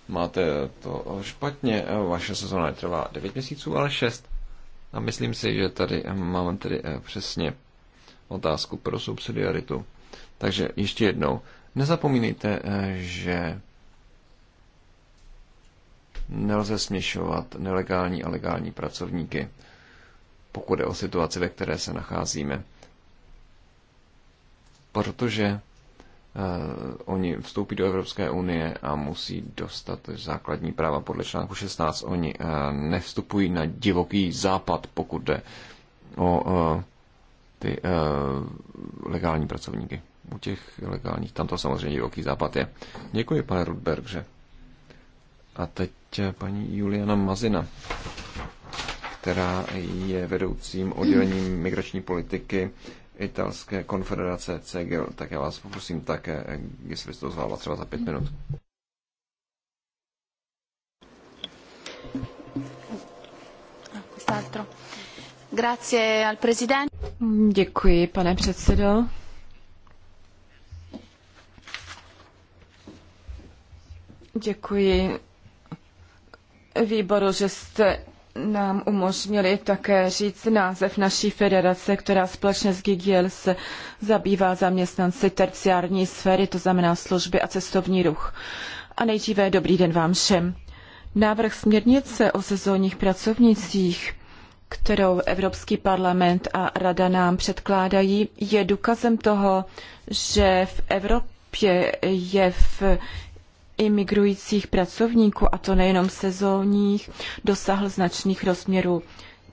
máte to špatně, eh, vaše sezóna trvá 9 měsíců, ale 6. A myslím si, že tady máme tedy přesně otázku pro subsidiaritu. Takže ještě jednou, nezapomínejte, eh, že nelze směšovat nelegální a legální pracovníky, pokud je o situaci, ve které se nacházíme. Protože uh, oni vstoupí do Evropské unie a musí dostat základní práva podle článku 16. Oni uh, nevstupují na divoký západ, pokud jde o uh, ty uh, legální pracovníky u těch legálních, tam to samozřejmě divoký západ je. Děkuji, pane že? A teď eh, paní Juliana Mazina, která je vedoucím oddělením migrační politiky italské konfederace CGL. Tak já vás poprosím také, eh, jestli byste to zvládla třeba za pět minut. Děkuji, pane předsedo. Děkuji výboru, že jste nám umožnili také říct název naší federace, která společně s Gigiel se zabývá zaměstnanci terciární sféry, to znamená služby a cestovní ruch. A nejdříve dobrý den vám všem. Návrh směrnice o sezónních pracovnicích, kterou Evropský parlament a Rada nám předkládají, je důkazem toho, že v Evropě je v i migrujících pracovníků, a to nejenom sezónních, dosáhl značných rozměrů.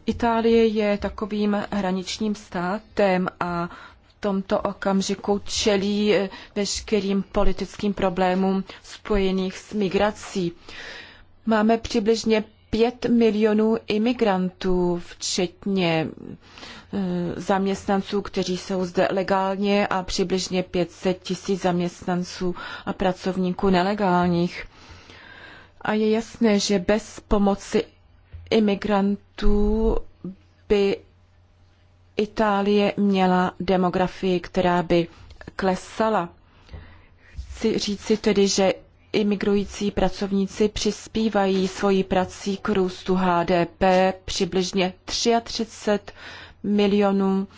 Itálie je takovým hraničním státem a v tomto okamžiku čelí eh, veškerým politickým problémům spojených s migrací. Máme přibližně 5 milionů imigrantů, včetně e, zaměstnanců, kteří jsou zde legálně a přibližně 500 tisíc zaměstnanců a pracovníků nelegálních. A je jasné, že bez pomoci imigrantů by Itálie měla demografii, která by klesala. Chci říci tedy, že imigrující pracovníci přispívají svojí prací k růstu HDP přibližně 33 milionů,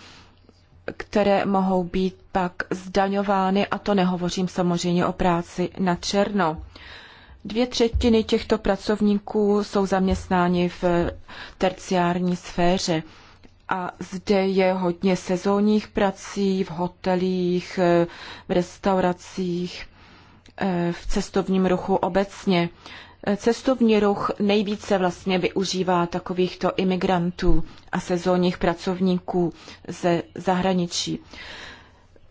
které mohou být pak zdaňovány, a to nehovořím samozřejmě o práci na černo. Dvě třetiny těchto pracovníků jsou zaměstnáni v terciární sféře. A zde je hodně sezónních prací v hotelích, v restauracích Eh, v cestovním ruchu obecně. Eh, cestovní ruch nejvíce vlastně využívá takovýchto imigrantů a sezónních pracovníků ze zahraničí.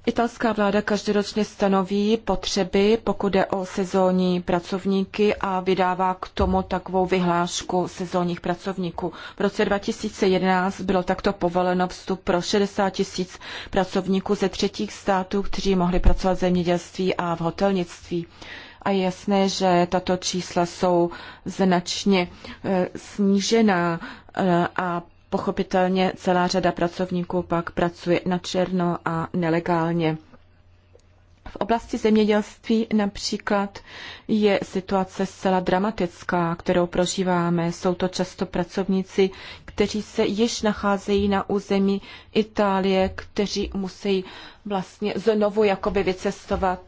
Italská vláda každoročně stanoví potřeby, pokud jde o sezónní pracovníky a vydává k tomu takovou vyhlášku sezónních pracovníků. V roce 2011 bylo takto povoleno vstup pro 60 tisíc pracovníků ze třetích států, kteří mohli pracovat v zemědělství a v hotelnictví. A je jasné, že tato čísla jsou značně eh, snížená eh, a Pochopitelně celá řada pracovníků pak pracuje na černo a nelegálně. V oblasti zemědělství například je situace zcela dramatická, kterou prožíváme. Jsou to často pracovníci, kteří se již nacházejí na území Itálie, kteří musí vlastně znovu jakoby vycestovat,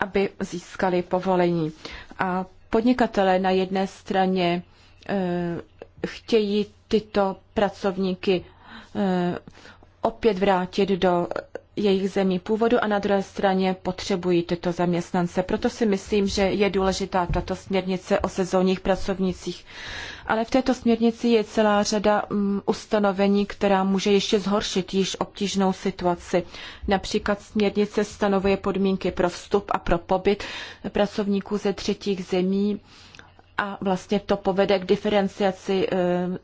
aby získali povolení. A podnikatelé na jedné straně eh, chtějí tyto pracovníky eh, opět vrátit do jejich zemí původu a na druhé straně potřebují tyto zaměstnance. Proto si myslím, že je důležitá tato směrnice o sezónních pracovnicích. Ale v této směrnici je celá řada um, ustanovení, která může ještě zhoršit již obtížnou situaci. Například směrnice stanovuje podmínky pro vstup a pro pobyt pracovníků ze třetích zemí a vlastně to povede k diferenciaci eh,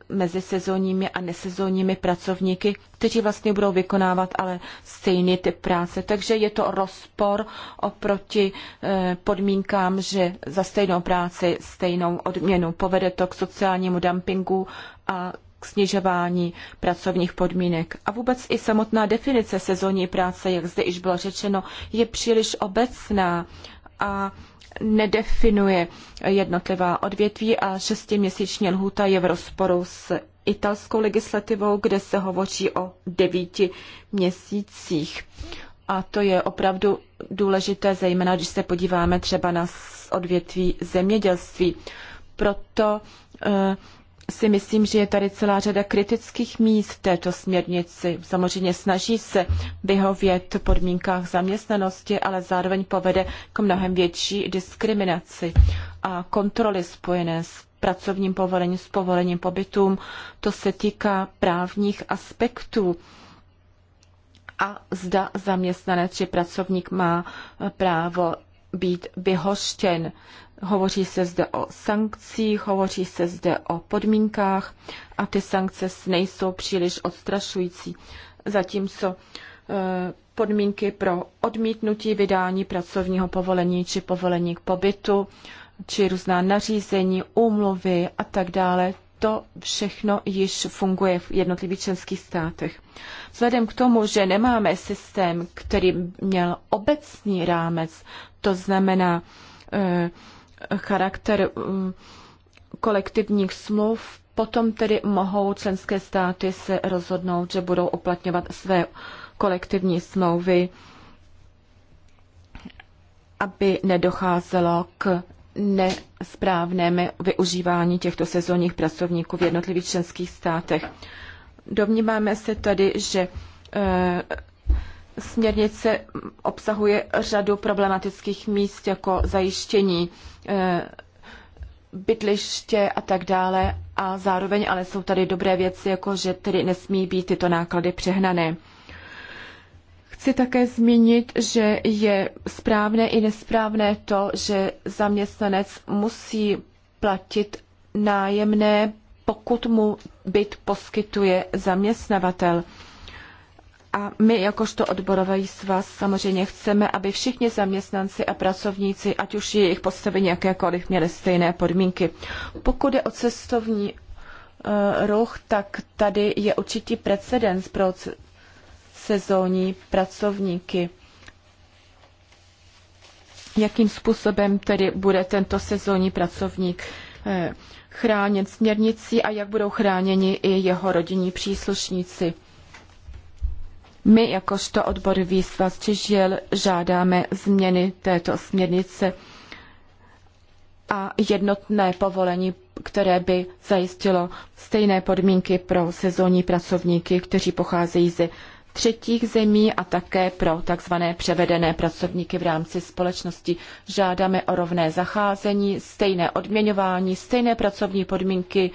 mezi sezónními a nesezónními pracovníky, kteří vlastně budou vykonávat ale stejný typ práce. Takže je to rozpor oproti eh, podmínkám, že za stejnou práci stejnou odměnu. Povede to k sociálnímu dumpingu a k snižování pracovních podmínek. A vůbec i samotná definice sezónní práce, jak zde již bylo řečeno, je příliš obecná a nedefinuje jednotlivá odvětví a šestiměsíční lhůta je v rozporu s italskou legislativou, kde se hovoří o devíti měsících. A to je opravdu důležité, zejména když se podíváme třeba na odvětví zemědělství. Proto eh, si myslím, že je tady celá řada kritických míst v této směrnici. Samozřejmě snaží se vyhovět podmínkách zaměstnanosti, ale zároveň povede k mnohem větší diskriminaci a kontroly spojené s pracovním povolením, s povolením pobytům. To se týká právních aspektů a zda zaměstnanec či pracovník má právo být vyhoštěn. Hovoří se zde o sankcích, hovoří se zde o podmínkách a ty sankce nejsou příliš odstrašující. Zatímco eh, podmínky pro odmítnutí vydání pracovního povolení či povolení k pobytu či různá nařízení, úmluvy a tak dále, to všechno již funguje v jednotlivých členských státech. Vzhledem k tomu, že nemáme systém, který měl obecný rámec, to znamená e, charakter e, kolektivních smluv, potom tedy mohou členské státy se rozhodnout, že budou uplatňovat své kolektivní smlouvy, aby nedocházelo k nesprávném využívání těchto sezónních pracovníků v jednotlivých členských státech. Domníváme se tady, že e, směrnice obsahuje řadu problematických míst jako zajištění e, bydliště a tak dále a zároveň ale jsou tady dobré věci, jako že tedy nesmí být tyto náklady přehnané. Chci také zmínit, že je správné i nesprávné to, že zaměstnanec musí platit nájemné, pokud mu byt poskytuje zaměstnavatel. A my jakožto odborový svaz samozřejmě chceme, aby všichni zaměstnanci a pracovníci, ať už je jejich postavení jakékoliv, měli stejné podmínky. Pokud je o cestovní eh, ruch, tak tady je určitý precedens pro sezónní pracovníky. Jakým způsobem tedy bude tento sezónní pracovník eh, chráněn směrnicí a jak budou chráněni i jeho rodinní příslušníci? My jakožto odbor výsvaz Čižel žádáme změny této směrnice a jednotné povolení, které by zajistilo stejné podmínky pro sezónní pracovníky, kteří pocházejí ze třetích zemí a také pro tzv. převedené pracovníky v rámci společnosti. Žádáme o rovné zacházení, stejné odměňování, stejné pracovní podmínky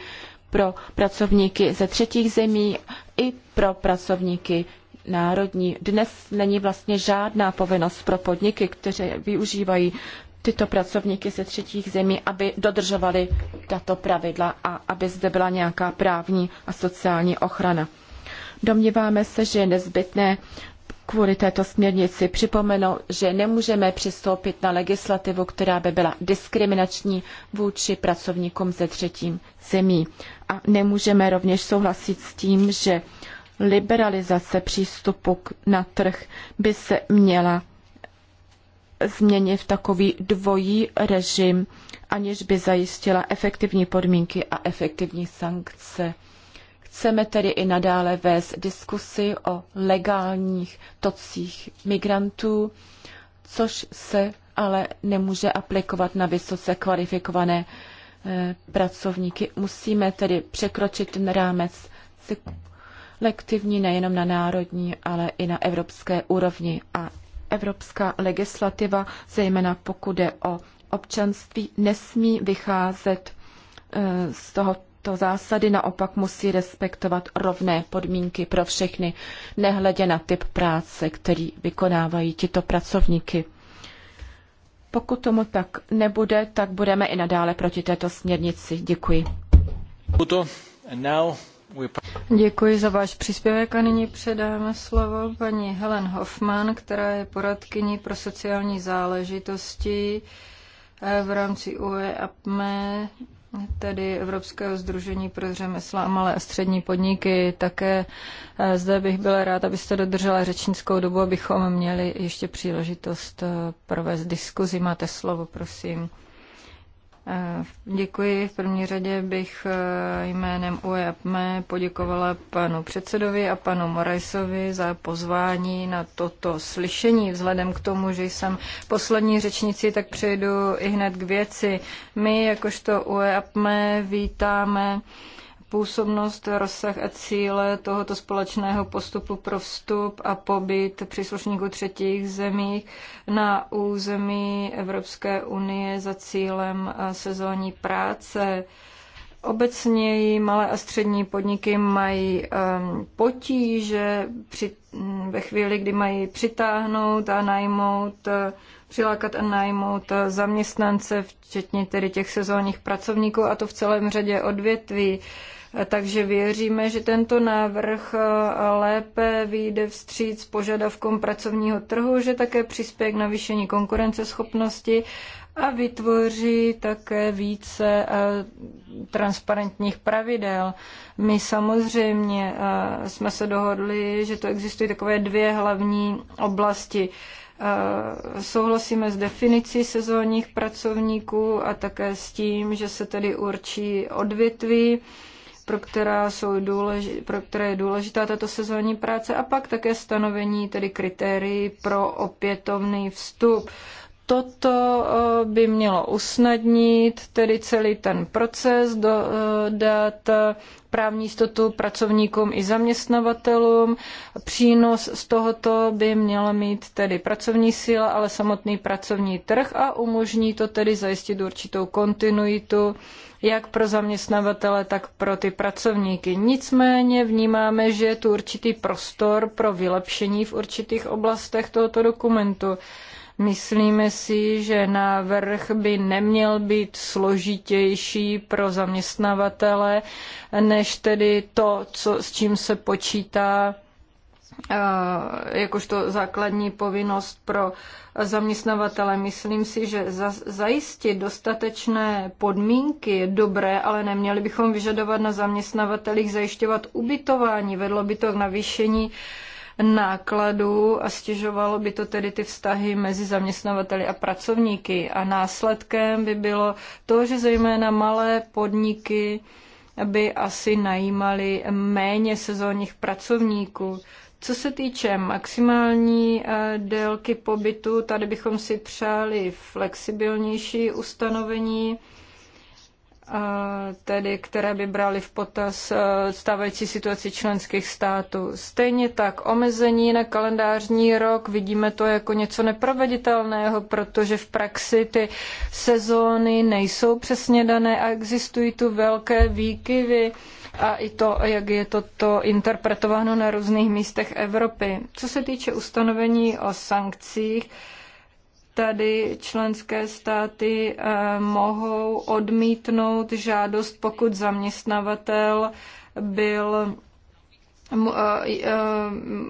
pro pracovníky ze třetích zemí i pro pracovníky národní. Dnes není vlastně žádná povinnost pro podniky, které využívají tyto pracovníky ze třetích zemí, aby dodržovali tato pravidla a aby zde byla nějaká právní a sociální ochrana. Domníváme se, že je nezbytné kvůli této směrnici připomenout, že nemůžeme přistoupit na legislativu, která by byla diskriminační vůči pracovníkům ze třetím zemí. A nemůžeme rovněž souhlasit s tím, že liberalizace přístupu na trh by se měla změnit v takový dvojí režim, aniž by zajistila efektivní podmínky a efektivní sankce Chceme tedy i nadále vést diskusy o legálních tocích migrantů, což se ale nemůže aplikovat na vysoce kvalifikované eh, pracovníky. Musíme tedy překročit ten rámec lektivní nejenom na národní, ale i na evropské úrovni. A evropská legislativa, zejména pokud je o občanství, nesmí vycházet eh, z toho této zásady naopak musí respektovat rovné podmínky pro všechny, nehledě na typ práce, který vykonávají tito pracovníky. Pokud tomu tak nebude, tak budeme i nadále proti této směrnici. Děkuji. Děkuji za váš příspěvek a nyní předáme slovo paní Helen Hoffman, která je poradkyní pro sociální záležitosti eh, v rámci UE APME tedy Evropského združení pro řemesla a malé a střední podniky. Také eh, zde bych byla rád, abyste dodržela řečnickou dobu, abychom měli ještě příležitost eh, provést diskuzi. Máte slovo, prosím. Eh, děkuji. V první řadě bych eh, jménem UEAPME e poděkovala panu předsedovi a panu Morajsovi za pozvání na toto slyšení. Vzhledem k tomu, že jsem poslední řečnici, tak přejdu i hned k věci. My, jakožto UEAPME, e vítáme uh, působnost, rozsah a cíle tohoto společného postupu pro vstup a pobyt příslušníků třetích zemí na území Evropské unie za cílem sezónní práce. Obecně malé a střední podniky mají um, potíže při, mm, ve chvíli, kdy mají přitáhnout a najmout, přilákat a najmout zaměstnance, včetně tedy těch sezónních pracovníků, a to v celém řadě odvětví. Uh, takže věříme, že tento návrh eh, lépe vyjde vstříc požadavkům pracovního trhu, že také přispěje k navýšení konkurenceschopnosti a vytvoří také více eh, transparentních pravidel. My samozřejmě eh, jsme se dohodli, že to existují takové dvě hlavní oblasti. Souhlasíme s definicí sezónních pracovníků a také s tím, že se tedy určí odvětví, pro, která jsou důleži, pro které je důležitá tato sezónní práce a pak také stanovení tedy kritérií pro opětovný vstup toto eh, by mělo usnadnit tedy celý ten proces, eh, dát eh, právní jistotu pracovníkům i zaměstnavatelům. Přínos z tohoto by měla mít tedy pracovní síla, ale samotný pracovní trh a umožní to tedy zajistit určitou kontinuitu jak pro zaměstnavatele, tak pro ty pracovníky. Nicméně vnímáme, že je tu určitý prostor pro vylepšení v určitých oblastech tohoto dokumentu. Myslíme si, že návrh by neměl být složitější pro zaměstnavatele, než tedy to, co, s čím se počítá eh, jakožto základní povinnost pro zaměstnavatele. Myslím si, že za, zajistit dostatečné podmínky je dobré, ale neměli bychom vyžadovat na zaměstnavatelích zajišťovat ubytování. Vedlo by to k navýšení nákladů a stěžovalo by to tedy ty vztahy mezi zaměstnavateli a pracovníky. A následkem by bylo to, že zejména malé podniky by asi najímali méně sezónních pracovníků. Co se týče maximální eh, délky pobytu, tady bychom si přáli flexibilnější ustanovení tedy které by brali v potaz e, stávající situaci členských států. Stejně tak omezení na kalendářní rok vidíme to jako něco neproveditelného, protože v praxi ty sezóny nejsou přesně dané a existují tu velké výkyvy a i to, jak je toto interpretováno na různých místech Evropy. Co se týče ustanovení o sankcích, tady členské státy eh, mohou odmítnout žádost, pokud zaměstnavatel byl eh, eh,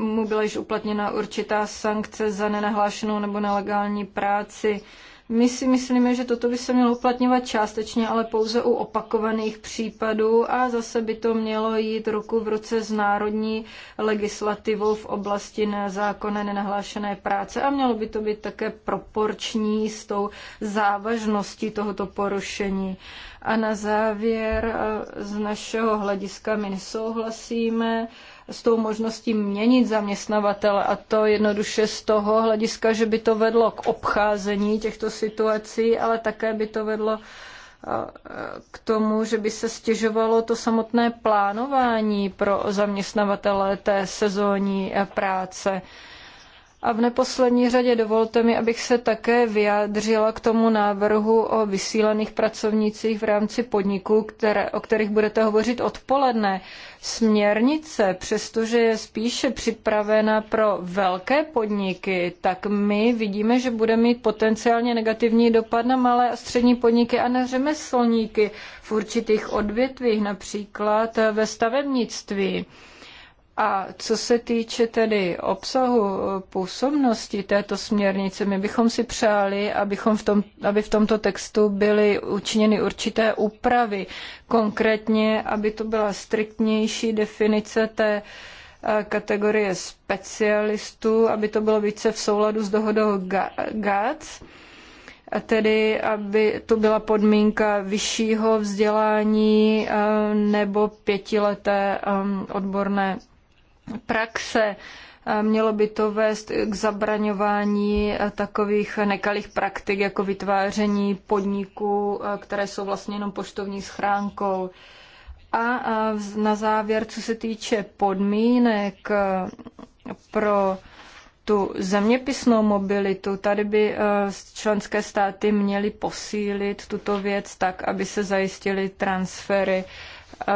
mu, byla již uplatněna určitá sankce za nenahlášenou nebo nelegální práci. My si myslíme, že toto by se mělo uplatňovat částečně, ale pouze u opakovaných případů a zase by to mělo jít ruku v ruce s národní legislativou v oblasti nezákonné nenahlášené práce a mělo by to být také proporční s tou závažností tohoto porušení. A na závěr eh, z našeho hlediska my nesouhlasíme s tou možností měnit zaměstnavatele a to jednoduše z toho hlediska, že by to vedlo k obcházení těchto situací, ale také by to vedlo eh, k tomu, že by se stěžovalo to samotné plánování pro zaměstnavatele té sezónní eh, práce. A v neposlední řadě dovolte mi, abych se také vyjádřila k tomu návrhu o vysílených pracovnících v rámci podniků, které, o kterých budete hovořit odpoledne. Směrnice, přestože je spíše připravena pro velké podniky, tak my vidíme, že bude mít potenciálně negativní dopad na malé a střední podniky a na řemeslníky v určitých odvětvích, například ve stavebnictví. A co se týče tedy obsahu eh, působnosti této směrnice, my bychom si přáli, abychom v tom, aby v tomto textu byly učiněny určité úpravy. Konkrétně, aby to byla striktnější definice té eh, kategorie specialistů, aby to bylo více v souladu s dohodou GATS, a tedy aby to byla podmínka vyššího vzdělání eh, nebo pětileté odborné praxe. Mělo by to vést k zabraňování e, takových nekalých praktik, jako vytváření podniků, e, které jsou vlastně jenom poštovní schránkou. A na závěr, co se týče podmínek e, pro tu zeměpisnou mobilitu, tady by členské státy měly posílit tuto věc tak, aby se zajistily transfery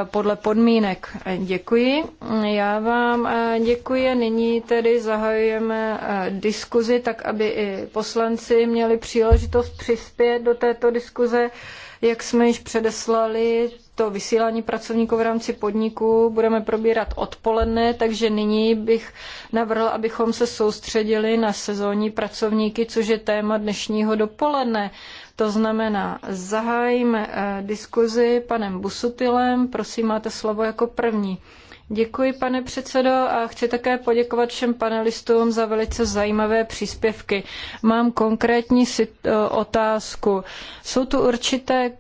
podle podmínek. Děkuji. Já vám eh, děkuji. Nyní tedy zahajujeme eh, diskuzi, tak aby i poslanci měli příležitost přispět do této diskuze. Jak jsme již předeslali, to vysílání pracovníků v rámci podniku budeme probírat odpoledne, takže nyní bych navrhl, abychom se soustředili na sezónní pracovníky, což je téma dnešního dopoledne. To znamená, zahájíme eh, diskuzi panem Busutilem. Prosím, máte slovo jako první. Děkuji, pane předsedo, a chci také poděkovat všem panelistům za velice zajímavé příspěvky. Mám konkrétní eh, otázku. Jsou tu určité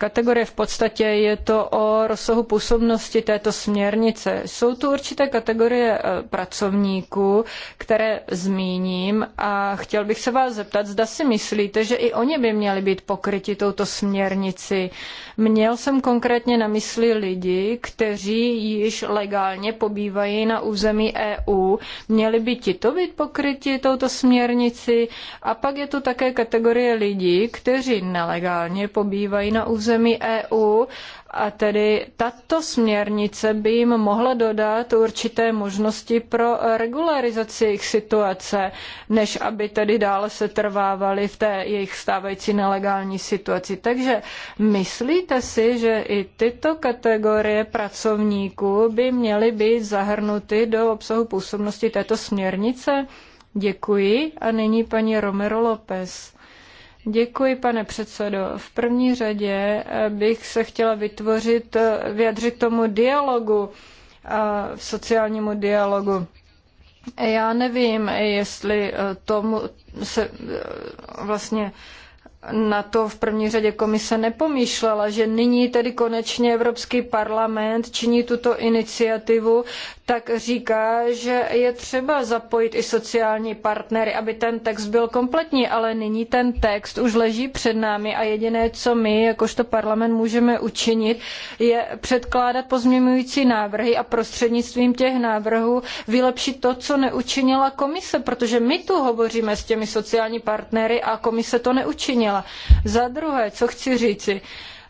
kategorie. V podstatě je to o rozsahu působnosti této směrnice. Jsou tu určité kategorie e, pracovníků, které zmíním a chtěl bych se vás zeptat, zda si myslíte, že i oni by měli být pokryti touto směrnici. Měl jsem konkrétně na mysli lidi, kteří již legálně pobývají na území EU. Měli by tito být pokryti touto směrnici a pak je tu také kategorie lidí, kteří nelegálně pobývají na území území EU a tedy tato směrnice by jim mohla dodat určité možnosti pro regularizaci jejich situace, než aby tedy dále se trvávali v té jejich stávající nelegální situaci. Takže myslíte si, že i tyto kategorie pracovníků by měly být zahrnuty do obsahu působnosti této směrnice? Děkuji a nyní paní Romero López. Děkuji, pane předsedo. V první řadě eh, bych se chtěla vytvořit, eh, vyjadřit tomu dialogu, eh, sociálnímu dialogu. Já nevím, jestli tomu se vlastně na to v první řadě komise nepomýšlela, že nyní tedy konečně Evropský parlament činí tuto iniciativu, tak říká, že je třeba zapojit i sociální partnery, aby ten text byl kompletní, ale nyní ten text už leží před námi a jediné, co my jakožto parlament můžeme učinit, je předkládat pozměňující návrhy a prostřednictvím těch návrhů vylepšit to, co neučinila komise, protože my tu hovoříme s těmi sociální partnery a komise to neučinila zmínila. Za druhé, co chci říci,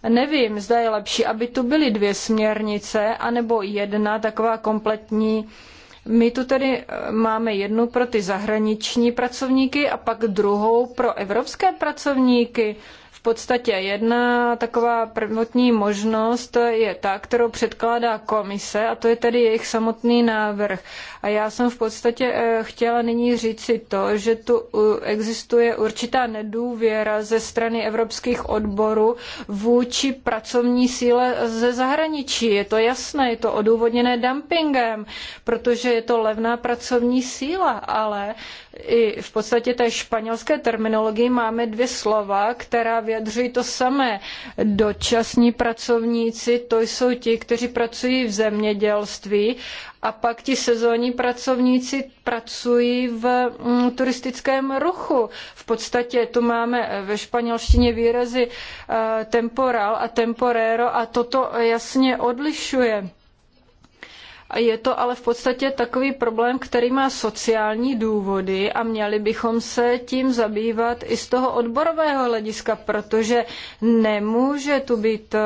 nevím, zda je lepší, aby tu byly dvě směrnice, anebo jedna taková kompletní my tu tedy eh, máme jednu pro ty zahraniční pracovníky a pak druhou pro evropské pracovníky. V podstatě jedna taková prvotní možnost je ta, kterou předkládá komise a to je tedy jejich samotný návrh. A já jsem v podstatě eh, chtěla nyní říci to, že tu eh, existuje určitá nedůvěra ze strany evropských odborů vůči pracovní síle ze zahraničí. Je to jasné, je to odůvodněné dumpingem, protože je to levná pracovní síla, ale i v podstatě té španělské terminologii máme dvě slova, která vyjadřují to samé. Dočasní pracovníci, to jsou ti, kteří pracují v zemědělství a pak ti sezónní pracovníci pracují v mm, turistickém ruchu. V podstatě tu máme eh, ve španělštině výrazy eh, temporal a temporero a toto jasně odlišuje je to ale v podstatě takový problém, který má sociální důvody a měli bychom se tím zabývat i z toho odborového hlediska, protože nemůže tu být eh,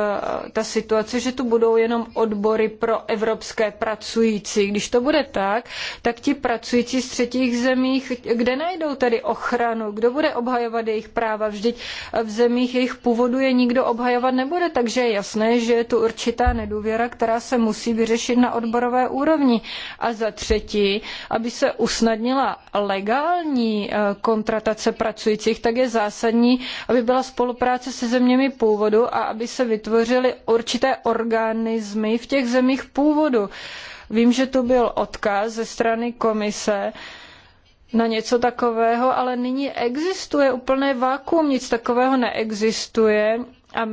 ta situace, že tu budou jenom odbory pro evropské pracující. Když to bude tak, tak ti pracující z třetích zemích, kde najdou tedy ochranu, kdo bude obhajovat jejich práva, vždyť eh, v zemích jejich původu je nikdo obhajovat nebude, takže je jasné, že je tu určitá nedůvěra, která se musí vyřešit na odborové celosvětové úrovni. A za třetí, aby se usnadnila legální eh, kontratace pracujících, tak je zásadní, aby byla spolupráce se zeměmi původu a aby se vytvořily určité organismy v těch zemích původu. Vím, že tu byl odkaz ze strany komise, na něco takového, ale nyní existuje úplné vákuum, nic takového neexistuje a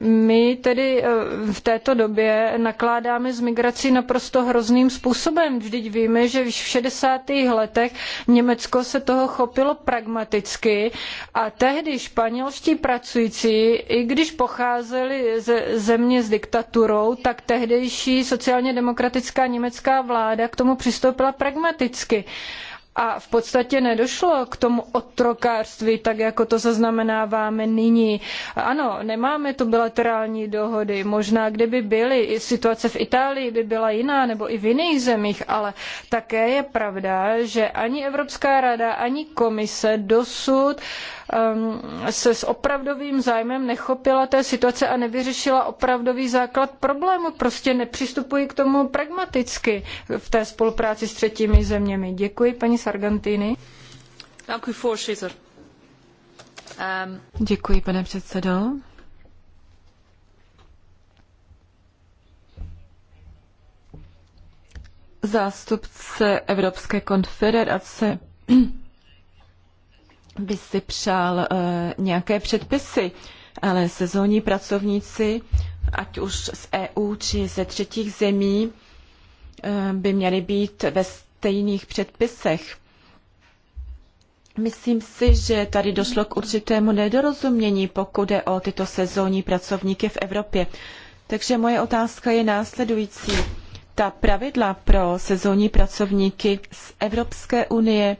my tedy e, v této době nakládáme s migrací naprosto hrozným způsobem. Vždyť víme, že v 60. letech Německo se toho chopilo pragmaticky a tehdy španělští pracující, i když pocházeli ze země s diktaturou, tak tehdejší sociálně demokratická německá vláda k tomu přistoupila pragmaticky a v podstatě nedošlo k tomu otrokářství, tak jako to zaznamenáváme nyní. Ano, nemáme tu bilaterální dohody. Možná kdyby byly, situace v Itálii by byla jiná, nebo i v jiných zemích, ale také je pravda, že ani Evropská rada, ani komise dosud uh, Um, se s opravdovým zájmem nechopila té situace a nevyřešila opravdový základ problému. Prostě nepřistupuji k tomu pragmaticky v té spolupráci s třetími zeměmi. Děkuji, paní Sargantini. Ehm, Děkuji, pane předsedo. Zástupce Evropské konfederace by si přál eh, nějaké předpisy, ale sezónní pracovníci, ať už z EU či ze třetích zemí, eh, by měli být ve stejných předpisech. Myslím si, že tady došlo k určitému nedorozumění, pokud jde o tyto sezónní pracovníky v Evropě. Takže moje otázka je následující. Ta pravidla pro sezónní pracovníky z Evropské unie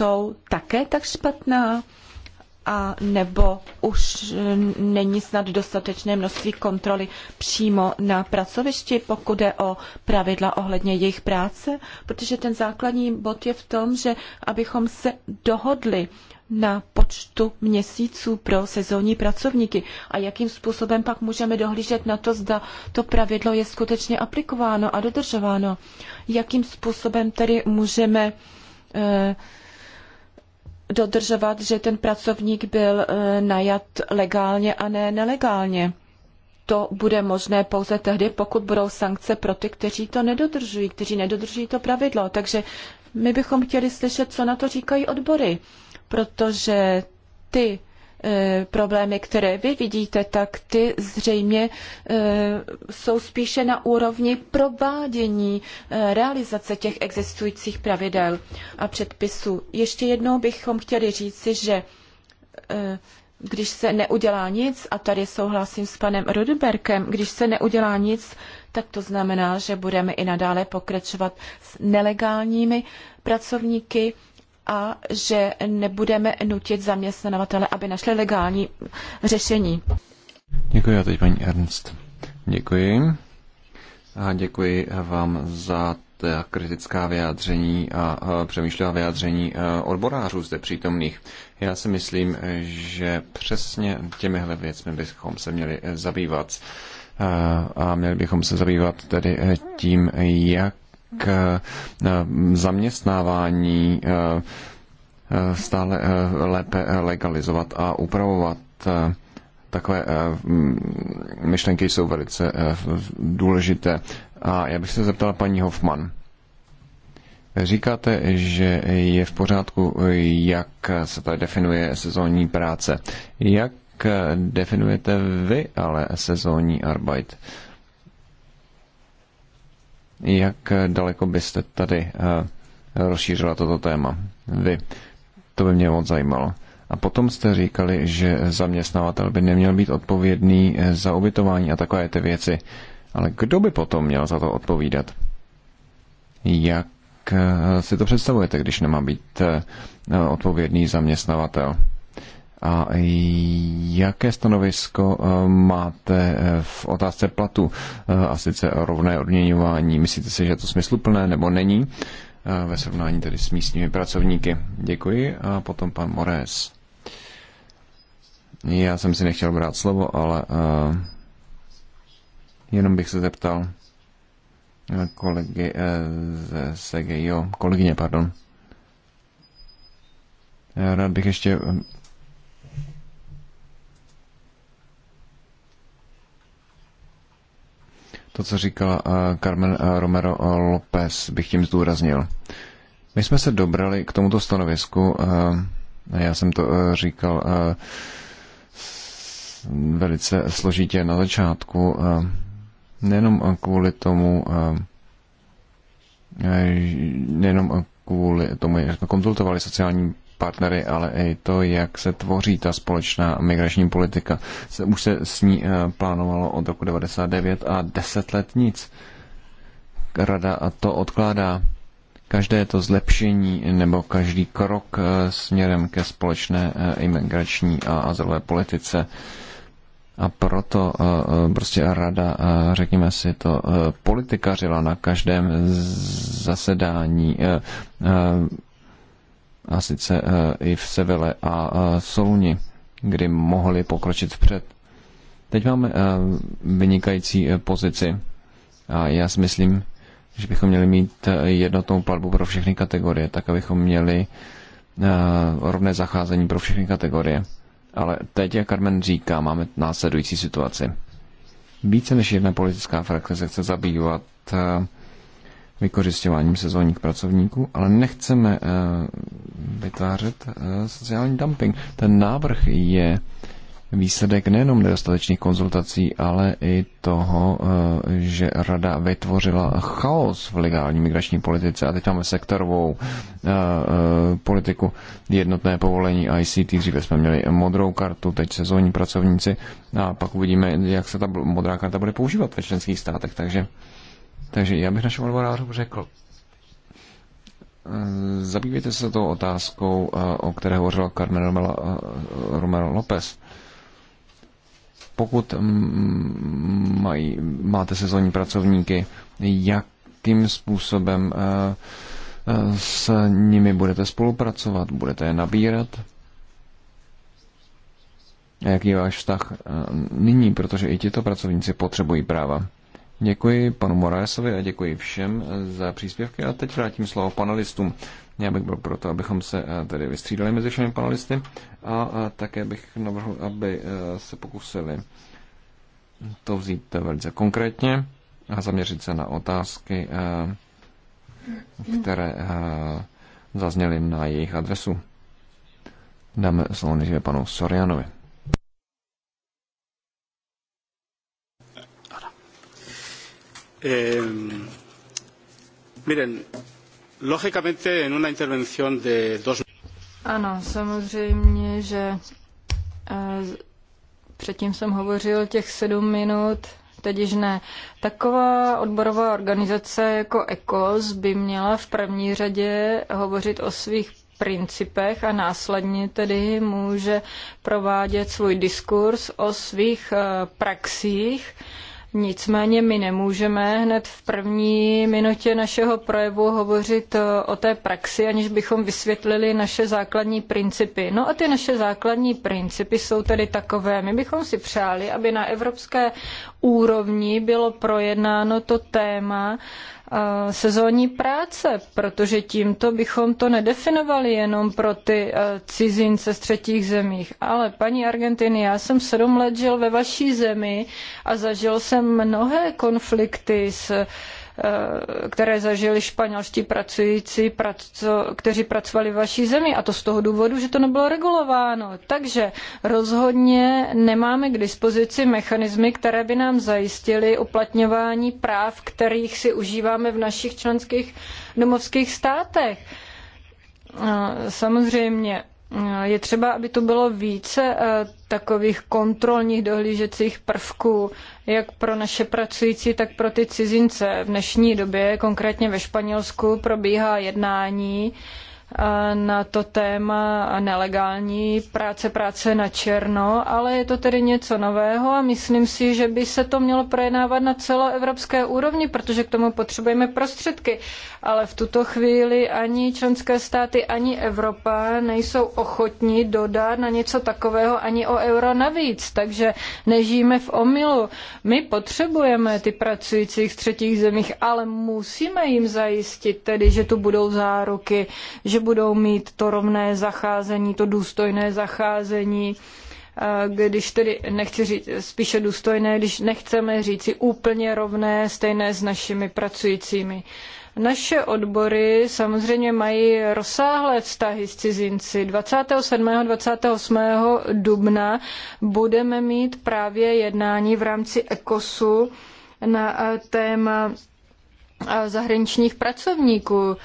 jsou také tak špatná? a nebo už není snad dostatečné množství kontroly přímo na pracovišti, pokud jde o pravidla ohledně jejich práce, protože ten základní bod je v tom, že abychom se dohodli na počtu měsíců pro sezónní pracovníky a jakým způsobem pak můžeme dohlížet na to, zda to pravidlo je skutečně aplikováno a dodržováno. Jakým způsobem tedy můžeme eh, dodržovat, že ten pracovník byl eh, najat legálně a ne nelegálně. To bude možné pouze tehdy, pokud budou sankce pro ty, kteří to nedodržují, kteří nedodržují to pravidlo. Takže my bychom chtěli slyšet, co na to říkají odbory, protože ty Eh, problémy, které vy vidíte, tak ty zřejmě eh, jsou spíše na úrovni provádění eh, realizace těch existujících pravidel a předpisů. Ještě jednou bychom chtěli říci, že když se neudělá nic, a tady souhlasím s panem Rudberkem, když se neudělá nic, tak to znamená, že budeme i nadále pokračovat s nelegálními pracovníky, a že nebudeme nutit zaměstnavatele, aby našli legální řešení. Děkuji a teď paní Ernst. Děkuji. A děkuji vám za ta kritická vyjádření a přemýšlivá vyjádření odborářů zde přítomných. Já si myslím, že přesně těmihle věcmi bychom se měli eh, zabývat a měli bychom se zabývat tedy eh, tím, jak k eh, zaměstnávání eh, eh, stále lépe legalizovat a upravovat. Takové myšlenky jsou velice důležité. A já bych se zeptala paní Hoffman. Říkáte, že je v pořádku, jak se tady definuje sezónní práce. Jak definujete vy ale sezónní arbeit? Jak daleko byste tady eh, rozšířila toto téma? Vy. To by mě moc zajímalo. A potom jste říkali, že zaměstnavatel by neměl být odpovědný eh, za ubytování a takové ty věci. Ale kdo by potom měl za to odpovídat? Jak eh, si to představujete, když nemá být odpovědný zaměstnavatel? A jaké stanovisko eh, máte eh, v otázce platu eh, a sice rovné odměňování? Myslíte si, že je to smysluplné nebo není? Ve srovnání tedy s místními pracovníky. Děkuji a potom pan Mores. Já jsem si nechtěl brát slovo, ale uh, jenom bych se zeptal kolegy uh, SGIO, kolegyně, pardon. Rád bych ještě To, co říkala eh, Carmen eh, Romero eh, López, bych tím zdůraznil. My jsme se dobrali k tomuto stanovisku, já jsem to říkal velice složitě na začátku, nejenom kvůli tomu, nejenom kvůli tomu, jak jsme konzultovali sociální partnery, ale i to, jak se tvoří ta společná migrační politika. Se, už se s ní eh, plánovalo od roku 99 a 10 let nic. Rada a to odkládá. Každé to zlepšení nebo každý krok eh, směrem ke společné eh, imigrační a azylové politice a proto prostě rada, řekněme si to, politikařila na každém zasedání a sice eh, i v Sevile a eh, Soluni, kdy mohli pokročit vpřed. Teď máme eh, vynikající pozici a já si myslím, že bychom měli mít jednotnou platbu pro všechny kategorie, tak abychom měli rovné zacházení pro všechny kategorie. Ale teď, jak Carmen říká, máme následující situaci. Více než jedna politická frakce se chce zabývat vykořišťováním sezónních pracovníků, ale nechceme eh, vytvářet eh, sociální dumping. Ten návrh je výsledek nejenom nedostatečných konzultací, ale i toho, eh, že rada vytvořila chaos v legální migrační politice. A teď máme sektorovou politiku jednotné povolení ICT. Dříve jsme měli modrou kartu, teď sezónní pracovníci. A pak uvidíme, jak se ta modrá karta bude používat ve členských státech. Takže takže já bych našemu odborářu řekl, eh, zabývejte se tou otázkou, eh, o které hovořila Carmen eh, Romero López. Pokud mm, mají, máte sezónní pracovníky, jakým způsobem s nimi budete spolupracovat, budete je nabírat? A jaký je váš vztah nyní, protože i tito pracovníci potřebují práva? Děkuji panu Moraesovi a děkuji všem eh, za příspěvky a teď vrátím slovo panelistům. Já bych byl proto, abychom se eh, tedy vystřídali mezi všemi panelisty a eh, také bych navrhl, aby se pokusili to vzít velice konkrétně a zaměřit se na otázky, které zazněly na jejich adresu. Dáme slovo nejdříve panu Sorianovi. Eh, miren, lógicamente en una intervención de dos. Ano, samozřejmě, že eh, předtím jsem hovořil těch sedm minut, teď již ne. Taková odborová organizace jako ECOS by měla v první řadě hovořit o svých principech a následně tedy může provádět svůj diskurs o svých eh, praxích. Uh, Nicméně my nemůžeme hned v první minutě našeho projevu hovořit eh, o té praxi, aniž bychom vysvětlili naše základní principy. No a ty naše základní principy jsou tedy takové. My bychom si přáli, aby na evropské úrovni bylo projednáno to téma, sezónní práce, protože tímto bychom to nedefinovali jenom pro ty cizince z třetích zemích. Ale paní Argentiny, já jsem sedm let žil ve vaší zemi a zažil jsem mnohé konflikty s Eh, které zažili španělští pracující, kteří pracovali v vaší zemi. A to z toho důvodu, že to nebylo regulováno. Takže rozhodně nemáme k dispozici mechanismy, které by nám zajistily uplatňování práv, kterých si užíváme v našich členských domovských státech. Eh, samozřejmě eh, je třeba, aby to bylo více takových kontrolních dohlížecích prvků jak pro naše pracující, tak pro ty cizince. V dnešní době, konkrétně ve Španělsku, probíhá jednání, uh, na to téma nelegální práce, práce na černo, ale je to tedy něco nového a myslím si, že by se to mělo projednávat na celoevropské úrovni, protože k tomu potřebujeme prostředky. Ale v tuto chvíli ani členské státy, ani Evropa nejsou ochotní dodat na něco takového ani o euro navíc, takže nežijeme v omylu. My potřebujeme ty pracující v třetích zemích, ale musíme jim zajistit tedy, že tu budou záruky, že budou mít to rovné zacházení, to důstojné zacházení, eh, když tedy, nechci říct, spíše důstojné, když nechceme říci úplně rovné, stejné s našimi pracujícími. Naše odbory samozřejmě mají rozsáhlé vztahy s cizinci. 27. a 28. dubna budeme mít právě jednání v rámci ECOSu na eh, téma eh, zahraničních pracovníků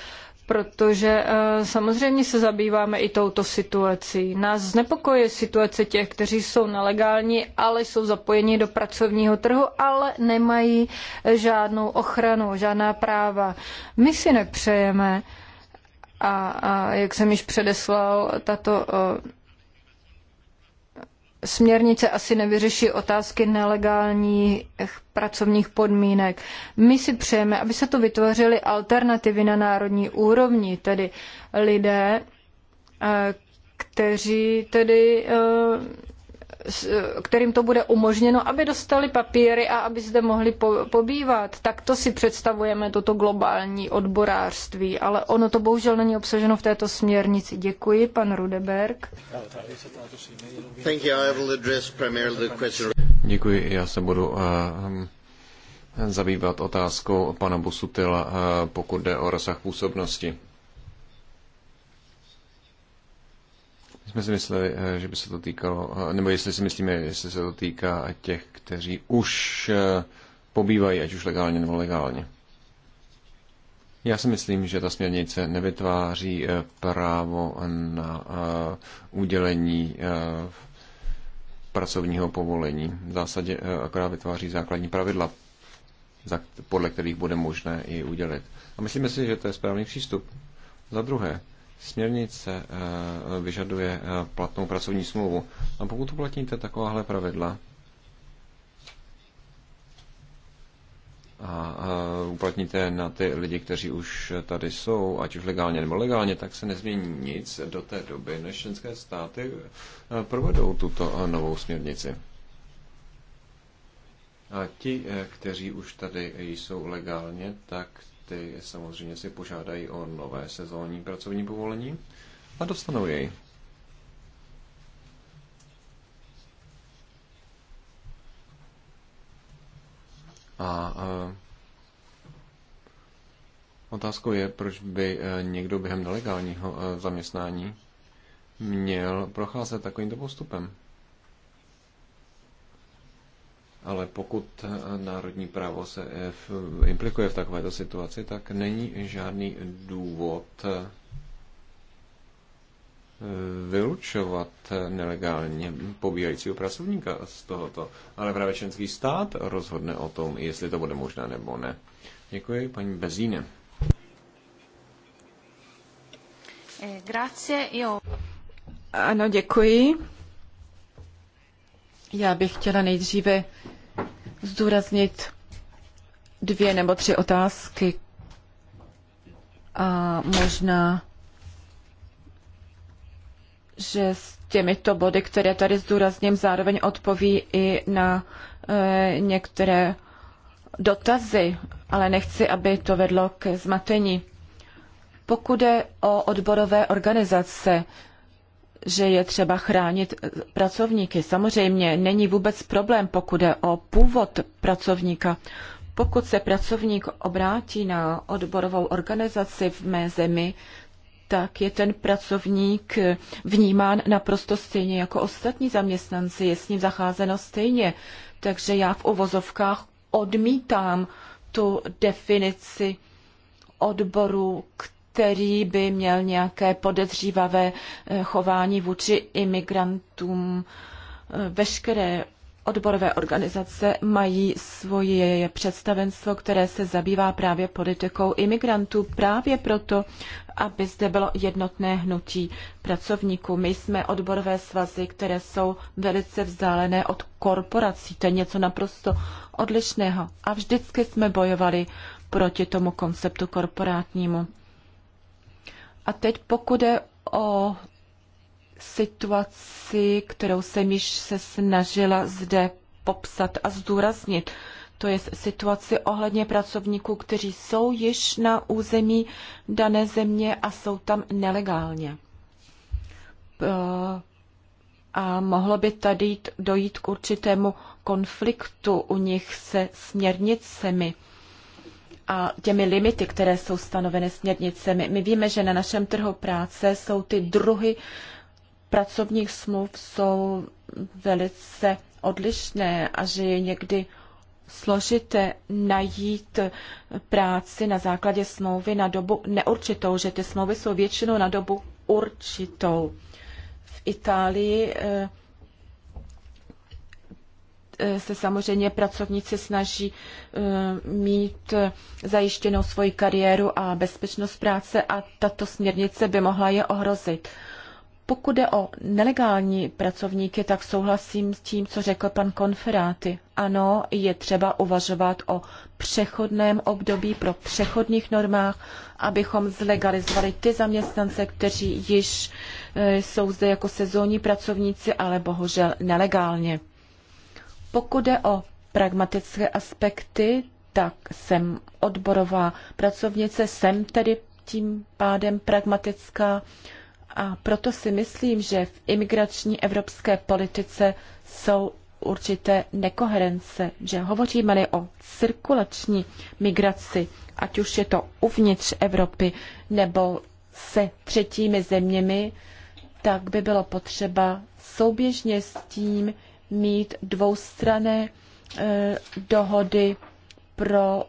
protože eh, samozřejmě se zabýváme i touto situací. Nás znepokojuje situace těch, kteří jsou nelegální, ale jsou zapojeni do pracovního trhu, ale nemají eh, žádnou ochranu, žádná práva. My si nepřejeme, a, a jak jsem již předeslal, tato eh, směrnice asi nevyřeší otázky nelegálních pracovních podmínek. My si přejeme, aby se to vytvořily alternativy na národní úrovni, tedy lidé, eh, kteří tedy eh, kterým to bude umožněno, aby dostali papíry a aby zde mohli pobývat, pobývat. Takto si představujeme toto globální odborářství, ale ono to bohužel není obsaženo v této směrnici. Děkuji, pan Rudeberg. Děkuji, já se budu uh, zabývat otázkou pana Busutila, eh, pokud jde o rozsah působnosti. My jsme si mysleli, eh, že by se to týkalo, eh, nebo jestli si myslíme, jestli se to týká těch, kteří už eh, pobývají, ať už legálně nebo legálně. Já si myslím, že ta směrnice nevytváří právo na udělení pracovního povolení. V zásadě akorát vytváří základní pravidla, podle kterých bude možné i udělit. A myslíme si, že to je správný přístup. Za druhé, Směrnice eh, vyžaduje eh, platnou pracovní smlouvu. A pokud uplatníte takováhle pravidla a eh, uplatníte na ty lidi, kteří už tady jsou, ať už legálně nebo legálně, tak se nezmění nic do té doby, než členské státy provedou tuto novou směrnici. A ti, kteří už tady jsou legálně, tak ty samozřejmě si požádají o nové sezónní pracovní povolení a dostanou jej. A, uh, otázkou je, proč by e, někdo během nelegálního e, zaměstnání měl procházet takovýmto postupem ale pokud národní právo se implikuje v takovéto situaci, tak není žádný důvod eh, vylučovat nelegálně pobíhajícího pracovníka z tohoto, ale právě členský stát rozhodne o tom, jestli to bude možné nebo ne. Děkuji, paní Bezíne. Eh, grazie, jo. Ano, děkuji. Já bych chtěla nejdříve zdůraznit dvě nebo tři otázky a možná, že s těmito body, které tady zdůrazním, zároveň odpoví i na e, některé dotazy, ale nechci, aby to vedlo k zmatení. Pokud je o odborové organizace, že je třeba chránit eh, pracovníky. Samozřejmě není vůbec problém, pokud je o původ pracovníka. Pokud se pracovník obrátí na odborovou organizaci v mé zemi, tak je ten pracovník eh, vnímán naprosto stejně jako ostatní zaměstnanci, je s ním zacházeno stejně. Takže já v uvozovkách odmítám tu definici odboru, který by měl nějaké podezřívavé eh, chování vůči imigrantům. Eh, veškeré odborové organizace mají svoje představenstvo, které se zabývá právě politikou imigrantů, právě proto, aby zde bylo jednotné hnutí pracovníků. My jsme odborové svazy, které jsou velice vzdálené od korporací. To je něco naprosto odlišného. A vždycky jsme bojovali proti tomu konceptu korporátnímu. A teď pokud je o situaci, kterou jsem již se snažila zde popsat a zdůraznit, to je situaci ohledně pracovníků, kteří jsou již na území dané země a jsou tam nelegálně. A mohlo by tady dojít k určitému konfliktu u nich se směrnicemi a těmi limity, které jsou stanoveny směrnicemi. My víme, že na našem trhu práce jsou ty druhy pracovních smluv jsou velice odlišné a že je někdy složité najít práci na základě smlouvy na dobu neurčitou, že ty smlouvy jsou většinou na dobu určitou. V Itálii eh, Eh, se samozřejmě pracovníci snaží eh, mít eh, zajištěnou svoji kariéru a bezpečnost práce a tato směrnice by mohla je ohrozit. Pokud jde o nelegální pracovníky, tak souhlasím s tím, co řekl pan Konferáty. Ano, je třeba uvažovat o přechodném období pro přechodných normách, abychom zlegalizovali ty zaměstnance, kteří již jsou zde jako sezónní pracovníci, ale bohužel nelegálně. Pokud jde o pragmatické aspekty, tak jsem odborová pracovnice, jsem tedy tím pádem pragmatická a proto si myslím, že v imigrační evropské politice jsou určité nekoherence, že hovoříme-li o cirkulační migraci, ať už je to uvnitř Evropy nebo se třetími zeměmi, tak by bylo potřeba souběžně s tím mít dvoustrané eh, dohody pro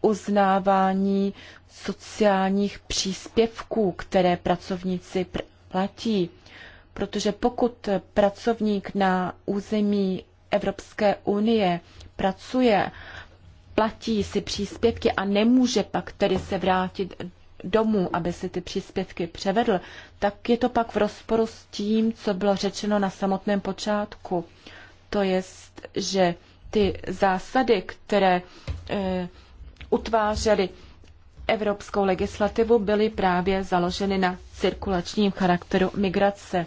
uznávání sociálních příspěvků, které pracovníci platí. Protože pokud pracovník na území Evropské unie pracuje, platí si příspěvky a nemůže pak tedy se vrátit domů, aby si ty příspěvky převedl, tak je to pak v rozporu s tím, co bylo řečeno na samotném počátku to je, že ty zásady, které e, utvářely evropskou legislativu, byly právě založeny na cirkulačním charakteru migrace.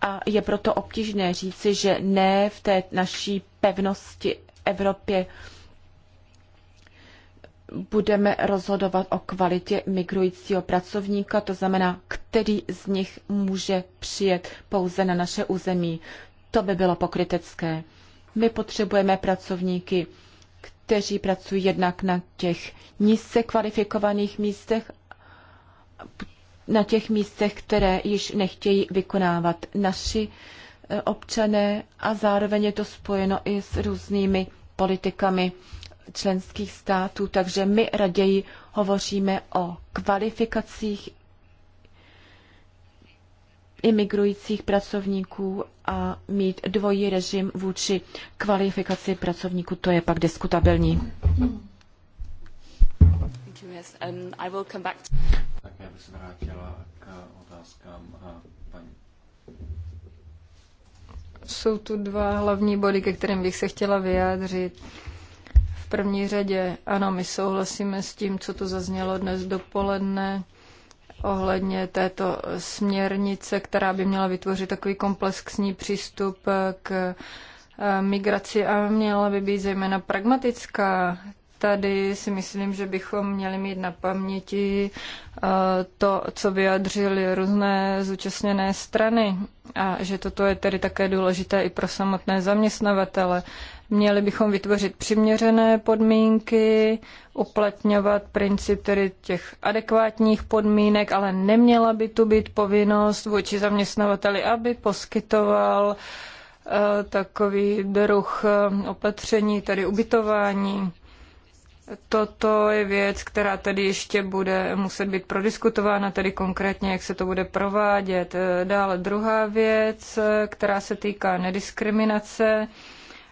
A je proto obtížné říci, že ne v té naší pevnosti Evropě budeme rozhodovat o kvalitě migrujícího pracovníka, to znamená, který z nich může přijet pouze na naše území. To by bylo pokrytecké. My potřebujeme pracovníky, kteří pracují jednak na těch nízce kvalifikovaných místech, na těch místech, které již nechtějí vykonávat naši e, občané a zároveň je to spojeno i s různými politikami členských států, takže my raději hovoříme o kvalifikacích imigrujících pracovníků a mít dvojí režim vůči kvalifikaci pracovníků, to je pak diskutabilní. Um, tak já bych se vrátila k otázkám uh, paní. Jsou tu dva hlavní body, ke kterým bych se chtěla vyjádřit. V první řadě, ano, my souhlasíme s tím, co tu zaznělo dnes dopoledne ohledně této směrnice, která by měla vytvořit takový komplexní přístup k eh, migraci a měla by být zejména pragmatická. Tady si myslím, že bychom měli mít na paměti eh, to, co vyjadřili různé zúčastněné strany a že toto je tedy také důležité i pro samotné zaměstnavatele. Měli bychom vytvořit přiměřené podmínky, uplatňovat princip tedy těch adekvátních podmínek, ale neměla by tu být povinnost vůči zaměstnavateli, aby poskytoval eh, takový druh eh, opatření, tedy ubytování. Toto je věc, která tedy ještě bude muset být prodiskutována, tedy konkrétně, jak se to bude provádět. Eh, dále druhá věc, která se týká nediskriminace.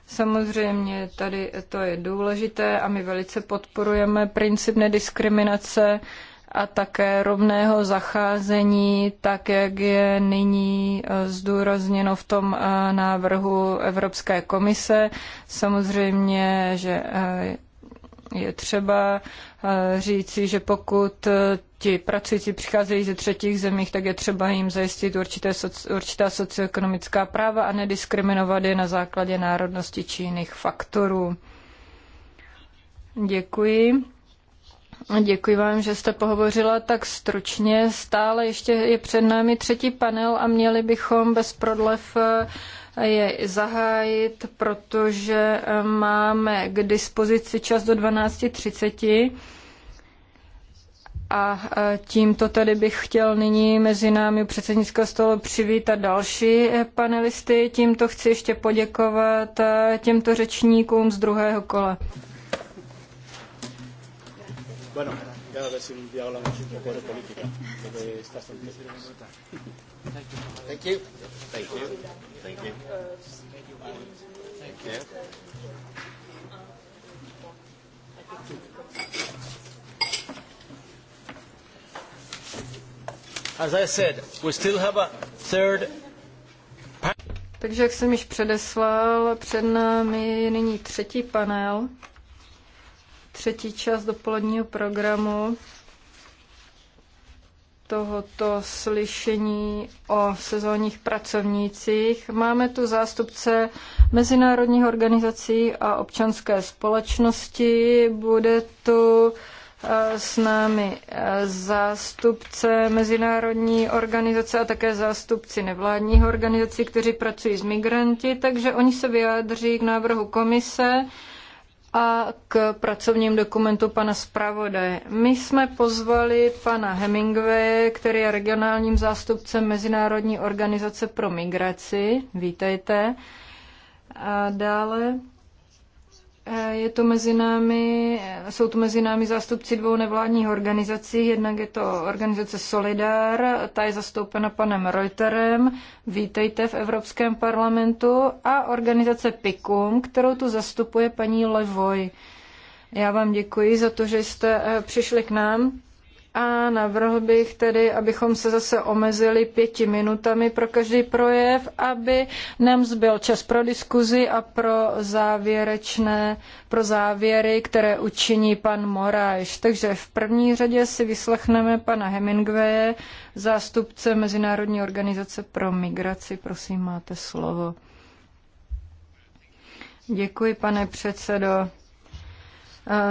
Samozřejmě tady to je důležité a my velice podporujeme princip nediskriminace a také rovného zacházení, tak jak je nyní eh, zdůrazněno v tom eh, návrhu Evropské komise. Samozřejmě, že eh, je třeba říci, že pokud ti pracující přicházejí ze třetích zemích, tak je třeba jim zajistit určité soci, určitá socioekonomická práva a nediskriminovat je na základě národnosti či jiných faktorů. Děkuji. Děkuji vám, že jste pohovořila tak stručně. Stále ještě je před námi třetí panel a měli bychom bez prodlev eh, je zahájit, protože eh, máme k dispozici čas do 12.30 a e, tímto tedy bych chtěl nyní mezi námi u předsednického stolu přivítat další e, panelisty. Tímto chci ještě poděkovat e, těmto řečníkům z druhého kola. Bueno, ya a ver si un día hablamos un poco de política, Thank you. Thank you. Thank you. Thank you. Thank you. As I said, we still have a third takže jak jsem již předeslal, před námi je nyní třetí panel, třetí část dopoledního programu tohoto slyšení o sezónních pracovnících. Máme tu zástupce mezinárodních organizací a občanské společnosti. Bude tu Eh, s námi eh, zástupce Mezinárodní organizace a také zástupci nevládních organizací, kteří pracují s migranty, takže oni se vyjádří k návrhu komise a k pracovním dokumentu pana zpravodaje. My jsme pozvali pana Hemingwaye, který je regionálním zástupcem Mezinárodní organizace pro migraci. Vítejte. A dále Eh, je to mezi námi, eh, jsou tu mezi námi zástupci dvou nevládních organizací. Jednak je to organizace Solidar, ta je zastoupena panem Reuterem. Vítejte v Evropském parlamentu. A organizace PIKUM, kterou tu zastupuje paní Levoj. Já vám děkuji za to, že jste eh, přišli k nám. A navrhl bych tedy, abychom se zase omezili pěti minutami pro každý projev, aby nám zbyl čas pro diskuzi a pro závěrečné, pro závěry, které učiní pan Moráš. Takže v první řadě si vyslechneme pana Hemingwaye, zástupce Mezinárodní organizace pro migraci. Prosím, máte slovo. Děkuji, pane předsedo.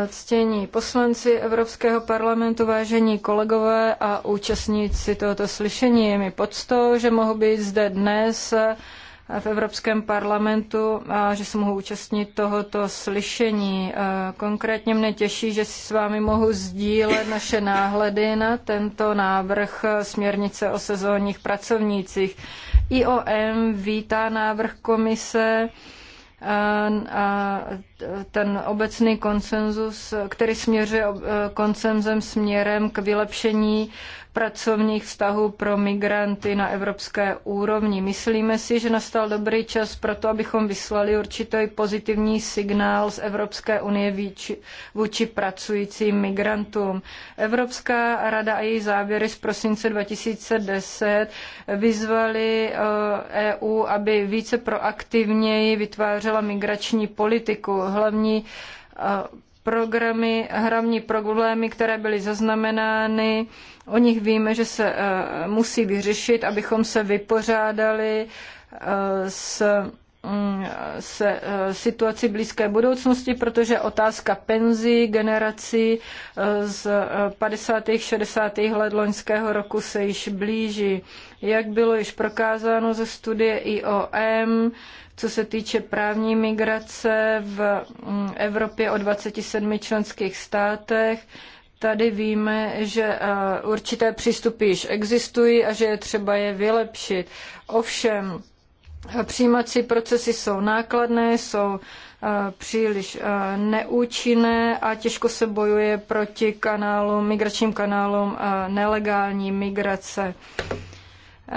Ctění poslanci Evropského parlamentu, vážení kolegové a účastníci tohoto slyšení, je mi poctou, že mohu být zde dnes v Evropském parlamentu a že se mohu účastnit tohoto slyšení. Konkrétně mne těší, že si s vámi mohu sdílet naše náhledy na tento návrh směrnice o sezónních pracovnících. IOM vítá návrh komise a ten obecný konsenzus, který směřuje eh, koncenzem směrem k vylepšení pracovních vztahů pro migranty na evropské úrovni. Myslíme si, že nastal dobrý čas pro to, abychom vyslali určitý pozitivní signál z Evropské unie vůči, vůči pracujícím migrantům. Evropská rada a její závěry z prosince 2010 vyzvali EU, eh, e aby více proaktivněji vytvářela migrační politiku. Hlavní eh, programy, hlavní problémy, které byly zaznamenány, O nich víme, že se eh, musí vyřešit, abychom se vypořádali eh, s mm, se eh, situaci blízké budoucnosti, protože otázka penzí generací z 50. 60. let loňského roku se již blíží. Jak bylo již prokázáno ze studie IOM, co se týče právní migrace v mm, Evropě o 27 členských státech, Tady víme, že eh, určité přístupy již existují a že je třeba je vylepšit. Ovšem, eh, přijímací procesy jsou nákladné, jsou eh, příliš neúčinné a těžko se bojuje proti kanálům, migračním kanálům nelegální migrace.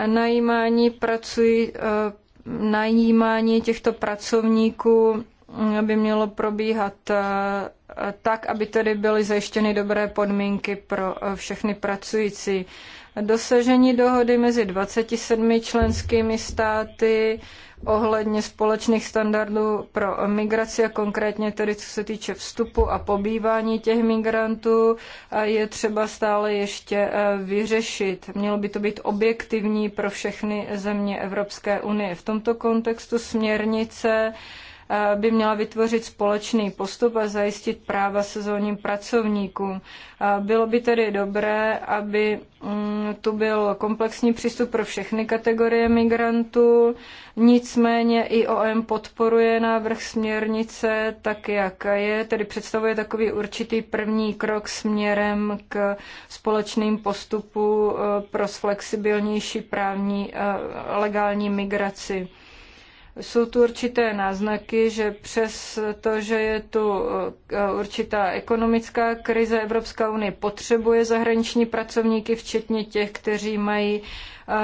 Najímání pracují najímání těchto pracovníků by mělo probíhat eh, tak, aby tedy byly zajištěny dobré podmínky pro eh, všechny pracující. Dosažení dohody mezi 27 členskými státy ohledně společných standardů pro migraci a konkrétně tedy co se týče vstupu a pobývání těch migrantů eh, je třeba stále ještě vyřešit. Mělo by to být objektivní pro všechny země Evropské unie. V tomto kontextu směrnice Eh, by měla vytvořit společný postup a zajistit práva sezónním pracovníkům. Eh, bylo by tedy dobré, aby mm, tu byl komplexní přístup pro všechny kategorie migrantů, nicméně IOM podporuje návrh směrnice tak, jak je, tedy představuje takový určitý první krok směrem k společným postupu eh, pro flexibilnější právní legální migraci. Jsou tu určité náznaky, že přes to, že je tu eh, určitá ekonomická krize, Evropská unie potřebuje zahraniční pracovníky, včetně těch, kteří mají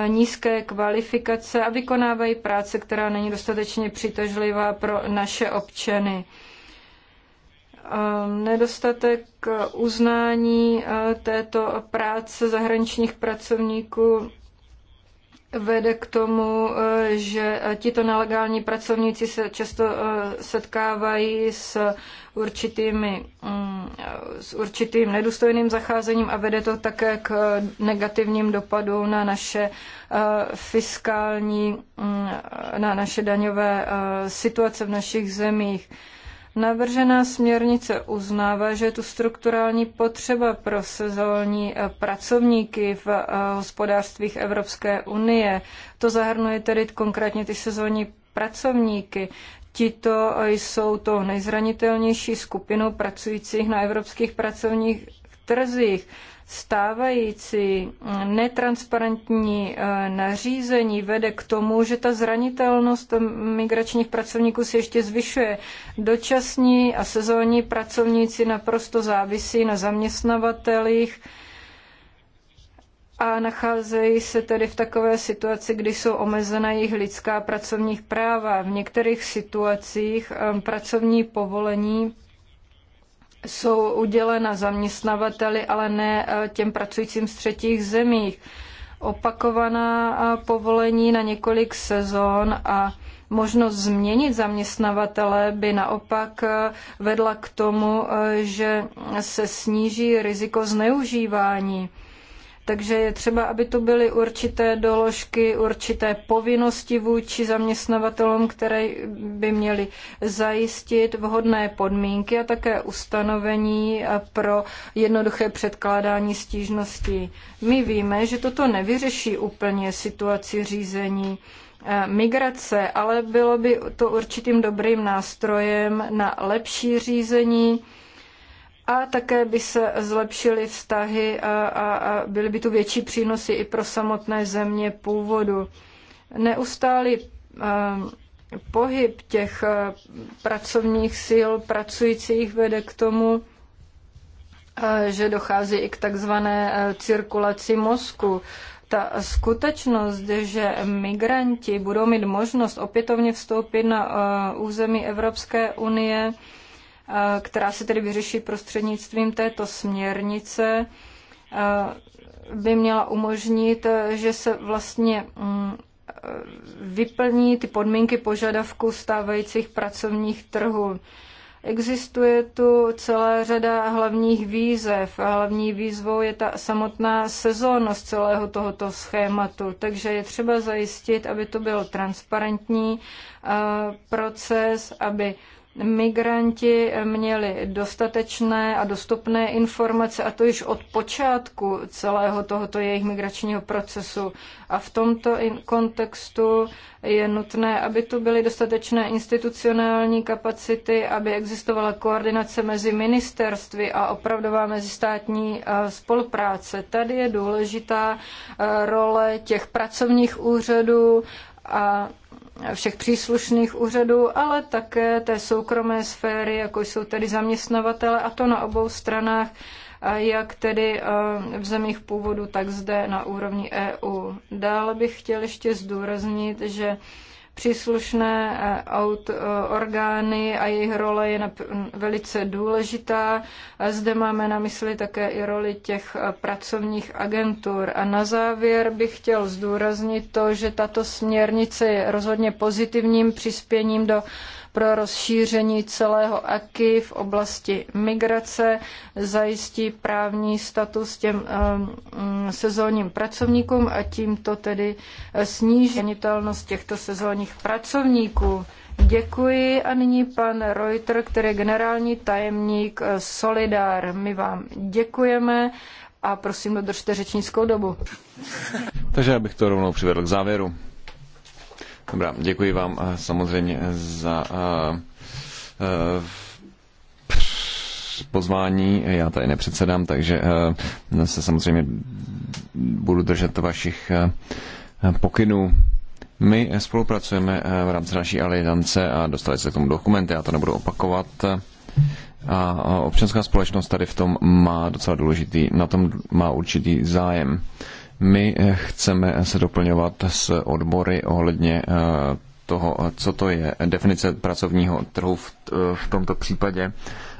eh, nízké kvalifikace a vykonávají práce, která není dostatečně přitažlivá pro naše občany ehm, nedostatek eh, uznání této práce zahraničních pracovníků vede k tomu, eh, že eh, tito nelegální pracovníci se často eh, setkávají s, určitými, mm, s určitým nedůstojným zacházením a vede to také k negativním dopadům na naše fiskální, mm, na naše daňové situace v našich zemích. Navržená směrnice uznává, že je tu strukturální potřeba pro sezónní eh, pracovníky v eh, hospodářstvích Evropské unie. To zahrnuje tedy konkrétně ty sezónní pracovníky. Tito eh, jsou to nejzranitelnější skupinou pracujících na evropských pracovních trzích stávající netransparentní eh, nařízení vede k tomu, že ta zranitelnost migračních pracovníků se ještě zvyšuje. Dočasní a sezónní pracovníci naprosto závisí na zaměstnavatelích a nacházejí se tedy v takové situaci, kdy jsou omezena jejich lidská pracovních práva. V některých situacích eh, pracovní povolení jsou udělena zaměstnavateli, ale ne eh, těm pracujícím z třetích zemích. Opakovaná eh, povolení na několik sezon a možnost změnit zaměstnavatele by naopak eh, vedla k tomu, že se sníží riziko zneužívání. Takže je třeba, aby tu byly určité doložky, určité povinnosti vůči zaměstnavatelům, které by měly zajistit vhodné podmínky a také ustanovení pro jednoduché předkládání stížností. My víme, že toto nevyřeší úplně situaci řízení eh, migrace, ale bylo by to určitým dobrým nástrojem na lepší řízení a také by se zlepšily vztahy a, a, a byly by tu větší přínosy i pro samotné země původu. Neustálý ehm, pohyb těch eh, pracovních sil pracujících vede k tomu, eh, že dochází i k takzvané eh, cirkulaci mozku. Ta skutečnost, že migranti budou mít možnost opětovně vstoupit na území Evropské unie, Eh, která se tedy vyřeší prostřednictvím této směrnice, eh, by měla umožnit, eh, že se vlastně mm, vyplní ty podmínky požadavků stávajících pracovních trhů. Existuje tu celá řada hlavních výzev. hlavní výzvou je ta samotná sezónnost celého tohoto schématu. Takže je třeba zajistit, aby to byl transparentní proces, aby migranti měli dostatečné a dostupné informace, a to již od počátku celého tohoto jejich migračního procesu. A v tomto kontextu je nutné, aby tu byly dostatečné institucionální kapacity, aby existovala koordinace mezi ministerstvy a opravdová mezistátní eh, spolupráce. Tady je důležitá eh, role těch pracovních úřadů a všech příslušných úřadů, ale také té soukromé sféry, jako jsou tedy zaměstnavatele, a to na obou stranách, jak tedy eh, v zemích původu, tak zde na úrovni EU. Dále bych chtěl ještě zdůraznit, že Příslušné eh, aut, eh, orgány a jejich role je velice důležitá. A zde máme na mysli také i roli těch eh, pracovních agentur. A na závěr bych chtěl zdůraznit to, že tato směrnice je rozhodně pozitivním přispěním do pro rozšíření celého AKI v oblasti migrace, zajistí právní status těm eh, mm, sezónním pracovníkům a tímto tedy eh, sníží zranitelnost těchto sezónních pracovníků. Děkuji a nyní pan Reuter, který je generální tajemník eh, Solidar. My vám děkujeme a prosím dodržte řečnickou dobu. Takže bych to rovnou přivedl k závěru. Dobrá, děkuji vám eh, samozřejmě za eh, eh, pozvání. Já tady nepředsedám, takže se samozřejmě budu držet vašich pokynů. My spolupracujeme v rámci naší aliance a dostali se k tomu dokumenty, já to nebudu opakovat. A občanská společnost tady v tom má docela důležitý, na tom má určitý zájem. My eh, chceme se doplňovat s odbory ohledně eh, toho, eh, co to je definice pracovního trhu v, v tomto případě.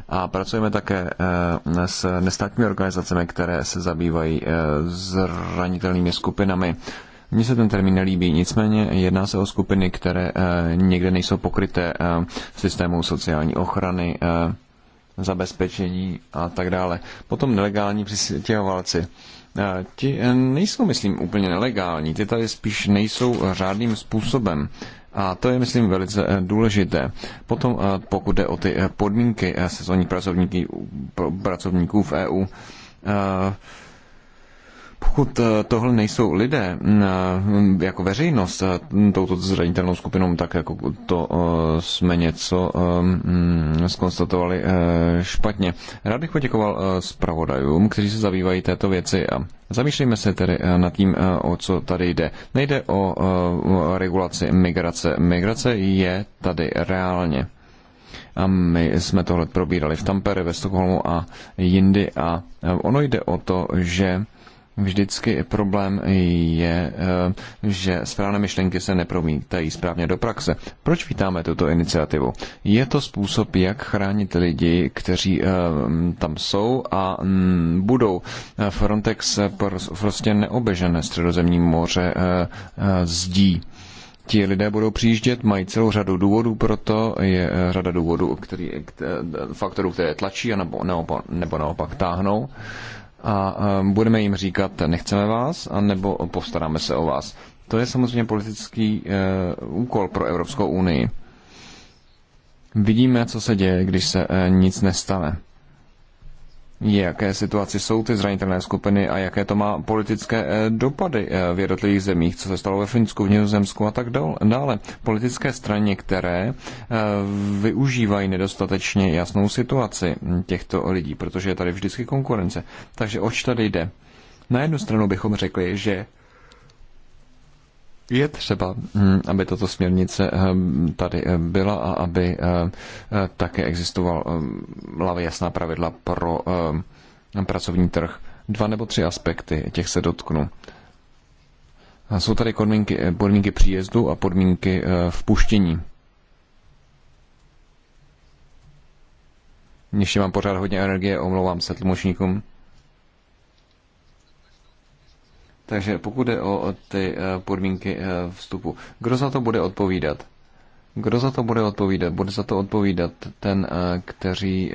A pracujeme také s nestátními organizacemi, které se zabývají zranitelnými skupinami. Mně se ten termín nelíbí, nicméně jedná se o skupiny, které někde nejsou pokryté v systému sociální ochrany, zabezpečení a tak dále. Potom nelegální přistěhovalci. Ti eh, nejsou, myslím, úplně nelegální, ty tady spíš nejsou řádným způsobem. A to je, myslím, velice eh, důležité. Potom, eh, pokud jde o ty podmínky sezónních pracovníků v EU, pokud eh, tohle nejsou lidé eh, jako veřejnost eh, touto zranitelnou skupinou, tak jako to jsme něco skonstatovali ehm, mm, špatně. Rád bych poděkoval zpravodajům, kteří se zabývají této věci a zamýšlíme se tedy nad tím, o co tady jde. Nejde o regulaci migrace. Migrace je tady reálně. A my jsme tohle probírali v Tampere, ve Stockholmu a jindy. A ono jde o to, že Vždycky problém je, eh, že správné myšlenky se nepromítají správně do praxe. Proč vítáme tuto iniciativu? Je to způsob, jak chránit lidi, kteří eh, tam jsou a mm, budou. Eh, Frontex prostě neobežené středozemní moře zdí. Ti lidé budou přijíždět, mají celou řadu důvodů pro to, je řada důvodů, který, faktorů, které tlačí a nebo, nebo, nebo naopak táhnou a e, budeme jim říkat, nechceme vás, nebo postaráme se o vás. To je samozřejmě politický e, úkol pro Evropskou unii. Vidíme, co se děje, když se e, nic nestane jaké situaci jsou ty zranitelné skupiny a jaké to má politické eh, dopady eh, v jednotlivých zemích, co se stalo ve Finsku, v Nizozemsku a tak dále. Politické strany, které eh, využívají nedostatečně jasnou situaci těchto lidí, protože je tady vždycky konkurence. Takže oč tady jde? Na jednu stranu bychom řekli, že je třeba, hm, aby tato směrnice hm, tady eh, byla a aby eh, eh, také existovala hm, jasná pravidla pro pracovní trh. Dva nebo tři aspekty, těch se dotknu. Jsou tady podmínky, podmínky příjezdu a podmínky vpuštění. Ještě mám pořád hodně energie, omlouvám se tlumočníkům. Takže pokud jde o ty e, podmínky e, vstupu, kdo za to bude odpovídat? Kdo za to bude odpovídat? Bude za to odpovídat ten, e, který,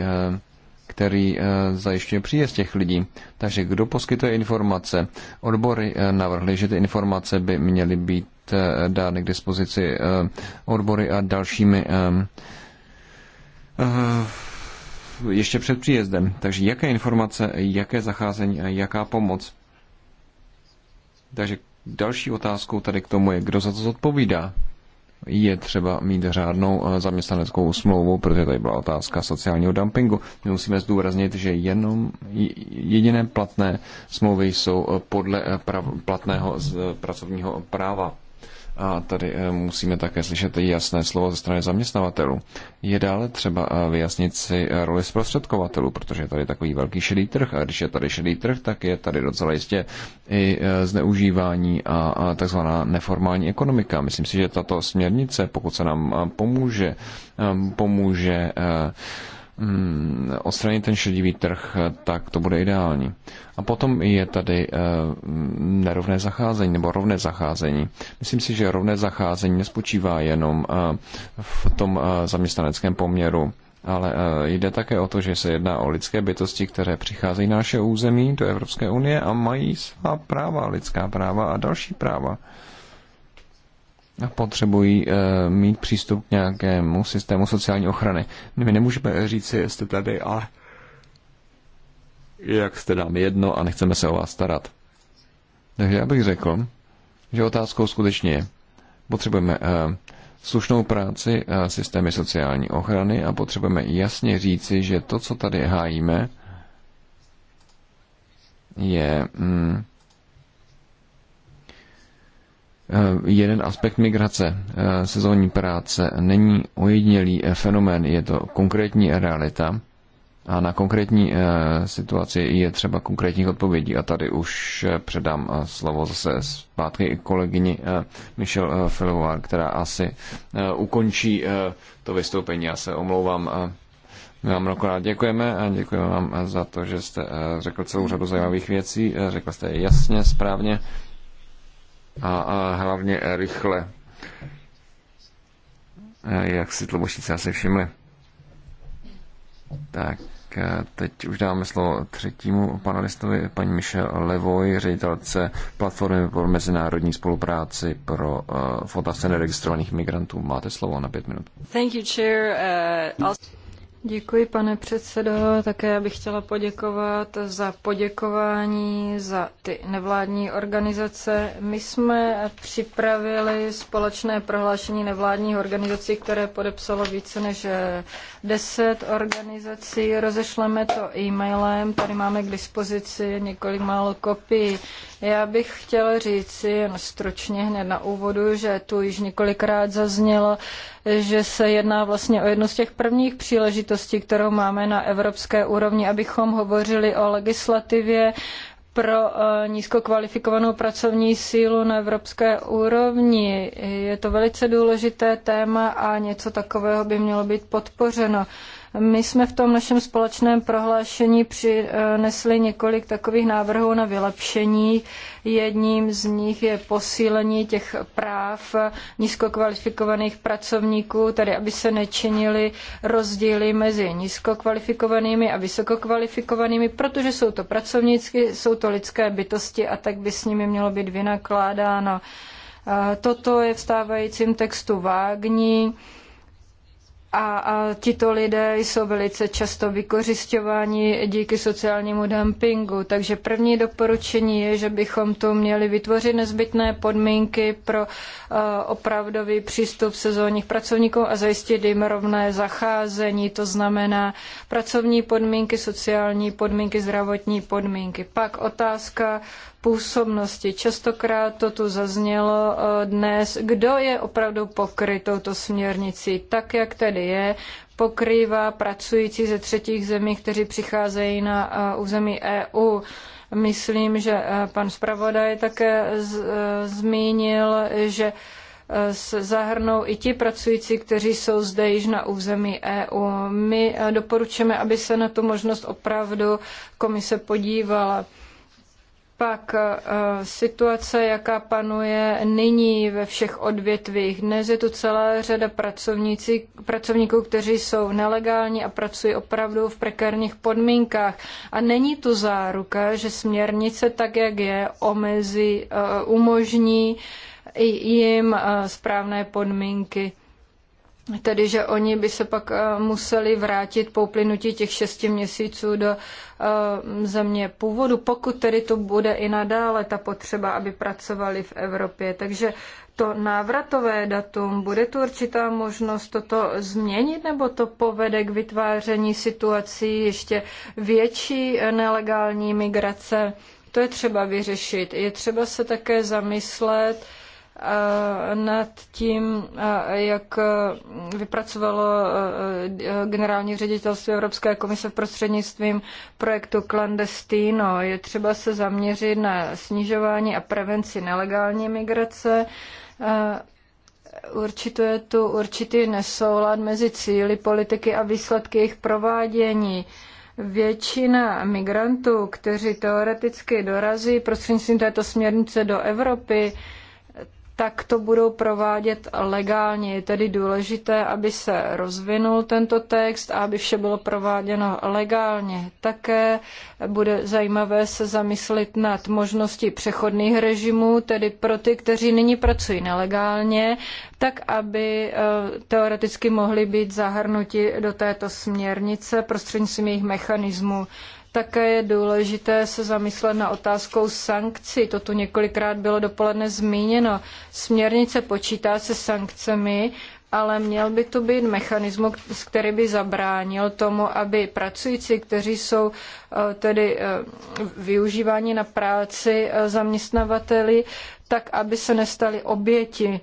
který zajišťuje příjezd těch lidí. Takže kdo poskytuje informace? Odbory navrhly, že ty informace by měly být dány k dispozici odbory a dalšími ještě před příjezdem. Takže jaké informace, jaké zacházení a jaká pomoc? Takže další otázkou tady k tomu je, kdo za to zodpovídá. Je třeba mít řádnou eh, zaměstnaneckou smlouvu, protože tady byla otázka sociálního dumpingu. My musíme zdůraznit, že jenom jediné platné smlouvy jsou eh, podle eh, prav, platného pracovního práva a tady eh, musíme také slyšet jasné slovo ze strany zaměstnavatelů. Je dále třeba eh, vyjasnit si eh, roli zprostředkovatelů, protože je tady takový velký šedý trh a když je tady šedý trh, tak je tady docela jistě i zneužívání a takzvaná neformální ekonomika. Myslím si, že tato směrnice, pokud se nám pomůže, pomůže Mm, odstranit ten šedivý trh, tak to bude ideální. A potom je tady eh, nerovné zacházení nebo rovné zacházení. Myslím si, že rovné zacházení nespočívá jenom eh, v tom eh, zaměstnaneckém poměru, ale jde také o to, že se jedná o lidské bytosti, které přicházejí naše území do Evropské unie a mají svá práva, lidská práva a další práva potřebují eh, mít přístup k nějakému systému sociální ochrany. My nemůžeme říct si, jestli tady, ale jak jste nám jedno a nechceme se o vás starat. Takže já bych řekl, že otázkou skutečně je, potřebujeme eh, slušnou práci a eh, systémy sociální ochrany a potřebujeme jasně říci, že to, co tady hájíme, je mm, Eh, jeden aspekt migrace, eh, sezónní práce, není ojedinělý eh, fenomén, je to konkrétní realita a na konkrétní situaci je třeba konkrétních odpovědí. A tady už předám slovo zase zpátky kolegyni Michelle Filovar, která asi ukončí to vystoupení. Já se omlouvám. My vám mnohokrát děkujeme a děkujeme vám za to, že jste řekl celou řadu zajímavých věcí. Řekl jste je jasně, správně a, a hlavně rychle. Jak si tlumočníci asi všimli. Tak teď už dáme slovo třetímu panelistovi, paní Michelle Levoj, ředitelce Platformy pro mezinárodní spolupráci pro uh, eh, fotace neregistrovaných migrantů. Máte slovo na pět minut. Thank you, chair. Uh, also... Děkuji, pane předsedo. Také bych chtěla poděkovat za poděkování za ty nevládní organizace. My jsme připravili společné prohlášení nevládních organizací, které podepsalo více než eh, deset organizací. Rozešleme to e-mailem. Tady máme k dispozici několik málo kopií. Já bych chtěla říci jen stručně hned na úvodu, že tu již několikrát zaznělo, že se jedná vlastně o jednu z těch prvních příležitostí, kterou máme na evropské úrovni, abychom hovořili o legislativě pro eh, nízkokvalifikovanou pracovní sílu na evropské úrovni. Je to velice důležité téma a něco takového by mělo být podpořeno. My jsme v tom našem společném prohlášení přinesli několik takových návrhů na vylepšení. Jedním z nich je posílení těch práv nízkokvalifikovaných pracovníků, tedy aby se nečinili rozdíly mezi nízkokvalifikovanými a vysokokvalifikovanými, protože jsou to pracovníci, jsou to lidské bytosti a tak by s nimi mělo být vynakládáno. Toto je v stávajícím textu vágní a, a tito lidé jsou velice často vykořišťováni díky sociálnímu dumpingu. Takže první doporučení je, že bychom tu měli vytvořit nezbytné podmínky pro uh, opravdový přístup sezónních pracovníků a zajistit jim rovné zacházení, to znamená pracovní podmínky, sociální podmínky, zdravotní podmínky. Pak otázka působnosti. Častokrát to tu zaznělo eh, dnes, kdo je opravdu pokryt touto směrnicí, tak jak tedy je, pokrývá pracující ze třetích zemí, kteří přicházejí na eh, území EU. Myslím, že eh, pan zpravodaj také z, zmínil, že zahrnou i ti pracující, kteří jsou zde již na území EU. My doporučujeme, aby se na tu možnost opravdu komise podívala pak eh, situace, jaká panuje nyní ve všech odvětvích. Dnes je tu celá řada pracovníků, kteří jsou nelegální a pracují opravdu v prekérních podmínkách. A není tu záruka, že směrnice tak, jak je, omezí, eh, umožní jim eh, správné podmínky. Tedy, že oni by se pak eh, museli vrátit po uplynutí těch šesti měsíců do eh, země původu, pokud tedy to bude i nadále ta potřeba, aby pracovali v Evropě. Takže to návratové datum, bude tu určitá možnost toto změnit, nebo to povede k vytváření situací ještě větší nelegální migrace? To je třeba vyřešit. Je třeba se také zamyslet, Eh, nad tím, eh, jak eh, vypracovalo generální ředitelství Evropské komise v prostřednictvím projektu Clandestino. Je třeba se zaměřit na snižování a prevenci nelegální migrace. Určitě je tu určitý nesoulad mezi cíly politiky a výsledky jejich provádění. Většina migrantů, kteří teoreticky dorazí prostřednictvím této směrnice do Evropy, tak to budou provádět legálně. Je tedy důležité, aby se rozvinul tento text a aby vše bylo prováděno legálně. Také bude zajímavé se zamyslit nad možností přechodných režimů, tedy pro ty, kteří nyní pracují nelegálně, tak aby e, teoreticky mohli být zahrnuti do této směrnice prostřednictvím jejich mechanismů také je důležité se zamyslet na otázkou sankcí. To tu několikrát bylo dopoledne zmíněno. Směrnice počítá se sankcemi, ale měl by to být mechanismus, který by zabránil tomu, aby pracující, kteří jsou eh, tedy eh, využíváni na práci eh, zaměstnavateli, tak aby se nestali oběti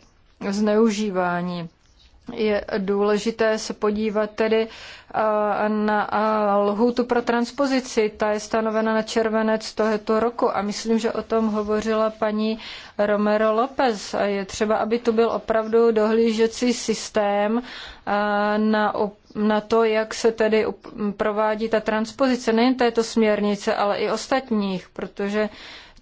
zneužívání je důležité se podívat tedy na lhůtu pro transpozici. Ta je stanovena na červenec tohoto roku a myslím, že o tom hovořila paní Romero López. Je třeba, aby to byl opravdu dohlížecí systém na, na to, jak se tedy provádí ta transpozice nejen této směrnice, ale i ostatních, protože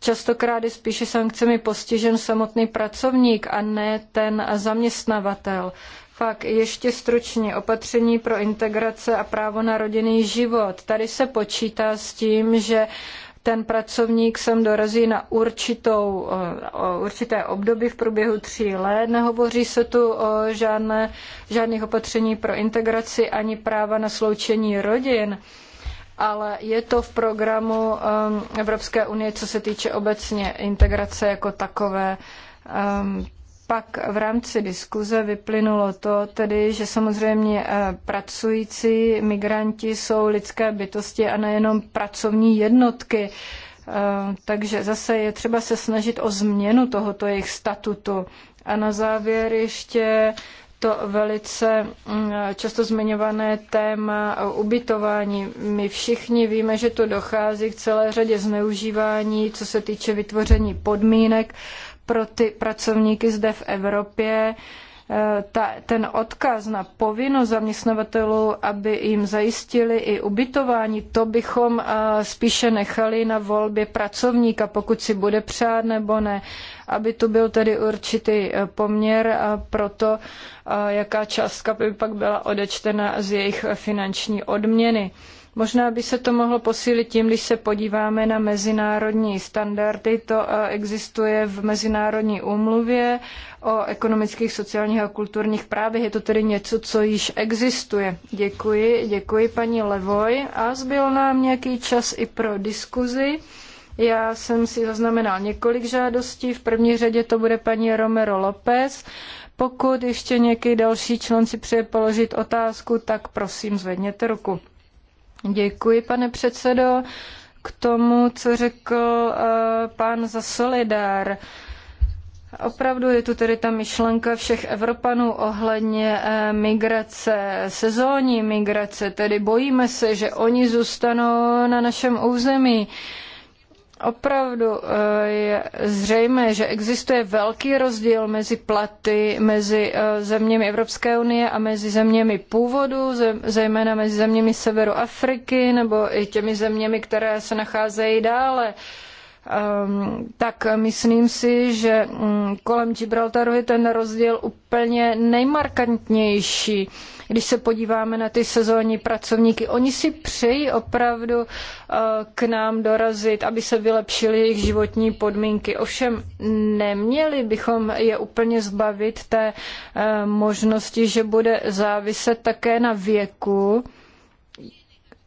častokrát je spíše sankcemi postižen samotný pracovník a ne ten zaměstnavatel. Pak ještě stručně opatření pro integrace a právo na rodinný život. Tady se počítá s tím, že ten pracovník sem dorazí na určitou, eh, určité období v průběhu tří let. Nehovoří se tu o žádné, žádných opatření pro integraci ani práva na sloučení rodin ale je to v programu eh, Evropské unie, co se týče obecně integrace jako takové. Eh, pak v rámci diskuze vyplynulo to, tedy, že samozřejmě eh, pracující migranti jsou lidské bytosti a nejenom pracovní jednotky. Eh, takže zase je třeba se snažit o změnu tohoto jejich statutu. A na závěr ještě to velice mm, často zmiňované téma ubytování. My všichni víme, že to dochází k celé řadě zneužívání, co se týče vytvoření podmínek pro ty pracovníky zde v Evropě eh, ta, ten odkaz na povinnost zaměstnavatelů, aby jim zajistili i ubytování, to bychom eh, spíše nechali na volbě pracovníka, pokud si bude přát nebo ne, aby tu byl tedy určitý eh, poměr pro to, jaká částka by pak byla odečtena z jejich finanční odměny. Možná by se to mohlo posílit tím, když se podíváme na mezinárodní standardy. To eh, existuje v mezinárodní úmluvě o ekonomických, sociálních a kulturních právech. Je to tedy něco, co již existuje. Děkuji, děkuji paní Levoj. A zbyl nám nějaký čas i pro diskuzi. Já jsem si zaznamenal několik žádostí. V první řadě to bude paní Romero López. Pokud ještě nějaký další člen si přeje položit otázku, tak prosím zvedněte ruku. Děkuji, pane předsedo. K tomu, co řekl eh, pán za Solidar. Opravdu je tu tedy ta myšlenka všech Evropanů ohledně eh, migrace, sezónní migrace, tedy bojíme se, že oni zůstanou na našem území opravdu eh, je zřejmé, že existuje velký rozdíl mezi platy, mezi eh, zeměmi Evropské unie a mezi zeměmi původu, zejména mezi zeměmi severu Afriky nebo i těmi zeměmi, které se nacházejí dále. Ehm, tak myslím si, že mm, kolem Gibraltaru je ten rozdíl úplně nejmarkantnější. Když se podíváme na ty sezónní pracovníky, oni si přejí opravdu eh, k nám dorazit, aby se vylepšily jejich životní podmínky. Ovšem neměli bychom je úplně zbavit té eh, možnosti, že bude záviset také na věku,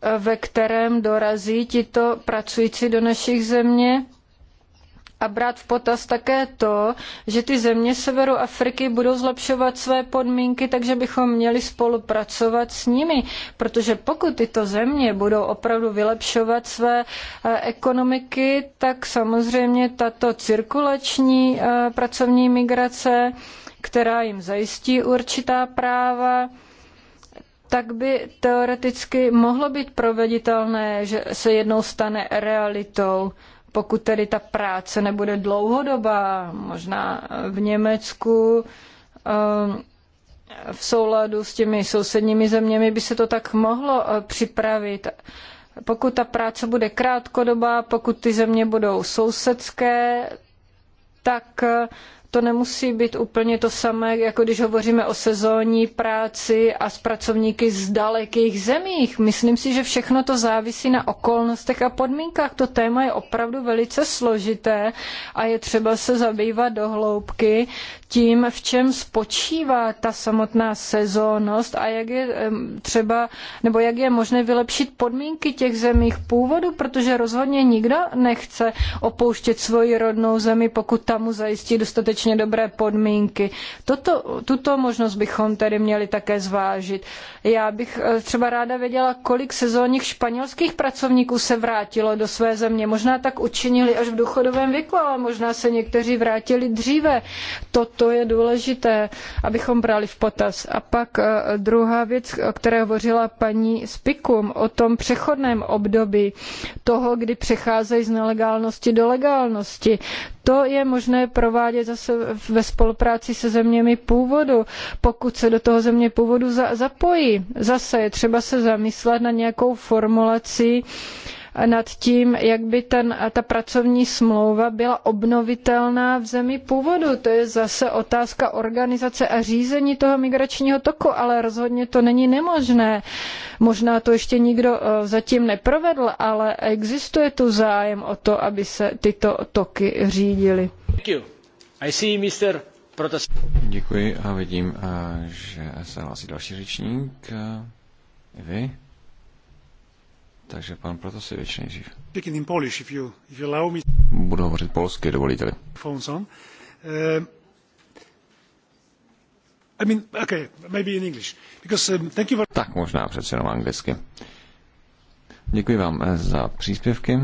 eh, ve kterém dorazí tito pracující do našich země a brát v potaz také to, že ty země severu Afriky budou zlepšovat své podmínky, takže bychom měli spolupracovat s nimi, protože pokud tyto země budou opravdu vylepšovat své eh, ekonomiky, tak samozřejmě tato cirkulační eh, pracovní migrace, která jim zajistí určitá práva, tak by teoreticky mohlo být proveditelné, že se jednou stane realitou pokud tedy ta práce nebude dlouhodobá, možná v Německu, ehm, v souladu s těmi sousedními zeměmi by se to tak mohlo eh, připravit. Pokud ta práce bude krátkodobá, pokud ty země budou sousedské, tak eh, to nemusí být úplně to samé, jako když hovoříme o sezónní práci a s pracovníky z dalekých zemích. Myslím si, že všechno to závisí na okolnostech a podmínkách. To téma je opravdu velice složité a je třeba se zabývat do hloubky tím, v čem spočívá ta samotná sezónnost a jak je třeba, nebo jak je možné vylepšit podmínky těch zemích původu, protože rozhodně nikdo nechce opouštět svoji rodnou zemi, pokud tam mu zajistí dostatečně dostatečně dobré podmínky. Toto, tuto možnost bychom tedy měli také zvážit. Já bych eh, třeba ráda věděla, kolik sezónních španělských pracovníků se vrátilo do své země. Možná tak učinili až v důchodovém věku, ale možná se někteří vrátili dříve. Toto je důležité, abychom brali v potaz. A pak eh, druhá věc, o které hovořila paní Spikum, o tom přechodném období toho, kdy přecházejí z nelegálnosti do legálnosti to je možné provádět zase ve spolupráci se zeměmi původu, pokud se do toho země původu zapojí. Zase je třeba se zamyslet na nějakou formulaci, nad tím, jak by ten, ta pracovní smlouva byla obnovitelná v zemi původu. To je zase otázka organizace a řízení toho migračního toku, ale rozhodně to není nemožné. Možná to ještě nikdo eh, zatím neprovedl, ale existuje tu zájem o to, aby se tyto toky řídily. Děkuji a vidím, eh, že se hlásí další řečník. Eh, vy? Takže pan Protasevič nejdřív. Budu hovořit polsky, dovolíte-li. Eh, I mean, okay, maybe in English. Because, um, thank you for... Tak možná přece jenom anglicky. Děkuji vám eh, za příspěvky.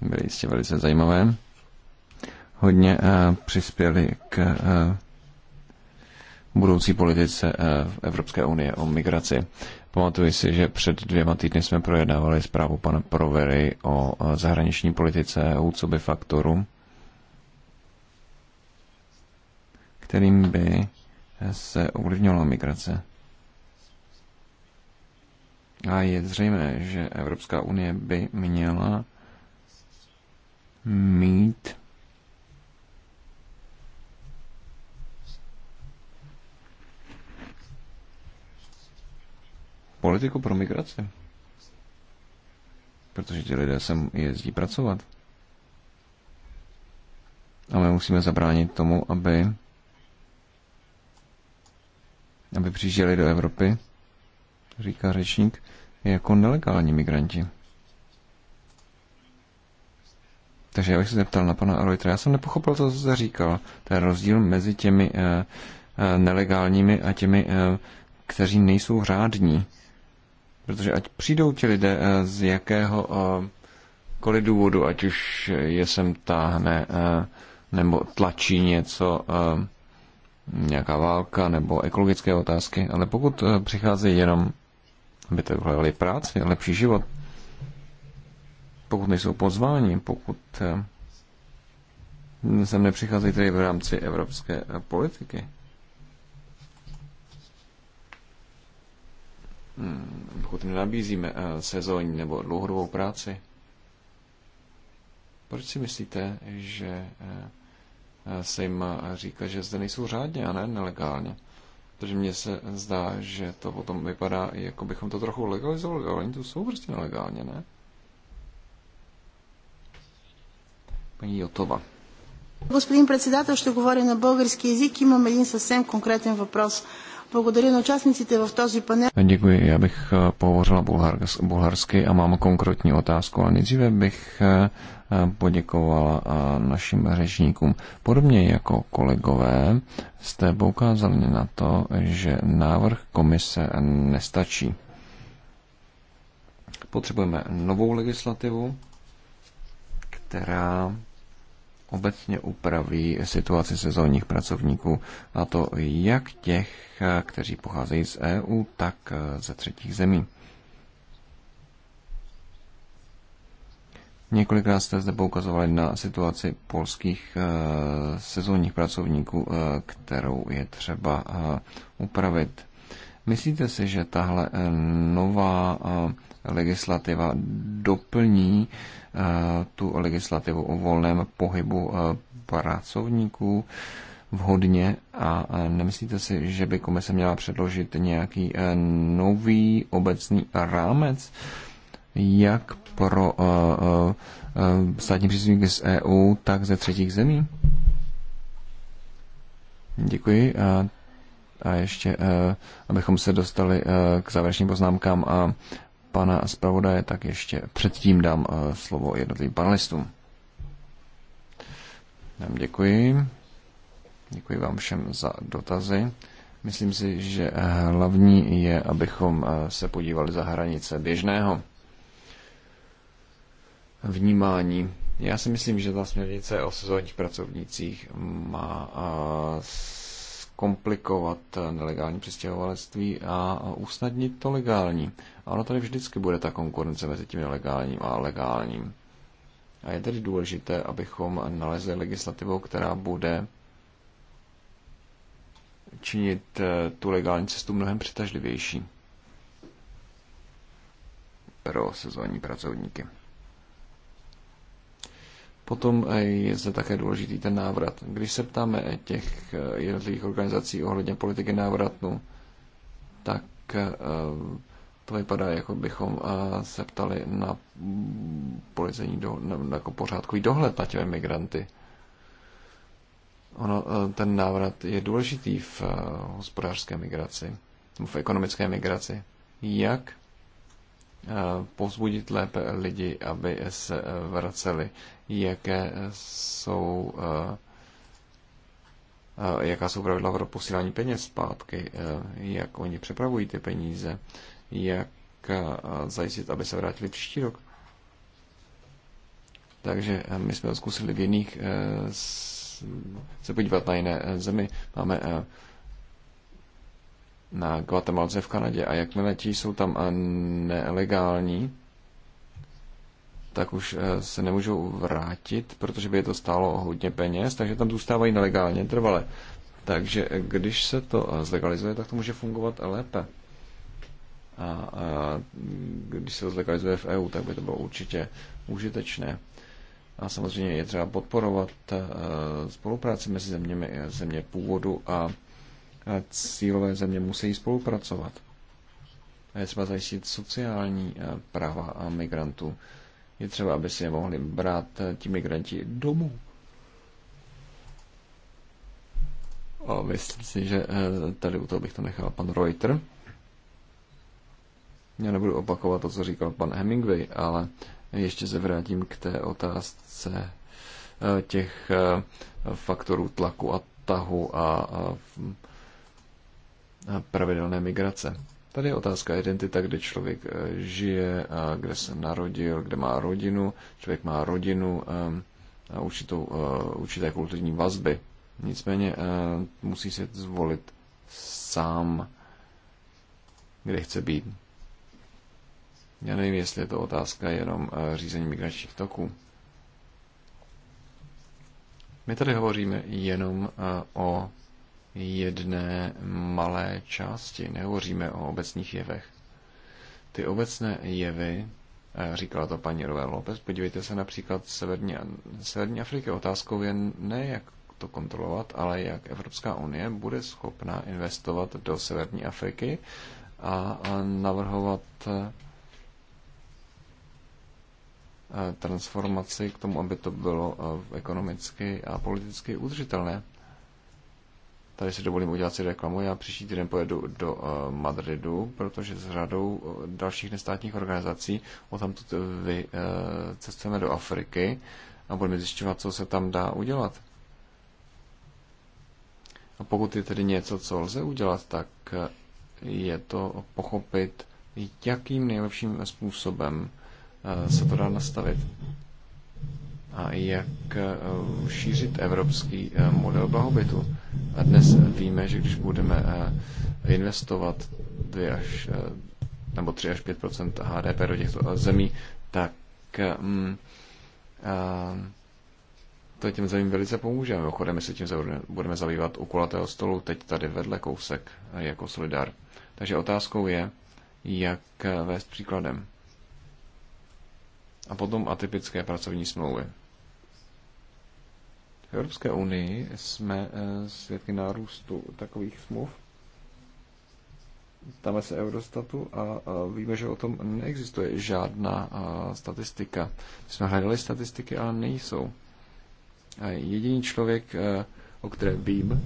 Byly jistě velice zajímavé. Hodně uh, eh, přispěli k uh, budoucí politice uh, Evropské unie o migraci. Pamatuji si, že před dvěma týdny jsme projednávali zprávu pana Provery o eh, zahraniční politice EU, faktoru, kterým by se ovlivňovala migrace. A je zřejmé, že Evropská unie by měla mít politiku pro migraci. Protože ti lidé sem jezdí pracovat. A my musíme zabránit tomu, aby, aby přijížděli do Evropy, říká řečník, jako nelegální migranti. Takže já bych se zeptal na pana Reutera. Já jsem nepochopil co jste říkal. Ten rozdíl mezi těmi eh, eh, nelegálními a těmi, eh, kteří nejsou řádní. Protože ať přijdou ti lidé eh, z jakého eh, koli důvodu, ať už je sem táhne eh, nebo tlačí něco, nějaká válka nebo ekologické otázky, ale pokud přicházejí jenom, aby to hledali práci, lepší život, pokud nejsou pozváni, pokud sem nepřicházejí tedy v rámci evropské politiky, Hmm, pokud nenabízíme eh, sezónní nebo dlouhodobou práci, proč si myslíte, že eh, eh, se jim říká, že zde nejsou řádně a ne nelegálně? Protože mně se zdá, že to potom vypadá, jako bychom to trochu legalizovali, ale oni tu jsou prostě nelegálně, ne? Paní Jotova. Господин председател, ще говоря на български язик. Имам един съвсем конкретен въпрос. Uh, Děkuji, já bych eh, pohovořila bulharsky a mám konkrétní otázku, A nejdříve bych eh, poděkovala eh, našim řečníkům. Podobně jako kolegové jste poukázali na to, že návrh komise nestačí. Potřebujeme novou legislativu, která obecně upraví situaci sezónních pracovníků, a to jak těch, kteří pocházejí z EU, tak ze třetích zemí. Několikrát jste zde poukazovali na situaci polských eh, sezónních pracovníků, eh, kterou je třeba eh, upravit. Myslíte si, že tahle eh, nová eh, legislativa doplní eh, tu legislativu o volném pohybu pracovníků vhodně a nemyslíte si, že by komise měla předložit nějaký nový obecný rámec, jak pro státní příslušníky z EU, tak ze třetích zemí? Děkuji. A ještě, eh, abychom se dostali eh, k závěrečným poznámkám a pana zpravodaje, tak ještě předtím dám eh, slovo jednotlivým panelistům. Děkuji. Děkuji vám všem za dotazy. Myslím si, že hlavní je, abychom se podívali za hranice běžného vnímání. Já si myslím, že ta směrnice o sezónních pracovnících má komplikovat nelegální přistěhovalectví a usnadnit to legální. A ono tady vždycky bude ta konkurence mezi tím nelegálním a legálním. A je tedy důležité, abychom nalezli legislativu, která bude činit eh, tu legální cestu mnohem přitažlivější pro sezónní pracovníky. Potom eh, je zde také důležitý ten návrat. Když se ptáme eh, těch eh, jednotlivých organizací ohledně politiky návratu, tak to vypadá, jako bychom se ptali na policejní do, na, jako pořádkový dohled na těmi migranty. Ono, ten návrat je důležitý v hospodářské migraci, v ekonomické migraci. Jak povzbudit lépe lidi, aby se eh, vraceli, jaké jsou eh, eh, jaká jsou pravidla pro posílání peněz zpátky, jak oni přepravují ty peníze, jak zajistit, aby se vrátili příští rok. Takže my jsme to zkusili v jiných se podívat na jiné zemi. Máme na Guatemalce v Kanadě. A jakmile ti jsou tam nelegální, tak už eh, se nemůžou vrátit, protože by je to stálo hodně peněz, takže tam zůstávají nelegálně trvale. Takže eh, když se to eh, zlegalizuje, tak to může fungovat lépe. A, a když se to zlegalizuje v EU, tak by to bylo určitě užitečné. A samozřejmě je třeba podporovat spolupráci mezi zeměmi, země původu a cílové země musí spolupracovat. A je třeba zajistit sociální eh, práva a migrantů. Je třeba, aby si je mohli brát eh, ti migranti domů. A myslím si, že eh, tady u toho bych to nechal pan Reuter. Já nebudu opakovat to, co říkal pan Hemingway, ale ještě se vrátím k té otázce těch faktorů tlaku a tahu a pravidelné migrace. Tady je otázka identita, kde člověk eh, žije, kde se narodil, kde má rodinu. Člověk má rodinu ehm, a určitou, eh, určité kulturní vazby. Nicméně eh, musí se zvolit sám, kde chce být. Já nevím, jestli je to otázka jenom řízení migračních toků. My tady hovoříme jenom o jedné malé části. Nehovoříme o obecných jevech. Ty obecné jevy, eh, říkala to paní Rové López, podívejte se například Severní, Severní Afriky. Otázkou je ne, jak to kontrolovat, ale jak Evropská unie bude schopna investovat do Severní Afriky a navrhovat eh, transformaci k tomu, aby to bylo eh, ekonomicky a politicky udržitelné. Tady si dovolím udělat si reklamu. Já příští týden pojedu do eh, Madridu, protože s řadou eh, dalších nestátních organizací odtamtud vy, eh, cestujeme do Afriky a budeme zjišťovat, co se tam dá udělat. A pokud je tedy něco, co lze udělat, tak je to pochopit, jakým nejlepším způsobem se to dá nastavit a jak eh, šířit evropský eh, model blahobytu. A dnes eh, víme, že když budeme investovat 2 až, nebo 3 až 5 HDP do těchto zemí, tak mm, to těm zemím velice pomůže. Mimochodem, my se tím budeme zabývat u kulatého stolu, teď tady vedle kousek jako solidar. Takže otázkou je, jak vést příkladem. A potom atypické pracovní smlouvy. V Evropské unii jsme eh, svědky nárůstu takových smluv. tam se Eurostatu a víme, že o tom neexistuje žádná eh, statistika. My jsme hledali statistiky, ale nejsou. A jediný člověk, eh, o kterém vím,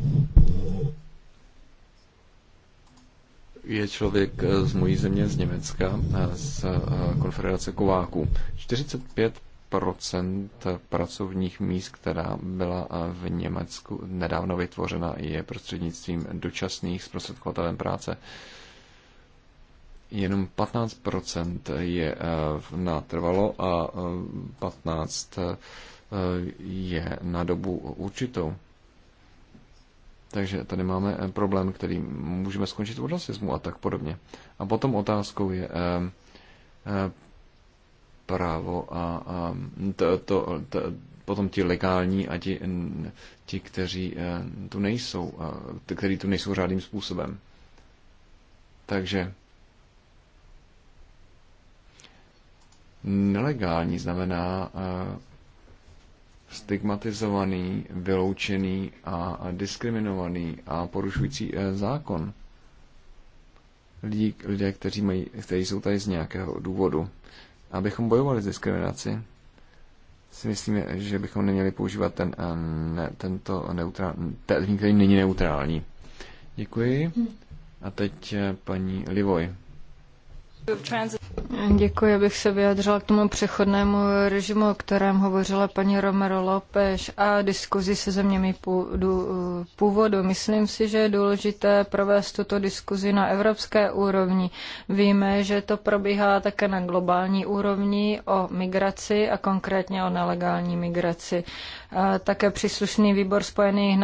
je člověk z mojí země, z Německa, z konfederace Kováků procent pracovních míst, která byla eh, v Německu nedávno vytvořena, je prostřednictvím dočasných zprostředkovatelem práce. Jenom 15 je eh, natrvalo a 15 eh, je na dobu určitou. Takže tady máme problém, který můžeme skončit u rasismu a tak podobně. A potom otázkou je, právo a, a to, to, to, potom ti legální a ti, ti kteří e, tu nejsou, kteří tu nejsou řádným způsobem. Takže nelegální znamená e, stigmatizovaný, vyloučený a diskriminovaný a porušující e, zákon. Lidi, lidé, kteří, mají, kteří jsou tady z nějakého důvodu abychom bojovali s diskriminací, si myslím, že bychom neměli používat ten, eh, ne, tento neutrální, ten, který není neutrální. Děkuji. Hm. A teď eh, paní Livoj. Děkuji, abych se vyjadřila k tomu přechodnému režimu, o kterém hovořila paní Romero López a diskuzi se zeměmi původu. Myslím si, že je důležité provést tuto diskuzi na evropské úrovni. Víme, že to probíhá také na globální úrovni o migraci a konkrétně o nelegální migraci. Také příslušný výbor Spojených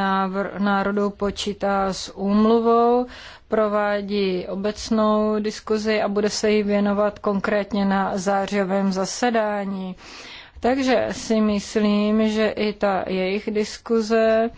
národů počítá s úmluvou, provádí obecnou diskuzi a bude se jí věnovat konkrétně na zářivém zasedání. Takže si myslím, že i ta jejich diskuze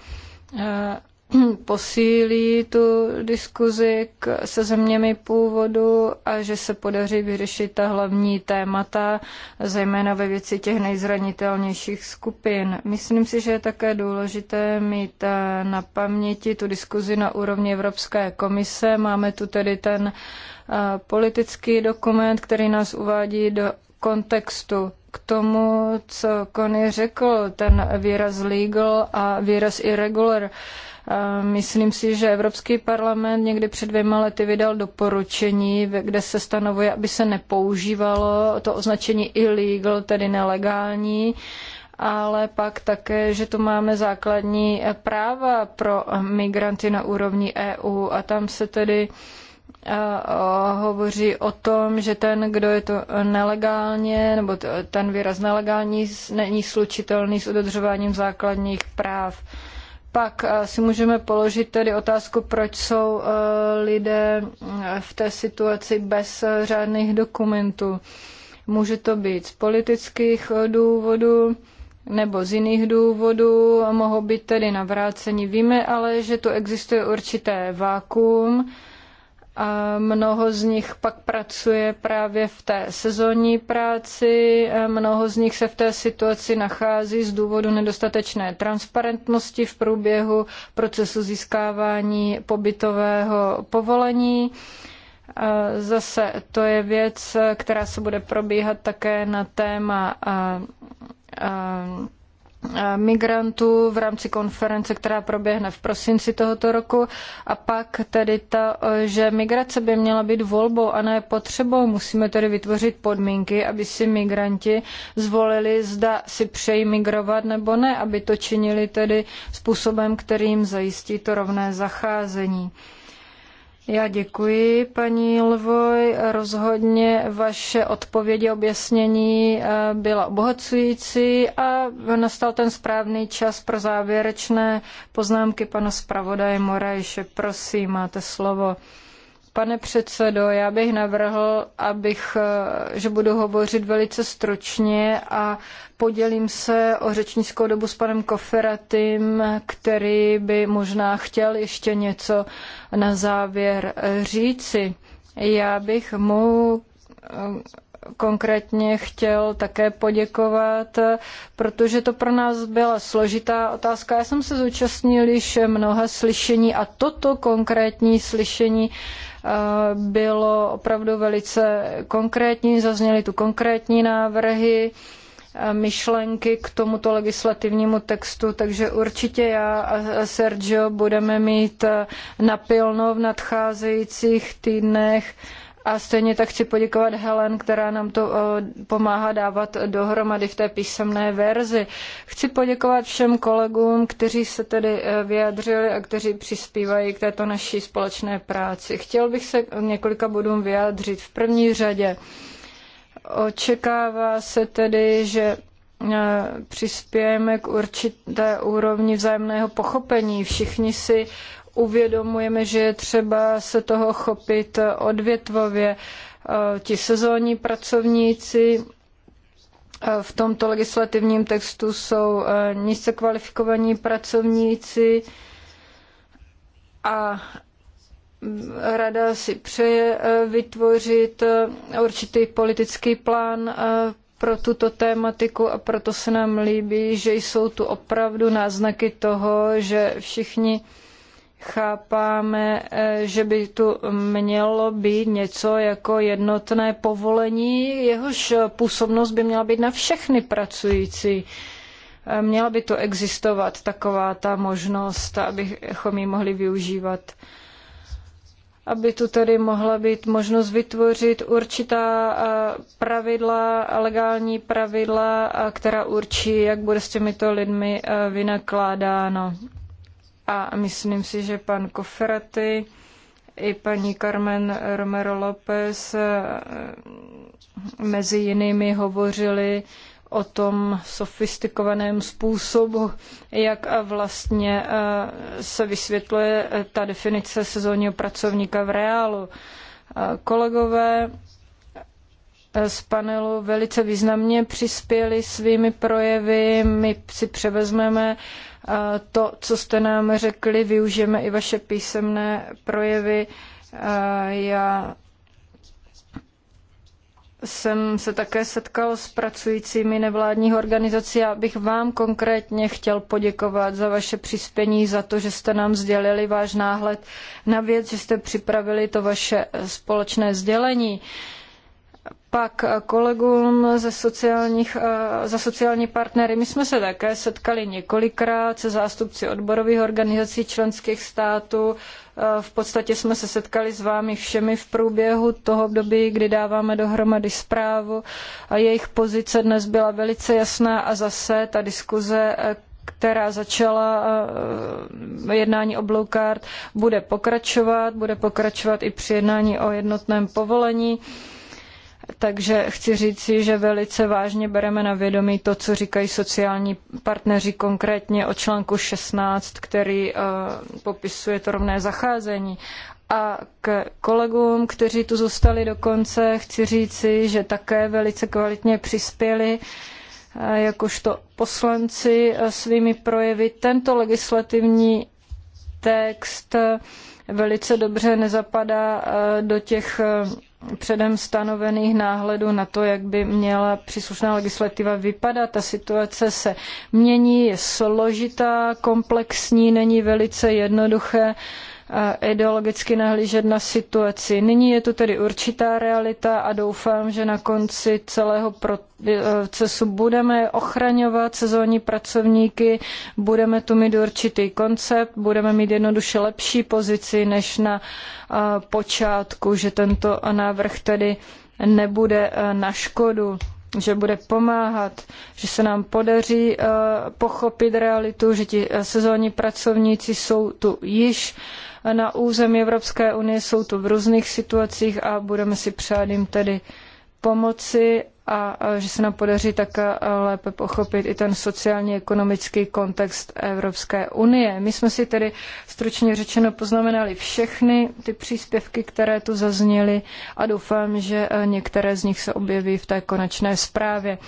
eh, posílí tu diskuzi k, se zeměmi původu a že se podaří vyřešit ta hlavní témata, zejména ve věci těch nejzranitelnějších skupin. Myslím si, že je také důležité mít eh, na paměti tu diskuzi na úrovni Evropské komise. Máme tu tedy ten eh, politický dokument, který nás uvádí do kontextu k tomu, co Kony řekl, ten výraz legal a výraz irregular. Myslím si, že Evropský parlament někdy před dvěma lety vydal doporučení, kde se stanovuje, aby se nepoužívalo to označení illegal, tedy nelegální, ale pak také, že tu máme základní práva pro migranty na úrovni EU a tam se tedy uh, hovoří o tom, že ten, kdo je to nelegálně, nebo ten výraz nelegální není slučitelný s udržováním základních práv. Pak si můžeme položit tedy otázku, proč jsou lidé v té situaci bez řádných dokumentů. Může to být z politických důvodů, nebo z jiných důvodů, mohou být tedy navrácení. Víme ale, že tu existuje určité vákuum, a mnoho z nich pak pracuje právě v té sezónní práci, mnoho z nich se v té situaci nachází z důvodu nedostatečné transparentnosti v průběhu procesu získávání pobytového povolení. Zase to je věc, která se bude probíhat také na téma a, a Eh, migrantů v rámci konference, která proběhne v prosinci tohoto roku. A pak tedy ta, eh, že migrace by měla být volbou a ne potřebou. Musíme tedy vytvořit podmínky, aby si migranti zvolili, zda si přejí migrovat nebo ne, aby to činili tedy způsobem, který jim zajistí to rovné zacházení. Já děkuji, paní Lvoj. Rozhodně vaše odpovědi objasnění eh, byla obohacující a nastal ten správný čas pro závěrečné poznámky pana zpravodaje Morajše. Prosím, máte slovo. Pane předsedo, já bych navrhl, abych, eh, že budu hovořit velice stročně a podělím se o řečnickou dobu s panem Koferatým, který by možná chtěl ještě něco na závěr eh, říci. Já bych mu eh, konkrétně chtěl také poděkovat, protože to pro nás byla složitá otázka. Já jsem se zúčastnil již mnoha slyšení a toto konkrétní slyšení Eh, bylo opravdu velice konkrétní, zazněly tu konkrétní návrhy myšlenky k tomuto legislativnímu textu, takže určitě já a Sergio budeme mít eh, napilno v nadcházejících týdnech a stejně tak chci poděkovat Helen, která nám to eh, pomáhá dávat dohromady v té písemné verzi. Chci poděkovat všem kolegům, kteří se tedy eh, vyjadřili a kteří přispívají k této naší společné práci. Chtěl bych se několika bodům vyjádřit. V první řadě očekává se tedy, že eh, přispějeme k určité úrovni vzájemného pochopení. Všichni si uvědomujeme, že je třeba se toho chopit odvětvově. E, ti sezónní pracovníci e, v tomto legislativním textu jsou e, nízce kvalifikovaní pracovníci a rada si přeje vytvořit určitý politický plán pro tuto tématiku a proto se nám líbí, že jsou tu opravdu náznaky toho, že všichni chápáme, eh, že by tu mělo být něco jako jednotné povolení, jehož působnost by měla být na všechny pracující. Eh, měla by tu existovat taková ta možnost, abychom ji mohli využívat aby tu tedy mohla být možnost vytvořit určitá eh, pravidla, legální pravidla, která určí, jak bude s těmito lidmi vynakládáno. A myslím si, že pan Koferaty i paní Carmen Romero López eh, mezi jinými hovořili o tom sofistikovaném způsobu, jak vlastně eh, se vysvětluje ta definice sezónního pracovníka v reálu. Eh, kolegové z panelu velice významně přispěli svými projevy, my si převezmeme to, co jste nám řekli, využijeme i vaše písemné projevy. Já jsem se také setkal s pracujícími nevládních organizací a bych vám konkrétně chtěl poděkovat za vaše přispění, za to, že jste nám sdělili váš náhled na věc, že jste připravili to vaše společné sdělení. Uh, pak eh, kolegům ze sociálních, eh, za sociální partnery. My jsme se také setkali několikrát se zástupci odborových organizací členských států. Eh, v podstatě jsme se setkali s vámi všemi v průběhu toho období, kdy dáváme dohromady zprávu a jejich pozice dnes byla velice jasná a zase ta diskuze, která začala jednání o Blue Card, bude pokračovat, bude pokračovat i při jednání o jednotném povolení. Takže chci říci, že velice vážně bereme na vědomí to, co říkají sociální partneři konkrétně o článku 16, který eh, popisuje to rovné zacházení. A k kolegům, kteří tu zůstali do konce, chci říci, že také velice kvalitně přispěli eh, jakožto poslanci eh, svými projevy. Tento legislativní text velice dobře nezapadá eh, do těch eh, předem stanovených náhledů na to, jak by měla příslušná legislativa vypadat. Ta situace se mění, je složitá, komplexní, není velice jednoduché ideologicky nahlížet na situaci. Nyní je tu tedy určitá realita a doufám, že na konci celého procesu budeme ochraňovat sezónní pracovníky, budeme tu mít určitý koncept, budeme mít jednoduše lepší pozici než na počátku, že tento návrh tedy nebude na škodu že bude pomáhat, že se nám podaří pochopit realitu, že ti sezónní pracovníci jsou tu již na území Evropské unie, jsou tu v různých situacích a budeme si přát jim tedy pomoci a že se nám podaří také lépe pochopit i ten sociálně ekonomický kontext Evropské unie. My jsme si tedy stručně řečeno poznamenali všechny ty příspěvky, které tu zazněly a doufám, že e, některé z nich se objeví v té konečné zprávě.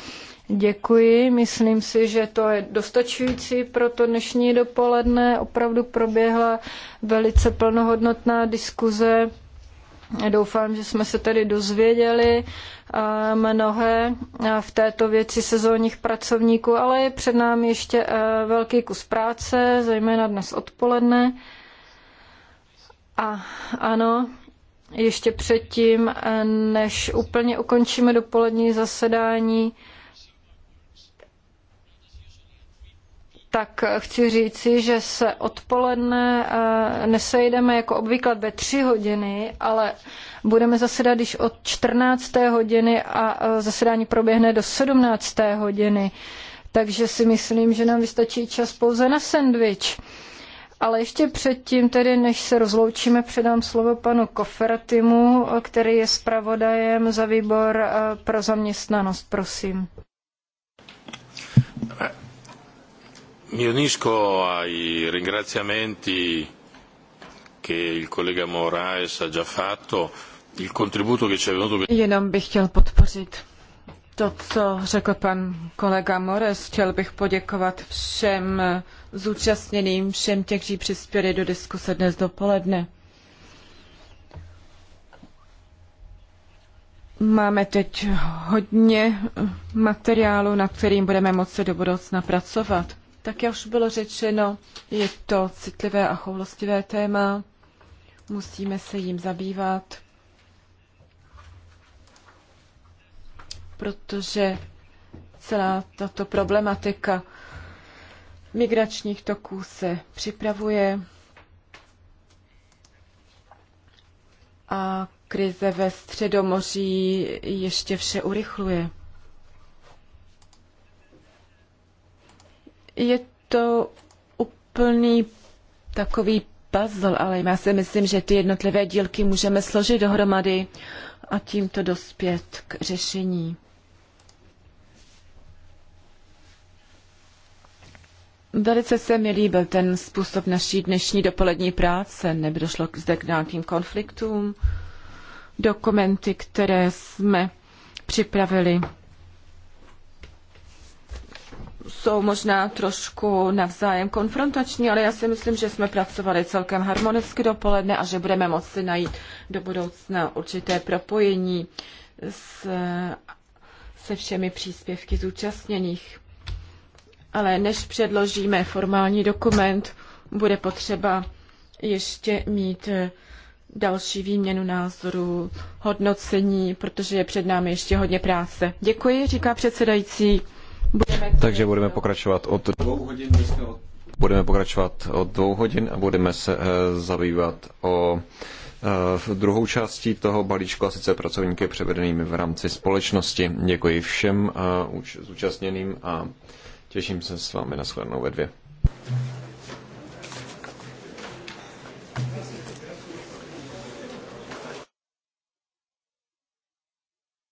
Děkuji, myslím si, že to je dostačující pro to dnešní dopoledne. Opravdu proběhla velice plnohodnotná diskuze. Doufám, že jsme se tedy dozvěděli eh, mnohé eh, v této věci sezónních pracovníků, ale je před námi ještě eh, velký kus práce, zejména dnes odpoledne. A ano, ještě předtím, než úplně ukončíme dopolední zasedání, tak chci říci, že se odpoledne eh, nesejdeme jako obvykle ve tři hodiny, ale budeme zasedat již od 14. hodiny a eh, zasedání proběhne do 17. hodiny. Takže si myslím, že nám vystačí čas pouze na sendvič. Ale ještě předtím, tedy než se rozloučíme, předám slovo panu Koferatimu, eh, který je zpravodajem za výbor pro zaměstnanost. Prosím mi unisco ai ringraziamenti che il collega Moraes ha già fatto, il contributo che ci è venuto. Jenom bych chtěl podpořit to, co řekl pan kolega Moraes. chtěl bych poděkovat všem zúčastněným, všem těch, kteří přispěli do diskuse dnes dopoledne. Máme teď hodně materiálu, na kterým budeme moci do budoucna pracovat. Tak jak už bylo řečeno, je to citlivé a choulostivé téma. Musíme se jim zabývat, protože celá tato problematika migračních toků se připravuje a krize ve Středomoří ještě vše urychluje. Je to úplný takový puzzle, ale já si myslím, že ty jednotlivé dílky můžeme složit dohromady a tímto dospět k řešení. Velice se mi líbil ten způsob naší dnešní dopolední práce. Nedošlo zde k nějakým konfliktům. Dokumenty, které jsme připravili, jsou možná trošku navzájem konfrontační, ale já si myslím, že jsme pracovali celkem harmonicky dopoledne a že budeme moci najít do budoucna určité propojení s, se všemi příspěvky zúčastněných. Ale než předložíme formální dokument, bude potřeba ještě mít eh, další výměnu názorů, hodnocení, protože je před námi ještě hodně práce. Děkuji, říká předsedající. Takže budeme pokračovat od dvou hodin. Budeme pokračovat od dvou hodin a budeme se eh, zabývat o eh, v druhou částí toho balíčku, a sice pracovníky převedenými v rámci společnosti. Děkuji všem eh, zúčastněným a těším se s vámi na shledanou ve dvě.